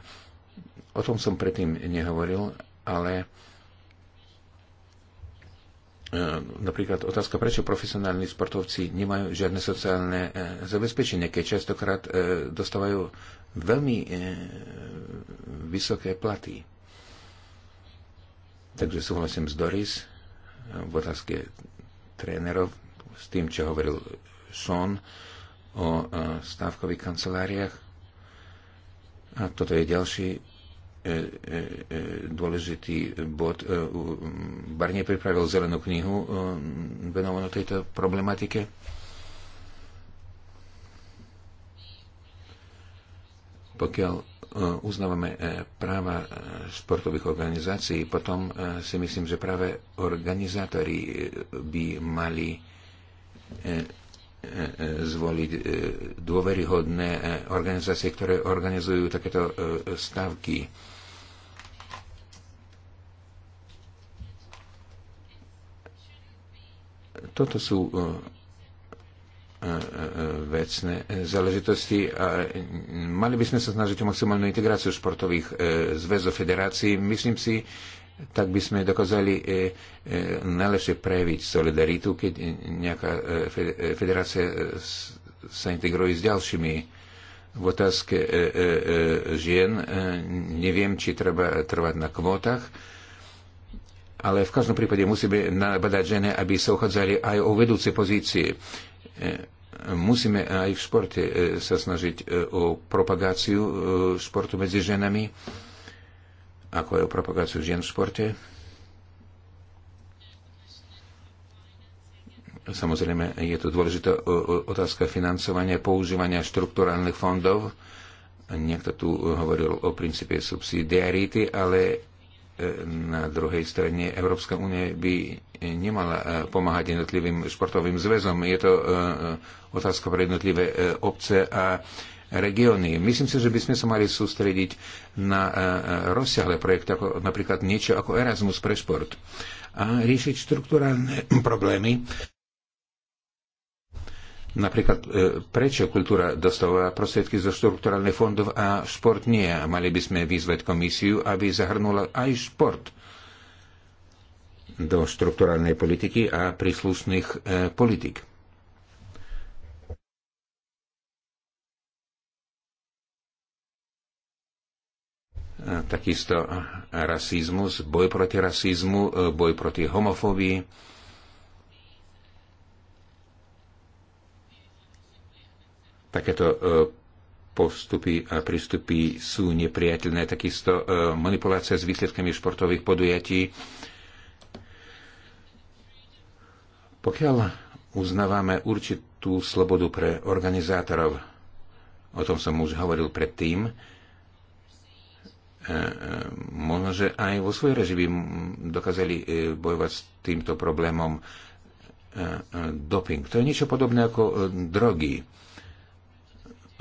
O tom som predtým nehovoril, ale E, napríklad otázka, prečo profesionálni sportovci nemajú žiadne sociálne e, zabezpečenie, keď častokrát e, dostávajú veľmi vysoké platy. Takže súhlasím s Doris v otázke trénerov s tým, čo hovoril Sean o stávkových kanceláriách. A toto je ďalší E, e, e, dôležitý bod. Barnier pripravil zelenú knihu venovanú tejto problematike. Pokiaľ uznávame práva športových organizácií, potom si myslím, že práve organizátori by mali zvoliť dôveryhodné organizácie, ktoré organizujú takéto stavky Toto sú e, e, e, vecné záležitosti a mali by sme sa snažiť o maximálnu integráciu športových zväzov federácií. Myslím si, tak by sme dokázali najlepšie prejaviť solidaritu, keď nejaká federácia sa integruje s ďalšími. V otázke žien neviem, či treba trvať na kvótach ale v každom prípade musíme nabadať ženy, aby sa uchádzali aj o vedúce pozície. E, musíme aj v športe e, sa snažiť e, o propagáciu športu medzi ženami, ako aj o propagáciu žien v športe. Samozrejme, je to dôležitá otázka financovania, používania štrukturálnych fondov. Niekto tu hovoril o princípe subsidiarity, ale na druhej strane Európska únia by nemala e, pomáhať jednotlivým športovým zväzom. Je to e, e, otázka pre jednotlivé obce a regióny. Myslím si, že by sme sa mali sústrediť na rozsiahle projekty, ako napríklad niečo ako Erasmus pre šport a riešiť štruktúrálne problémy Napríklad, e, prečo kultúra dostáva prostriedky zo štruktúralnych fondov a šport nie? Mali by sme vyzvať komisiu, aby zahrnula aj šport do štruktúralnej politiky a príslušných e, politik. E, takisto rasizmus, boj proti rasizmu, e, boj proti homofóbii Takéto e, postupy a prístupy sú nepriateľné, takisto e, manipulácia s výsledkami športových podujatí. Pokiaľ uznávame určitú slobodu pre organizátorov, o tom som už hovoril predtým, e, možno, že aj vo svojej režii dokázali bojovať s týmto problémom doping. To je niečo podobné ako drogy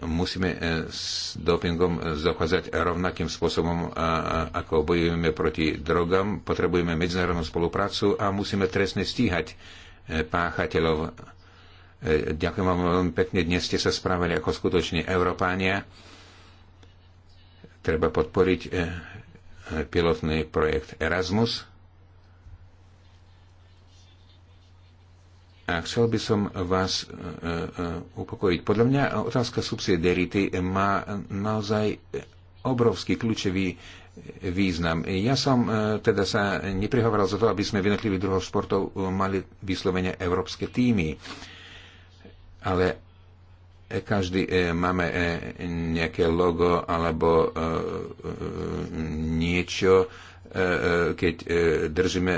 musíme e, s dopingom e, zachádzať rovnakým spôsobom, ako bojujeme proti drogám. Potrebujeme medzinárodnú spoluprácu a musíme trestne stíhať e, páchateľov. Ďakujem vám veľmi pekne, dnes ste sa správali ako skutoční Európania. Treba podporiť pilotný projekt Erasmus A chcel by som vás e, e, e, upokojiť. Podľa mňa otázka subsidiarity má naozaj obrovský kľúčový význam. Ja som teda sa neprihovoril za to, aby sme v jednotlivých druhoch športov mali vyslovene európske týmy. Ale každý máme nejaké logo alebo niečo, E, e, keď e, držíme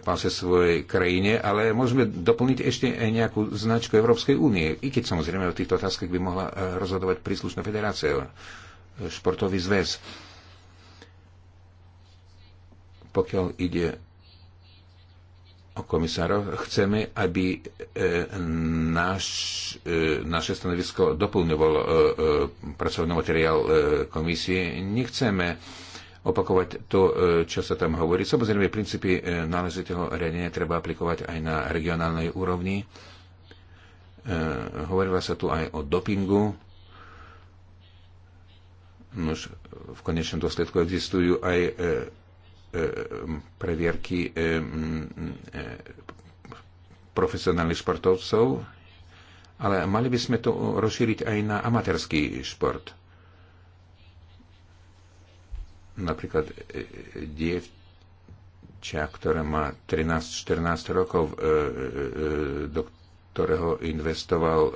pase svojej krajine, ale môžeme doplniť ešte nejakú značku Európskej únie, i keď samozrejme o týchto otázkach by mohla rozhodovať príslušná federácia, športový zväz. Pokiaľ ide o komisárov, chceme, aby naš, naše stanovisko doplňovalo pracovný materiál komisie. Nechceme opakovať to, e, čo sa tam hovorí. Samozrejme, princípy e, náležitého riadenia treba aplikovať aj na regionálnej úrovni. E, hovorila sa tu aj o dopingu. Nož, v konečnom dôsledku existujú aj previerky profesionálnych športovcov, ale mali by sme to rozšíriť aj na amatérsky šport napríklad e, e, dievča, ktoré má 13-14 rokov, e, do ktorého investoval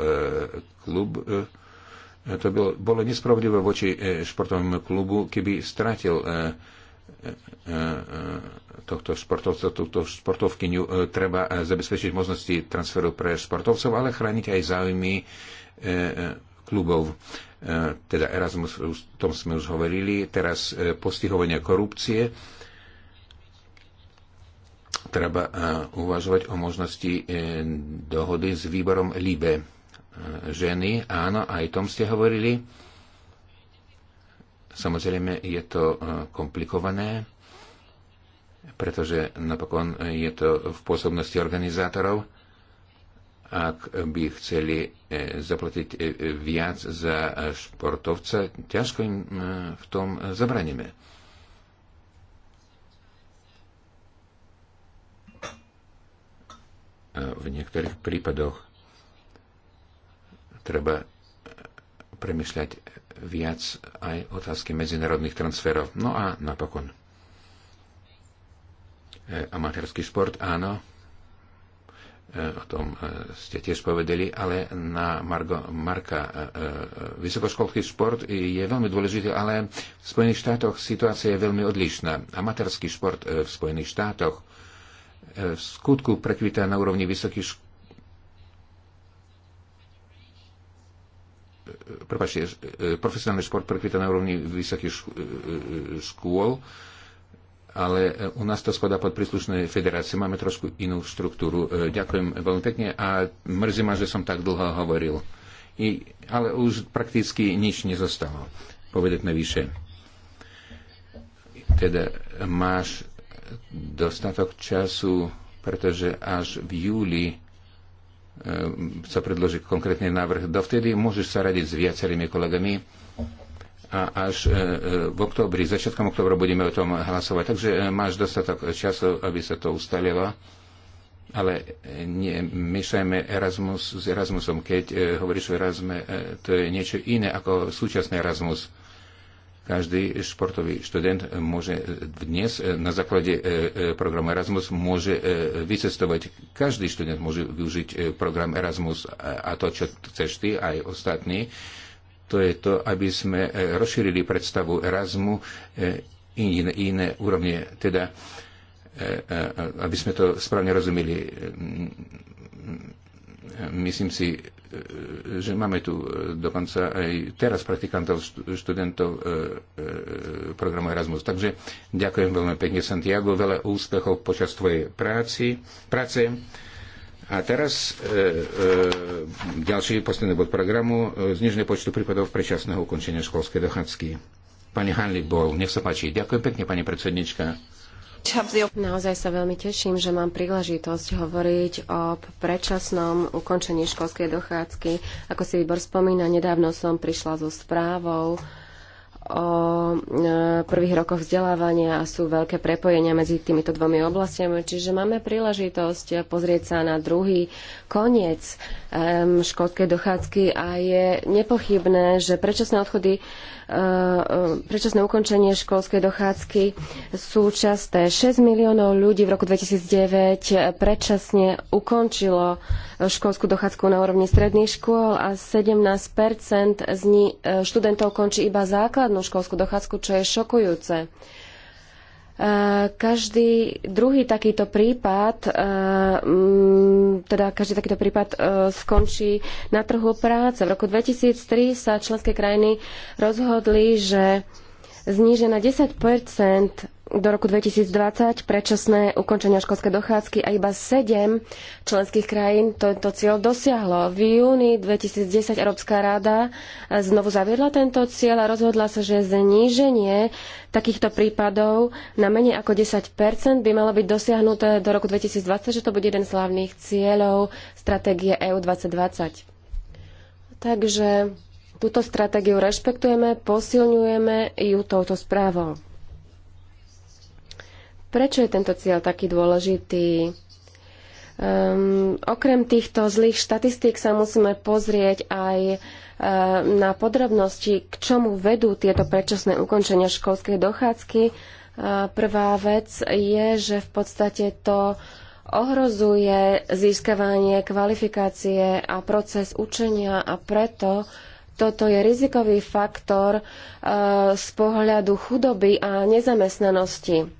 klub, to bolo, bolo nespravodlivé voči športovému klubu, keby stratil tohto športovca, túto športovkyňu treba zabezpečiť možnosti transferu pre športovcov, ale chrániť aj záujmy klubov. E, teda Erasmus, o tom sme už hovorili, teraz e, postihovanie korupcie. Treba e, uvažovať o možnosti dohody s výborom LIBE. Ženy, áno, aj tom ste hovorili. Samozrejme, je to komplikované, pretože napokon je to v pôsobnosti organizátorov ak by chceli e, zaplatiť e, viac za športovca, ťažko im e, v tom zabraníme. V niektorých prípadoch treba premyšľať viac aj otázky medzinárodných transferov. No a napokon. Amatérsky šport, áno, E, o tom e, ste tiež povedali, ale na Margo, Marka e, vysokoškolský šport je veľmi dôležitý, ale v Spojených štátoch situácia je veľmi odlišná. Amatérsky šport v Spojených štátoch v skutku prekvitá na úrovni vysokých škôl Prepačte, profesionálny šport prekvita na úrovni vysokých škôl, škôl ale e, u nás to spadá pod príslušné federácie. Máme trošku inú štruktúru. E, ďakujem veľmi pekne a mrzí ma, že som tak dlho hovoril. I, ale už prakticky nič nezostalo povedať navyše. Teda máš dostatok času, pretože až v júli e, sa predloží konkrétny návrh. Dovtedy môžeš sa radiť s viacerými kolegami a až e, e, v oktobri, začiatkom oktobra budeme o tom hlasovať. Takže e, máš dostatok času, aby sa to ustalilo. Ale nemiešajme Erasmus s Erasmusom. Keď hovoríš o Erasme, to je niečo iné ako súčasný Erasmus. Každý športový študent môže dnes na základe programu Erasmus môže vycestovať. Každý študent môže využiť program Erasmus a to, čo chceš ty, aj ostatní to je to, aby sme e, rozšírili predstavu Erasmu e, iné, iné úrovne, teda e, aby sme to správne rozumeli. Mm, mm, myslím si, že máme tu dokonca aj teraz praktikantov, študentov programu Erasmus. Takže ďakujem veľmi pekne, Santiago, veľa úspechov počas tvojej práci, práce. A teraz e, e, ďalší posledný bod programu. E, zniženie počtu prípadov predčasného ukončenia školskej dochádzky. Pani Hanlik bol, nech sa páči. Ďakujem pekne, pani predsednička. Naozaj sa veľmi teším, že mám príležitosť hovoriť o predčasnom ukončení školskej dochádzky. Ako si výbor spomína, nedávno som prišla so správou, o e, prvých rokoch vzdelávania a sú veľké prepojenia medzi týmito dvomi oblastiami, čiže máme príležitosť pozrieť sa na druhý koniec školskej dochádzky a je nepochybné, že predčasné odchody Eh, eh, predčasné ukončenie školskej dochádzky sú časté. 6 miliónov ľudí v roku 2009 predčasne ukončilo školskú dochádzku na úrovni stredných škôl a 17 z ní eh, študentov končí iba základnú školskú dochádzku, čo je šokujúce. Každý druhý takýto prípad, e, teda každý takýto prípad e, skončí na trhu práce. V roku 2003 sa členské krajiny rozhodli, že zníže na 10 do roku 2020 predčasné ukončenia školskej dochádzky a iba 7 členských krajín tento cieľ dosiahlo. V júni 2010 Európska rada znovu zaviedla tento cieľ a rozhodla sa, že zníženie takýchto prípadov na menej ako 10 by malo byť dosiahnuté do roku 2020, že to bude jeden z hlavných cieľov stratégie EU 2020. Takže Túto stratégiu rešpektujeme, posilňujeme ju touto správou. Prečo je tento cieľ taký dôležitý? Um, okrem týchto zlých štatistík sa musíme pozrieť aj um, na podrobnosti, k čomu vedú tieto predčasné ukončenia školskej dochádzky. Uh, prvá vec je, že v podstate to ohrozuje získavanie kvalifikácie a proces učenia a preto uh, toto je rizikový faktor e, z pohľadu chudoby a nezamestnanosti.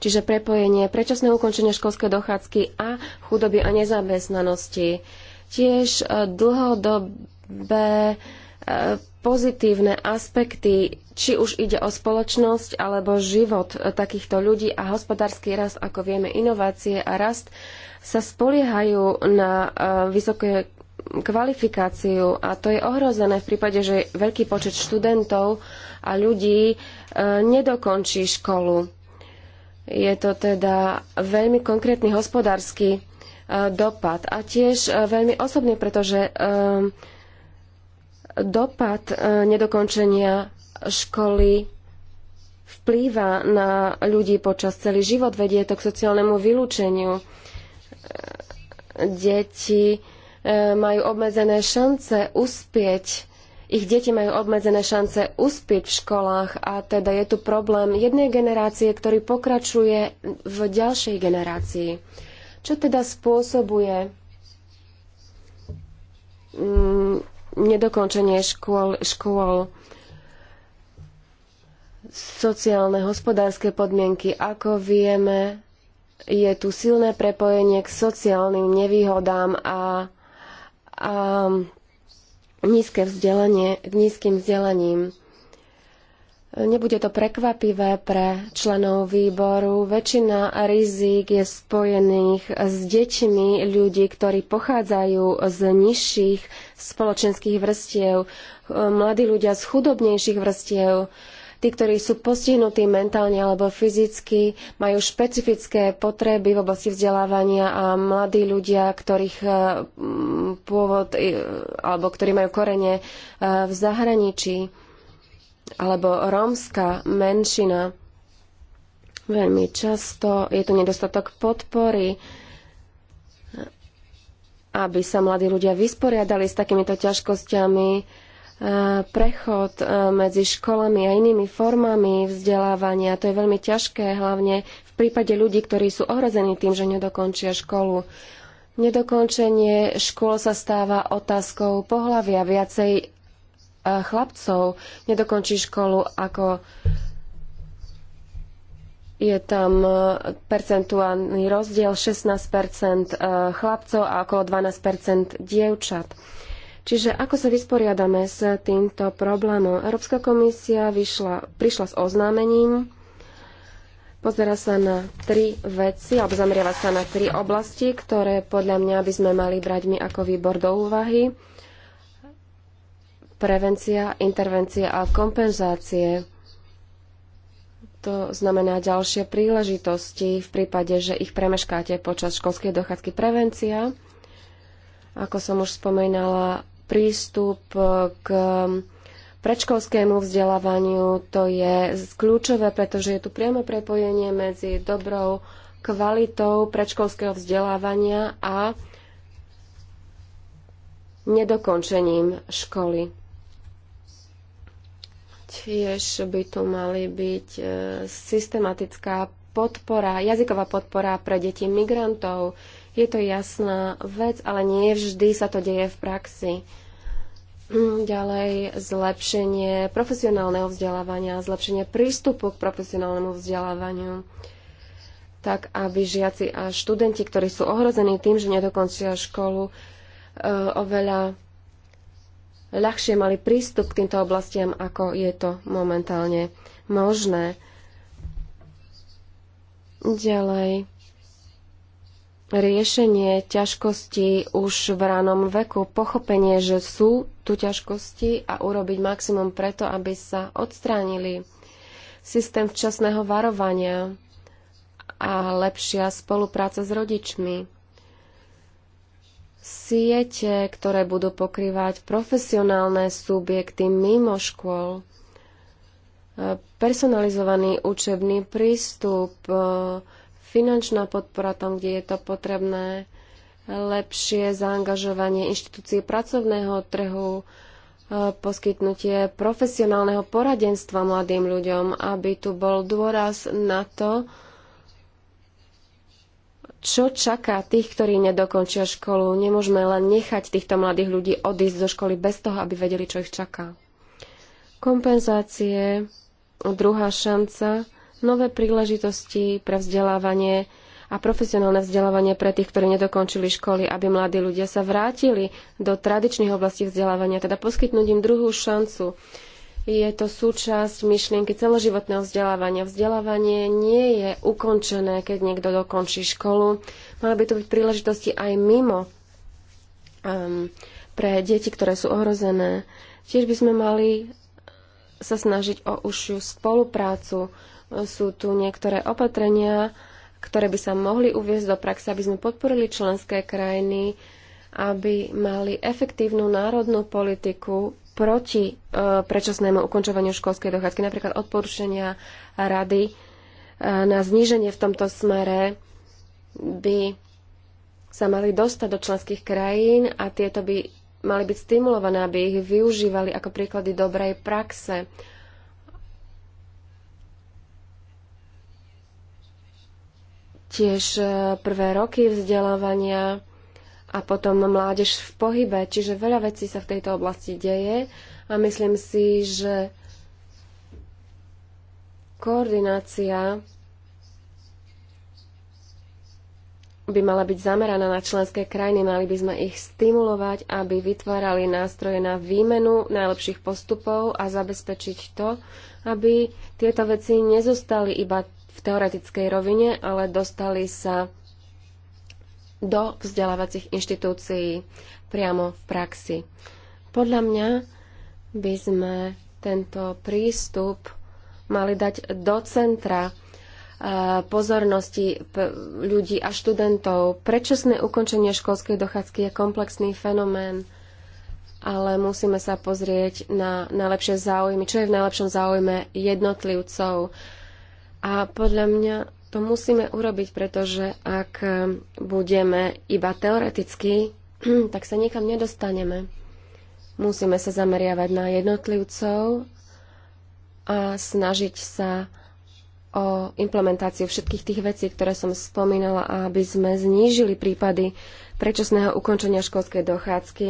Čiže prepojenie predčasné ukončenie školskej dochádzky a chudoby a nezamestnanosti. Tiež e, dlhodobé e, pozitívne aspekty, či už ide o spoločnosť alebo život takýchto ľudí a hospodársky rast, ako vieme, inovácie a rast sa spoliehajú na vysoké kvalifikáciu a to je ohrozené v prípade, že veľký počet študentov a ľudí e, nedokončí školu. Je to teda veľmi konkrétny hospodársky e, dopad a tiež e, veľmi osobný, pretože dopad nedokončenia školy vplýva na ľudí počas celý život, vedie to k sociálnemu vylúčeniu. Deti majú obmedzené šance uspieť ich deti majú obmedzené šance uspieť v školách a teda je tu problém jednej generácie, ktorý pokračuje v ďalšej generácii. Čo teda spôsobuje mm, nedokončenie škôl, škôl, sociálne, hospodárske podmienky, ako vieme, je tu silné prepojenie k sociálnym nevýhodám a a um, nízke vzdelanie, k nízkym vzdelaním. Nebude to prekvapivé pre členov výboru. Väčšina rizik je spojených s deťmi ľudí, ktorí pochádzajú z nižších spoločenských vrstiev, mladí ľudia z chudobnejších vrstiev, Tí, ktorí sú postihnutí mentálne alebo fyzicky, majú špecifické potreby v oblasti vzdelávania a mladí ľudia, ktorých eh, pôvod eh, alebo ktorí majú korene eh, v zahraničí alebo rómska menšina. Veľmi často je tu nedostatok podpory, aby sa mladí ľudia vysporiadali s takýmito ťažkosťami E, prechod e, medzi školami a inými formami vzdelávania. To je veľmi ťažké, hlavne v prípade ľudí, ktorí sú ohrození tým, že nedokončia školu. Nedokončenie škôl sa stáva otázkou pohlavia. Viacej e, chlapcov nedokončí školu ako je tam percentuálny rozdiel 16 chlapcov a okolo 12 dievčat. Čiže ako sa vysporiadame s týmto problémom? Európska komisia vyšla, prišla s oznámením, pozera sa na tri veci, alebo zameriava sa na tri oblasti, ktoré podľa mňa by sme mali brať my ako výbor do úvahy. Prevencia, intervencia a kompenzácie. To znamená ďalšie príležitosti v prípade, že ich premeškáte počas školskej dochádzky prevencia. Ako som už spomínala, prístup e, k predškolskému vzdelávaniu. To je kľúčové, pretože je tu priame prepojenie medzi dobrou kvalitou predškolského vzdelávania a nedokončením školy. Tiež by tu mali byť e, systematická podpora, jazyková podpora pre deti migrantov, je to jasná vec, ale nie vždy sa to deje v praxi. Mm, Ďalej zlepšenie profesionálneho vzdelávania, zlepšenie prístupu k profesionálnemu vzdelávaniu, tak aby žiaci a študenti, ktorí sú ohrození tým, že nedokončia školu, e, oveľa ľahšie mali prístup k týmto oblastiam, ako je to momentálne možné. Ďalej riešenie ťažkostí už v ranom veku, pochopenie, že sú tu ťažkosti a urobiť maximum preto, aby sa odstránili. Systém včasného varovania a lepšia spolupráca s rodičmi. Siete, ktoré budú pokrývať profesionálne subjekty mimo škôl, personalizovaný učebný prístup, finančná podpora tam, kde je to potrebné, lepšie zaangažovanie inštitúcií pracovného trhu, e, poskytnutie profesionálneho poradenstva mladým ľuďom, aby tu bol dôraz na to, čo čaká tých, ktorí nedokončia školu. Nemôžeme len nechať týchto mladých ľudí odísť zo školy bez toho, aby vedeli, čo ich čaká. Kompenzácie, druhá šanca nové príležitosti pre vzdelávanie a profesionálne vzdelávanie pre tých, ktorí nedokončili školy, aby mladí ľudia sa vrátili do tradičných oblastí vzdelávania, teda poskytnúť im druhú šancu. Je to súčasť myšlienky celoživotného vzdelávania. Vzdelávanie nie je ukončené, keď niekto dokončí školu. Mala by to byť príležitosti aj mimo um, pre deti, ktoré sú ohrozené. Tiež by sme mali sa snažiť o užšiu spoluprácu sú tu niektoré opatrenia, ktoré by sa mohli uviezť do praxe, aby sme podporili členské krajiny, aby mali efektívnu národnú politiku proti e, predčasnému ukončovaniu školskej dochádzky. Napríklad odporúčania rady e, na zníženie v tomto smere by sa mali dostať do členských krajín a tieto by mali byť stimulované, aby ich využívali ako príklady dobrej praxe. tiež e, prvé roky vzdelávania a potom mládež v pohybe. Čiže veľa vecí sa v tejto oblasti deje a myslím si, že koordinácia by mala byť zameraná na členské krajiny, mali by sme ich stimulovať, aby vytvárali nástroje na výmenu najlepších postupov a zabezpečiť to, aby tieto veci nezostali iba v teoretickej rovine, ale dostali sa do vzdelávacích inštitúcií priamo v praxi. Podľa mňa by sme tento prístup mali dať do centra e, pozornosti ľudí a študentov. Predčasné ukončenie školskej dochádzky je komplexný fenomén, ale musíme sa pozrieť na najlepšie záujmy, čo je v najlepšom záujme jednotlivcov. A podľa mňa to musíme urobiť, pretože ak budeme iba teoreticky, tak sa nikam nedostaneme. Musíme sa zameriavať na jednotlivcov a snažiť sa o implementáciu všetkých tých vecí, ktoré som spomínala, aby sme znížili prípady predčasného ukončenia školskej dochádzky,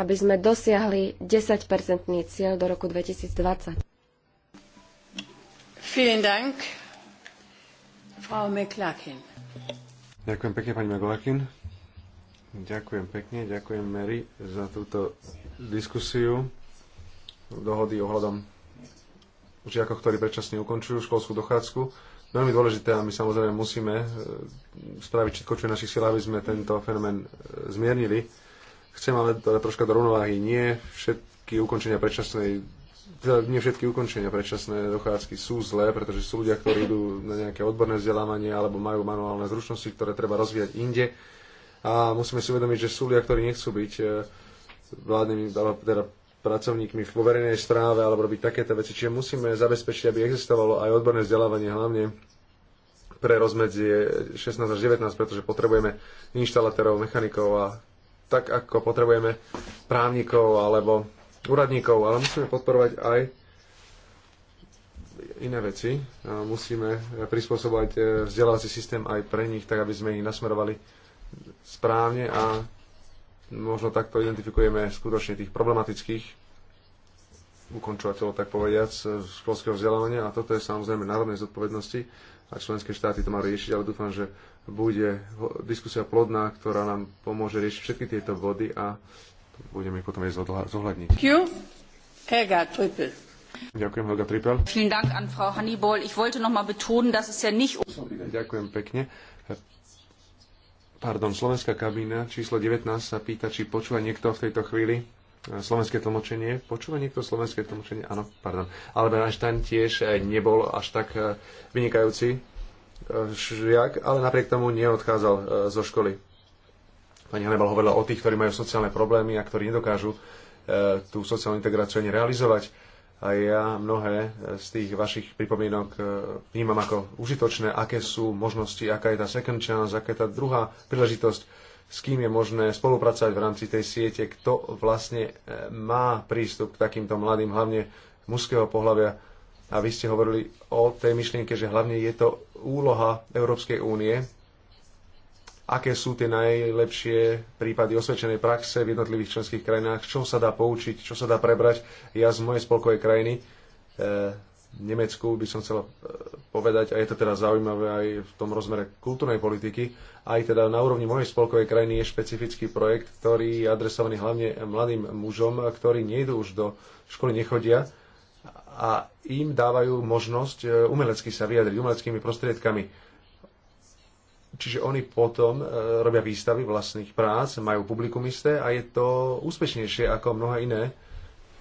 aby sme dosiahli 10-percentný cieľ do roku 2020. Vielen Dank, Frau Ďakujem pekne, pani McLarkin. Ďakujem pekne, ďakujem Mary za túto diskusiu dohody ohľadom žiakov, ktorí predčasne ukončujú školskú dochádzku. Veľmi dôležité a my samozrejme musíme e, spraviť všetko, čo je našich silách, aby sme tento fenomén e, zmiernili. Chcem ale teda troška do rovnováhy. Nie všetky ukončenia predčasnej teda nie všetky ukončenia predčasné dochádzky sú zlé, pretože sú ľudia, ktorí idú na nejaké odborné vzdelávanie alebo majú manuálne zručnosti, ktoré treba rozvíjať inde. A musíme si uvedomiť, že sú ľudia, ktorí nechcú byť e, vládnymi, teda pracovníkmi v verejnej správe alebo robiť takéto veci. Čiže musíme zabezpečiť, aby existovalo aj odborné vzdelávanie hlavne pre rozmedzie 16 až 19, pretože potrebujeme inštalatérov, mechanikov a tak ako potrebujeme právnikov alebo úradníkov, ale musíme podporovať aj iné veci. Musíme prispôsobovať e, vzdelávací systém aj pre nich, tak aby sme ich nasmerovali správne a možno takto identifikujeme skutočne tých problematických ukončovateľov, tak povediac, e, školského vzdelávania a toto je samozrejme národnej zodpovednosti a členské štáty to má riešiť, ale dúfam, že bude diskusia plodná, ktorá nám pomôže riešiť všetky tieto body a to budeme potom aj zohľadniť. Ďakujem, Helga Trippel. Ďakujem pekne. Pardon, slovenská kabína číslo 19 sa pýta, či počúva niekto v tejto chvíli eh, slovenské tlmočenie. Počúva niekto slovenské tlmočenie? Áno, pardon. Albert Einstein tiež eh, nebol až tak eh, vynikajúci žiak, ale napriek tomu neodchádzal zo školy. Pani Hanebal hovorila o tých, ktorí majú sociálne problémy a ktorí nedokážu e, tú sociálnu integráciu ani realizovať. A ja mnohé e, z tých vašich pripomienok e, vnímam ako užitočné, aké sú možnosti, aká je tá second chance, aká je tá druhá príležitosť, s kým je možné spolupracovať v rámci tej siete, kto vlastne e, má prístup k takýmto mladým, hlavne mužského pohľavia. A vy ste hovorili o tej myšlienke, že hlavne je to úloha Európskej únie aké sú tie najlepšie prípady osvedčenej praxe v jednotlivých členských krajinách, čo sa dá poučiť, čo sa dá prebrať. Ja z mojej spolkovej krajiny, e, Nemecku, by som chcel eh, povedať, a je to teda zaujímavé aj v tom rozmere kultúrnej politiky, aj teda na úrovni mojej spolkovej krajiny je špecifický projekt, ktorý je adresovaný hlavne mladým mužom, ktorí nejdú už do školy, nechodia a im dávajú možnosť eh, umelecky sa vyjadriť umeleckými prostriedkami Čiže oni potom e, robia výstavy vlastných prác, majú publikum isté a je to úspešnejšie ako mnohé iné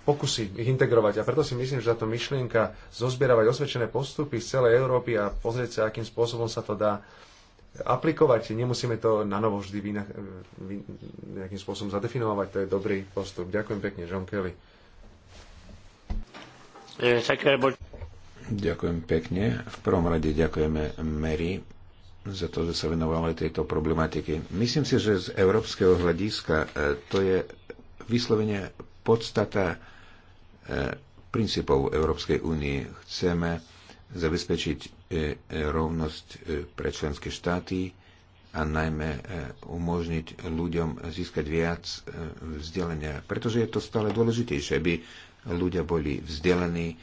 pokusy ich integrovať. A preto si myslím, že táto myšlienka zozbieravať osvedčené postupy z celej Európy a pozrieť sa, akým spôsobom sa to dá aplikovať. Nemusíme to na novo vždy vy, vy, nejakým spôsobom zadefinovať. To je dobrý postup. Ďakujem pekne, John Kelly. Ďakujem pekne. V prvom rade ďakujeme Mary za to, že sa venovali tejto problematike. Myslím si, že z európskeho hľadiska e, to je vyslovene podstata e, princípov Európskej únie. Chceme zabezpečiť e, rovnosť pre členské štáty a najmä umožniť ľuďom získať viac vzdelania, pretože je to stále dôležitejšie, aby ľudia boli vzdelení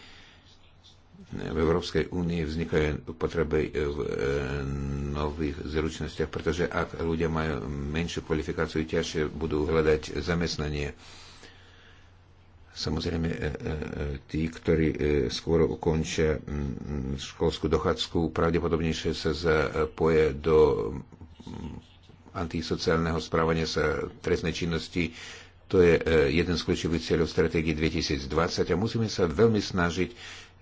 v Európskej únii vznikajú potreby e, v e, nových zručnostiach, pretože ak ľudia majú menšiu kvalifikáciu, ťažšie budú hľadať zamestnanie. Samozrejme, e, tí, ktorí skôr ukončia školskú dochádzku, pravdepodobnejšie sa zapoje do antisociálneho správania sa trestnej činnosti. To je jeden z kľúčových cieľov stratégie 2020 a musíme sa veľmi snažiť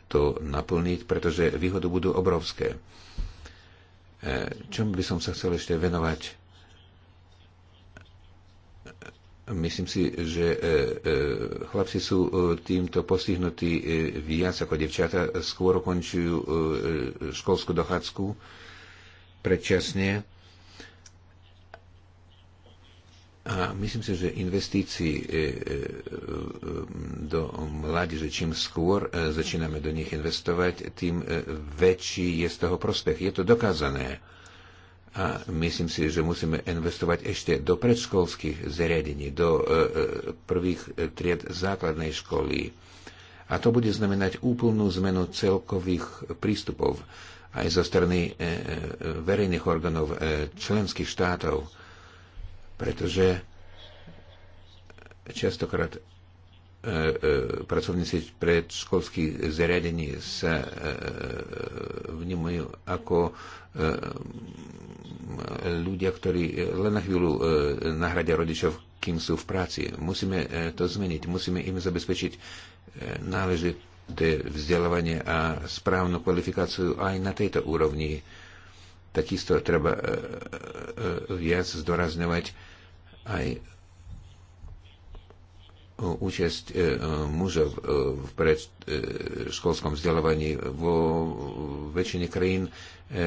to naplniť, pretože výhody budú obrovské. E, Čom by som sa chcel ešte venovať? Myslím si, že e, e, chlapci sú týmto postihnutí viac ako devčata, skôr ukončujú školskú dochádzku predčasne A myslím si, že investícii e, e, do mládeže, čím skôr e, začíname do nich investovať, tým väčší je z toho prospech. Je to dokázané. A myslím si, že musíme investovať ešte do predškolských zariadení, do prvých tried základnej školy. A to bude znamenať úplnú zmenu celkových prístupov aj zo strany verejných orgánov členských štátov pretože častokrát e, e, pracovníci predškolských zariadení sa e, vnímajú ako ľudia, ktorí len na chvíľu nahradia rodičov, kým sú v práci. Musíme to zmeniť, musíme im zabezpečiť náležité vzdelávanie a správnu kvalifikáciu aj na tejto úrovni. Takisto treba viac zdorazňovať aj e, účasť e, mužov e, v predškolskom e, vzdelávaní. Vo väčšine krajín e, e,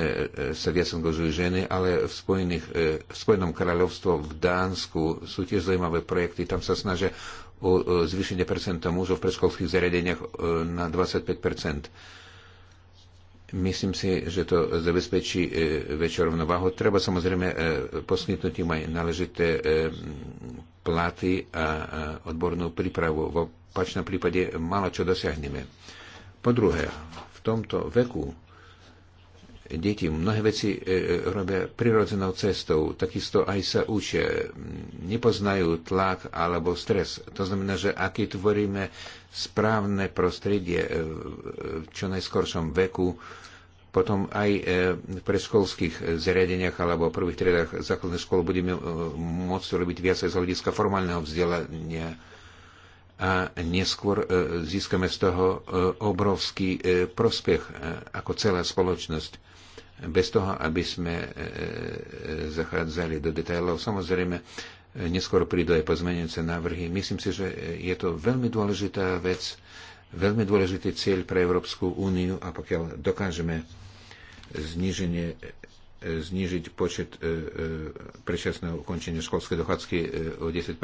sa viac angažujú ženy, ale v, Spojených, e, v Spojenom kráľovstve, v Dánsku sú tiež zaujímavé projekty. Tam sa snažia o o zvýšenie percenta mužov v predškolských zariadeniach e, na 25 Myslím si, že to zabezpečí e, väčšiu rovnováhu. Treba samozrejme e, poskytnúť im aj náležité e, platy a odbornú prípravu. V opačnom prípade málo čo dosiahneme. Po druhé, v tomto veku deti mnohé veci robia prirodzenou cestou, takisto aj sa učia, nepoznajú tlak alebo stres. To znamená, že ak tvoríme správne prostredie v čo najskoršom veku, potom aj v e, predškolských e, zariadeniach alebo prvých triedách základnej školy budeme e, môcť robiť viacej z hľadiska formálneho vzdelania a neskôr získame z toho obrovský prospech ako celá spoločnosť. Bez toho, aby sme zachádzali do detailov, samozrejme, neskôr prídu aj pozmenujúce návrhy. Myslím si, že je to veľmi dôležitá vec, veľmi dôležitý cieľ pre Európsku úniu a pokiaľ dokážeme zniženie, e, znižiť počet e, e, predčasného ukončenia školskej dochádzky o 10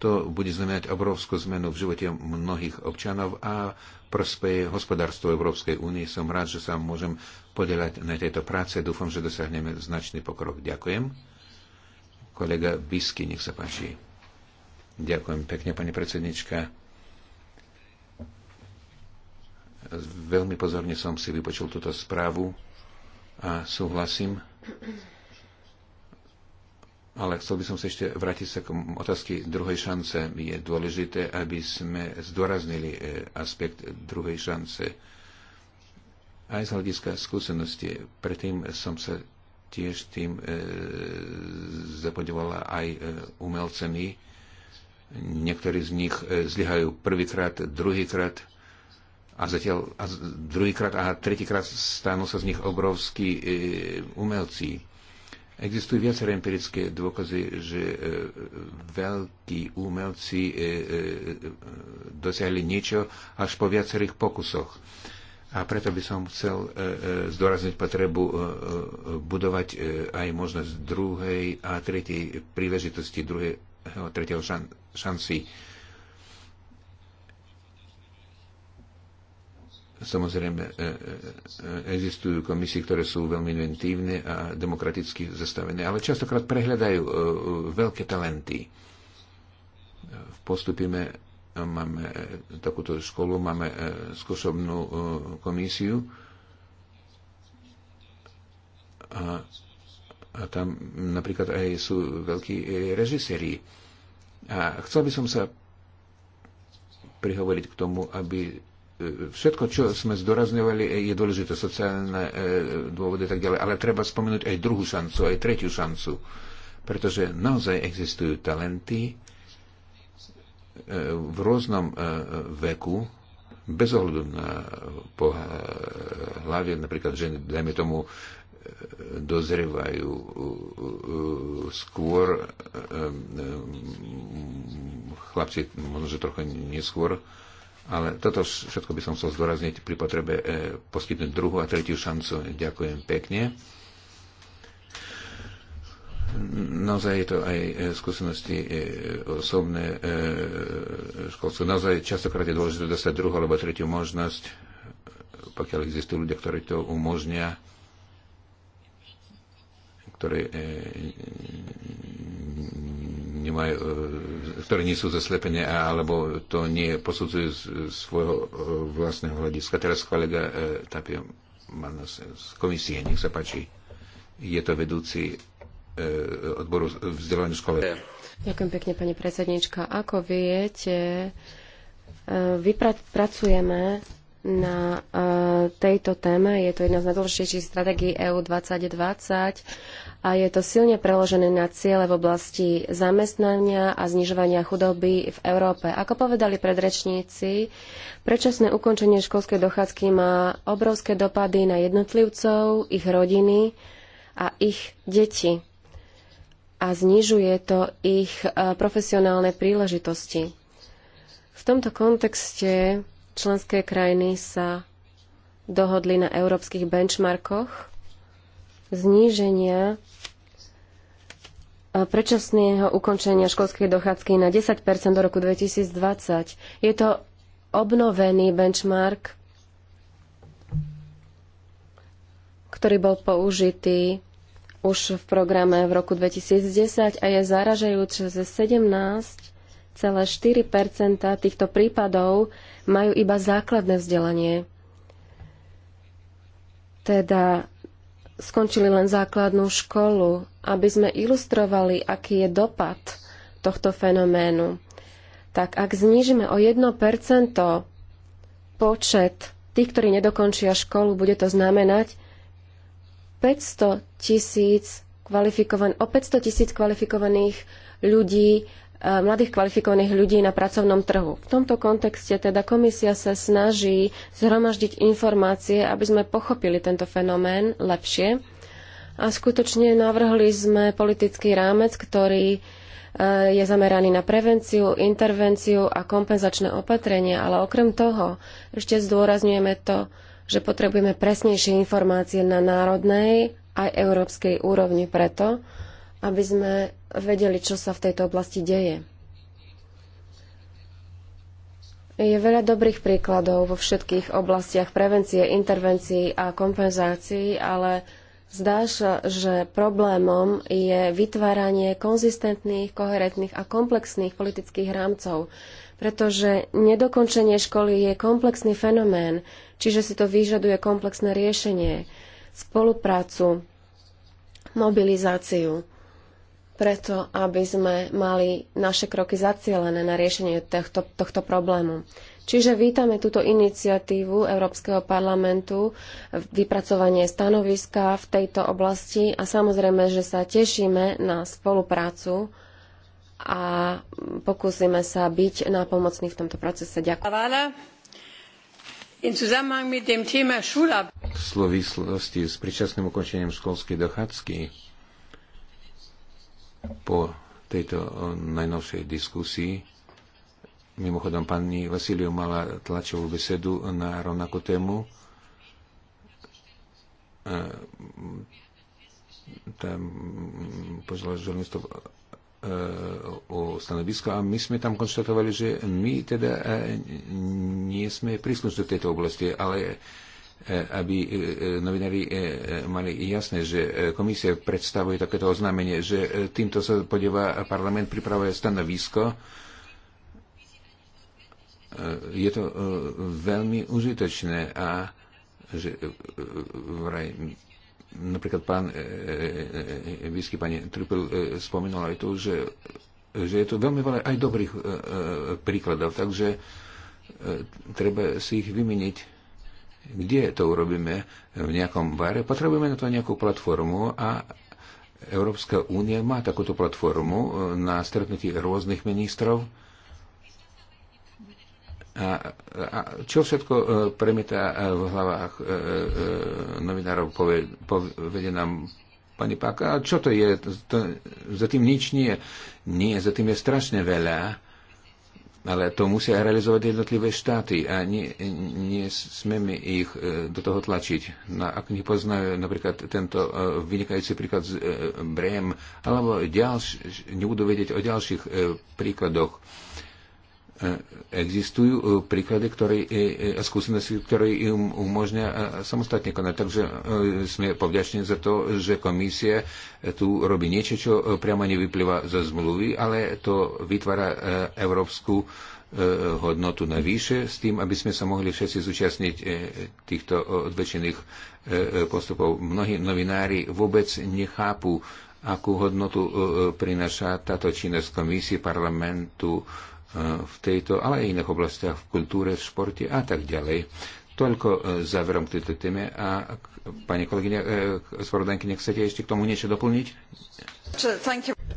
to bude znamenať obrovskú zmenu v živote mnohých občanov a prospeje hospodárstvo Európskej únie. Som rád, že sa môžem podelať na tejto práce. Dúfam, že dosiahneme značný pokrok. Ďakujem. Kolega Bisky, nech sa páči. Ďakujem pekne, pani predsednička. Veľmi pozorne som si vypočul túto správu a súhlasím. Ale chcel by som sa ešte vrátiť sa k otázky druhej šance. Je dôležité, aby sme zdôraznili e, aspekt druhej šance. Aj z hľadiska skúsenosti. Predtým som sa tiež tým e, zapodievala aj e, umelcemi. Niektorí z nich e, zlyhajú prvýkrát, druhýkrát a zatiaľ a druhýkrát a tretíkrát stanú sa z nich obrovskí e, umelci. Existujú viaceré empirické dôkazy, že e, veľkí umelci e, e, dosiahli niečo až po viacerých pokusoch. A preto by som chcel e, e, zdôrazniť potrebu e, e, budovať e, aj možnosť druhej a tretej príležitosti, druhého, tretieho šan, šanci. E, Samozrejme, e, e, e, existujú komisie, ktoré sú veľmi inventívne a demokraticky zastavené, ale častokrát prehľadajú veľké talenty. V postupime máme takúto školu, máme skúsobnú komisiu a, a tam napríklad aj sú veľkí režiséri. A chcel by som sa prihovoriť k tomu, aby všetko, čo sme zdorazňovali, je dôležité, sociálne e, dôvody a tak ďalej, ale treba spomenúť aj druhú šancu, aj tretiu šancu, pretože naozaj existujú talenty e, v rôznom e, veku, bez ohľadu na hlavie, napríklad ženy, dajme tomu, dozrievajú skôr, chlapci možno, že trochu neskôr, ale toto všetko by som chcel zdôrazniť pri potrebe e, poskytnúť druhú a tretiu šancu. Ďakujem pekne. Naozaj je to aj e, skúsenosti e, osobné školstvo. Naozaj častokrát je dôležité dostať druhú alebo tretiu možnosť, pokiaľ existujú ľudia, ktorí to umožnia ktoré, e, nemajú, e, ktoré nie sú zaslepené alebo to nie posudzujú z svojho e, vlastného hľadiska. Teraz kolega Tapio Manos z komisie, nech sa páči. Je to vedúci odboru vzdelávania školy. Ďakujem pekne, pani predsednička. Ako viete, vypracujeme na tejto téme. Je to jedna z najdôležitejších stratégií EU 2020 a je to silne preložené na ciele v oblasti zamestnania a znižovania chudoby v Európe. Ako povedali predrečníci, predčasné ukončenie školskej dochádzky má obrovské dopady na jednotlivcov, ich rodiny a ich deti a znižuje to ich e, profesionálne príležitosti. V tomto kontexte členské krajiny sa dohodli na európskych benchmarkoch zníženia E, predčasného ukončenia školskej dochádzky na 10 do roku 2020. Je to obnovený benchmark, ktorý bol použitý už v programe v roku 2010 a je zaražajúce, že 17,4 týchto prípadov majú iba základné vzdelanie. Teda skončili len základnú školu, aby sme ilustrovali, aký je dopad tohto fenoménu. Tak ak znížime o 1% počet tých, ktorí nedokončia školu, bude to znamenať 500 tisíc kvalifikovan- o 500 tisíc kvalifikovaných ľudí E, mladých kvalifikovaných ľudí na pracovnom trhu. V tomto kontexte teda komisia sa snaží zhromaždiť informácie, aby sme pochopili tento fenomén lepšie. A skutočne navrhli sme politický rámec, ktorý e, je zameraný na prevenciu, intervenciu a kompenzačné opatrenia, ale okrem toho ešte zdôrazňujeme to, že potrebujeme presnejšie informácie na národnej aj európskej úrovni preto, aby sme vedeli, čo sa v tejto oblasti deje. Je veľa dobrých príkladov vo všetkých oblastiach prevencie, intervencií a kompenzácií, ale zdá sa, že problémom je vytváranie konzistentných, koherentných a komplexných politických rámcov, pretože nedokončenie školy je komplexný fenomén, čiže si to vyžaduje komplexné riešenie, spoluprácu, mobilizáciu preto, aby sme mali naše kroky zacielené na riešenie tohto, tohto problému. Čiže vítame túto iniciatívu Európskeho parlamentu, vypracovanie stanoviska v tejto oblasti a samozrejme, že sa tešíme na spoluprácu a pokúsime sa byť nápomocní v tomto procese. Ďakujem. V súvislosti s pričasným ukončením školskej dochádzky po tejto najnovšej diskusii. Mimochodom, pani Vasiliu mala tlačovú besedu na rovnakú tému. Tam pozvala žurnalistov o stanovisko a my sme tam konštatovali, že my teda e, nie sme príslušní v tejto oblasti, ale E, aby e, e, novinári mali jasné, že komisia predstavuje takéto oznámenie, že týmto sa podieva parlament pripravuje stanovisko. Je to veľmi užitočné a že vraj napríklad pán Vysky, pani Trupel spomínal aj to, že, že je to veľmi veľa aj dobrých príkladov, takže treba si ich vymeniť kde to urobíme, v nejakom bare. Potrebujeme na to nejakú platformu a Európska únia má takúto platformu e, na stretnutí rôznych ministrov. A, a čo všetko e, premieta e, v hlavách novinárov, povie, povede nám pani Páka, a čo to je? To, za tým nič nie. Nie, za tým je strašne veľa ale to musia realizovať jednotlivé štáty a nie nesmieme ich e, do toho tlačiť. Na, no, ak nepoznajú napríklad tento e, vynikajúci príklad z e, Brem, alebo ďalš, nebudú vedieť o ďalších príkladoch, existujú e, príklady, ktoré, a e, e, skúsenosti, ktoré im umožňa samostatne konať. Takže sme povďační za to, že komisia tu robí niečo, čo priamo nevyplýva zo zmluvy, ale to vytvára európsku hodnotu navýše s tým, aby sme sa mohli všetci zúčastniť týchto odvečených postupov. Mnohí novinári vôbec nechápu, akú hodnotu prináša táto činnosť komisie parlamentu E, v tejto, ale aj iných oblastiach, v kultúre, v športe a tak ďalej. Toľko e, záverom k tejto téme. A pani kolegyňa, e, spravodajkyňa, nechcete ešte k tomu niečo doplniť?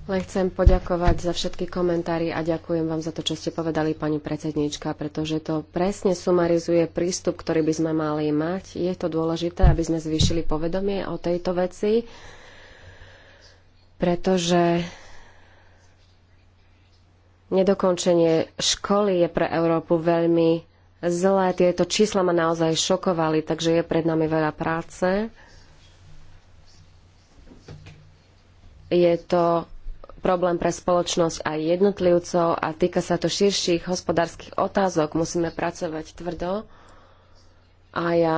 Len chcem poďakovať za všetky komentári a ďakujem vám za to, čo ste povedali, pani predsednička, pretože to presne sumarizuje prístup, ktorý by sme mali mať. Je to dôležité, aby sme zvýšili povedomie o tejto veci, pretože Nedokončenie školy je pre Európu veľmi zlé. Tieto čísla ma naozaj šokovali, takže je pred nami veľa práce. Je to problém pre spoločnosť aj jednotlivcov a týka sa to širších hospodárskych otázok. Musíme pracovať tvrdo a ja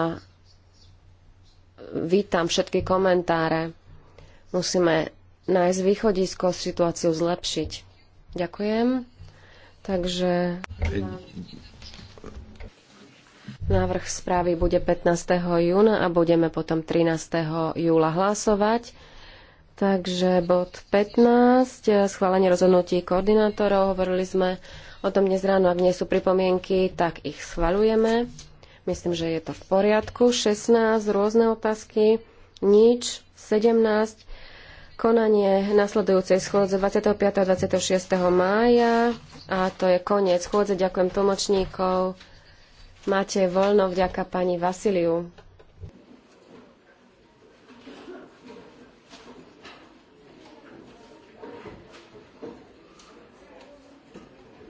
vítam všetky komentáre. Musíme nájsť východisko, situáciu zlepšiť. Ďakujem. Takže návrh správy bude 15. júna a budeme potom 13. júla hlasovať. Takže bod 15, schválenie rozhodnutí koordinátorov. Hovorili sme o tom dnes ráno, ak nie sú pripomienky, tak ich schvalujeme. Myslím, že je to v poriadku. 16, rôzne otázky, nič. 17, konanie nasledujúcej schôdze 25. a 26. mája. A to je koniec schôdze. Ďakujem tlmočníkov. Máte voľno vďaka pani Vasiliu.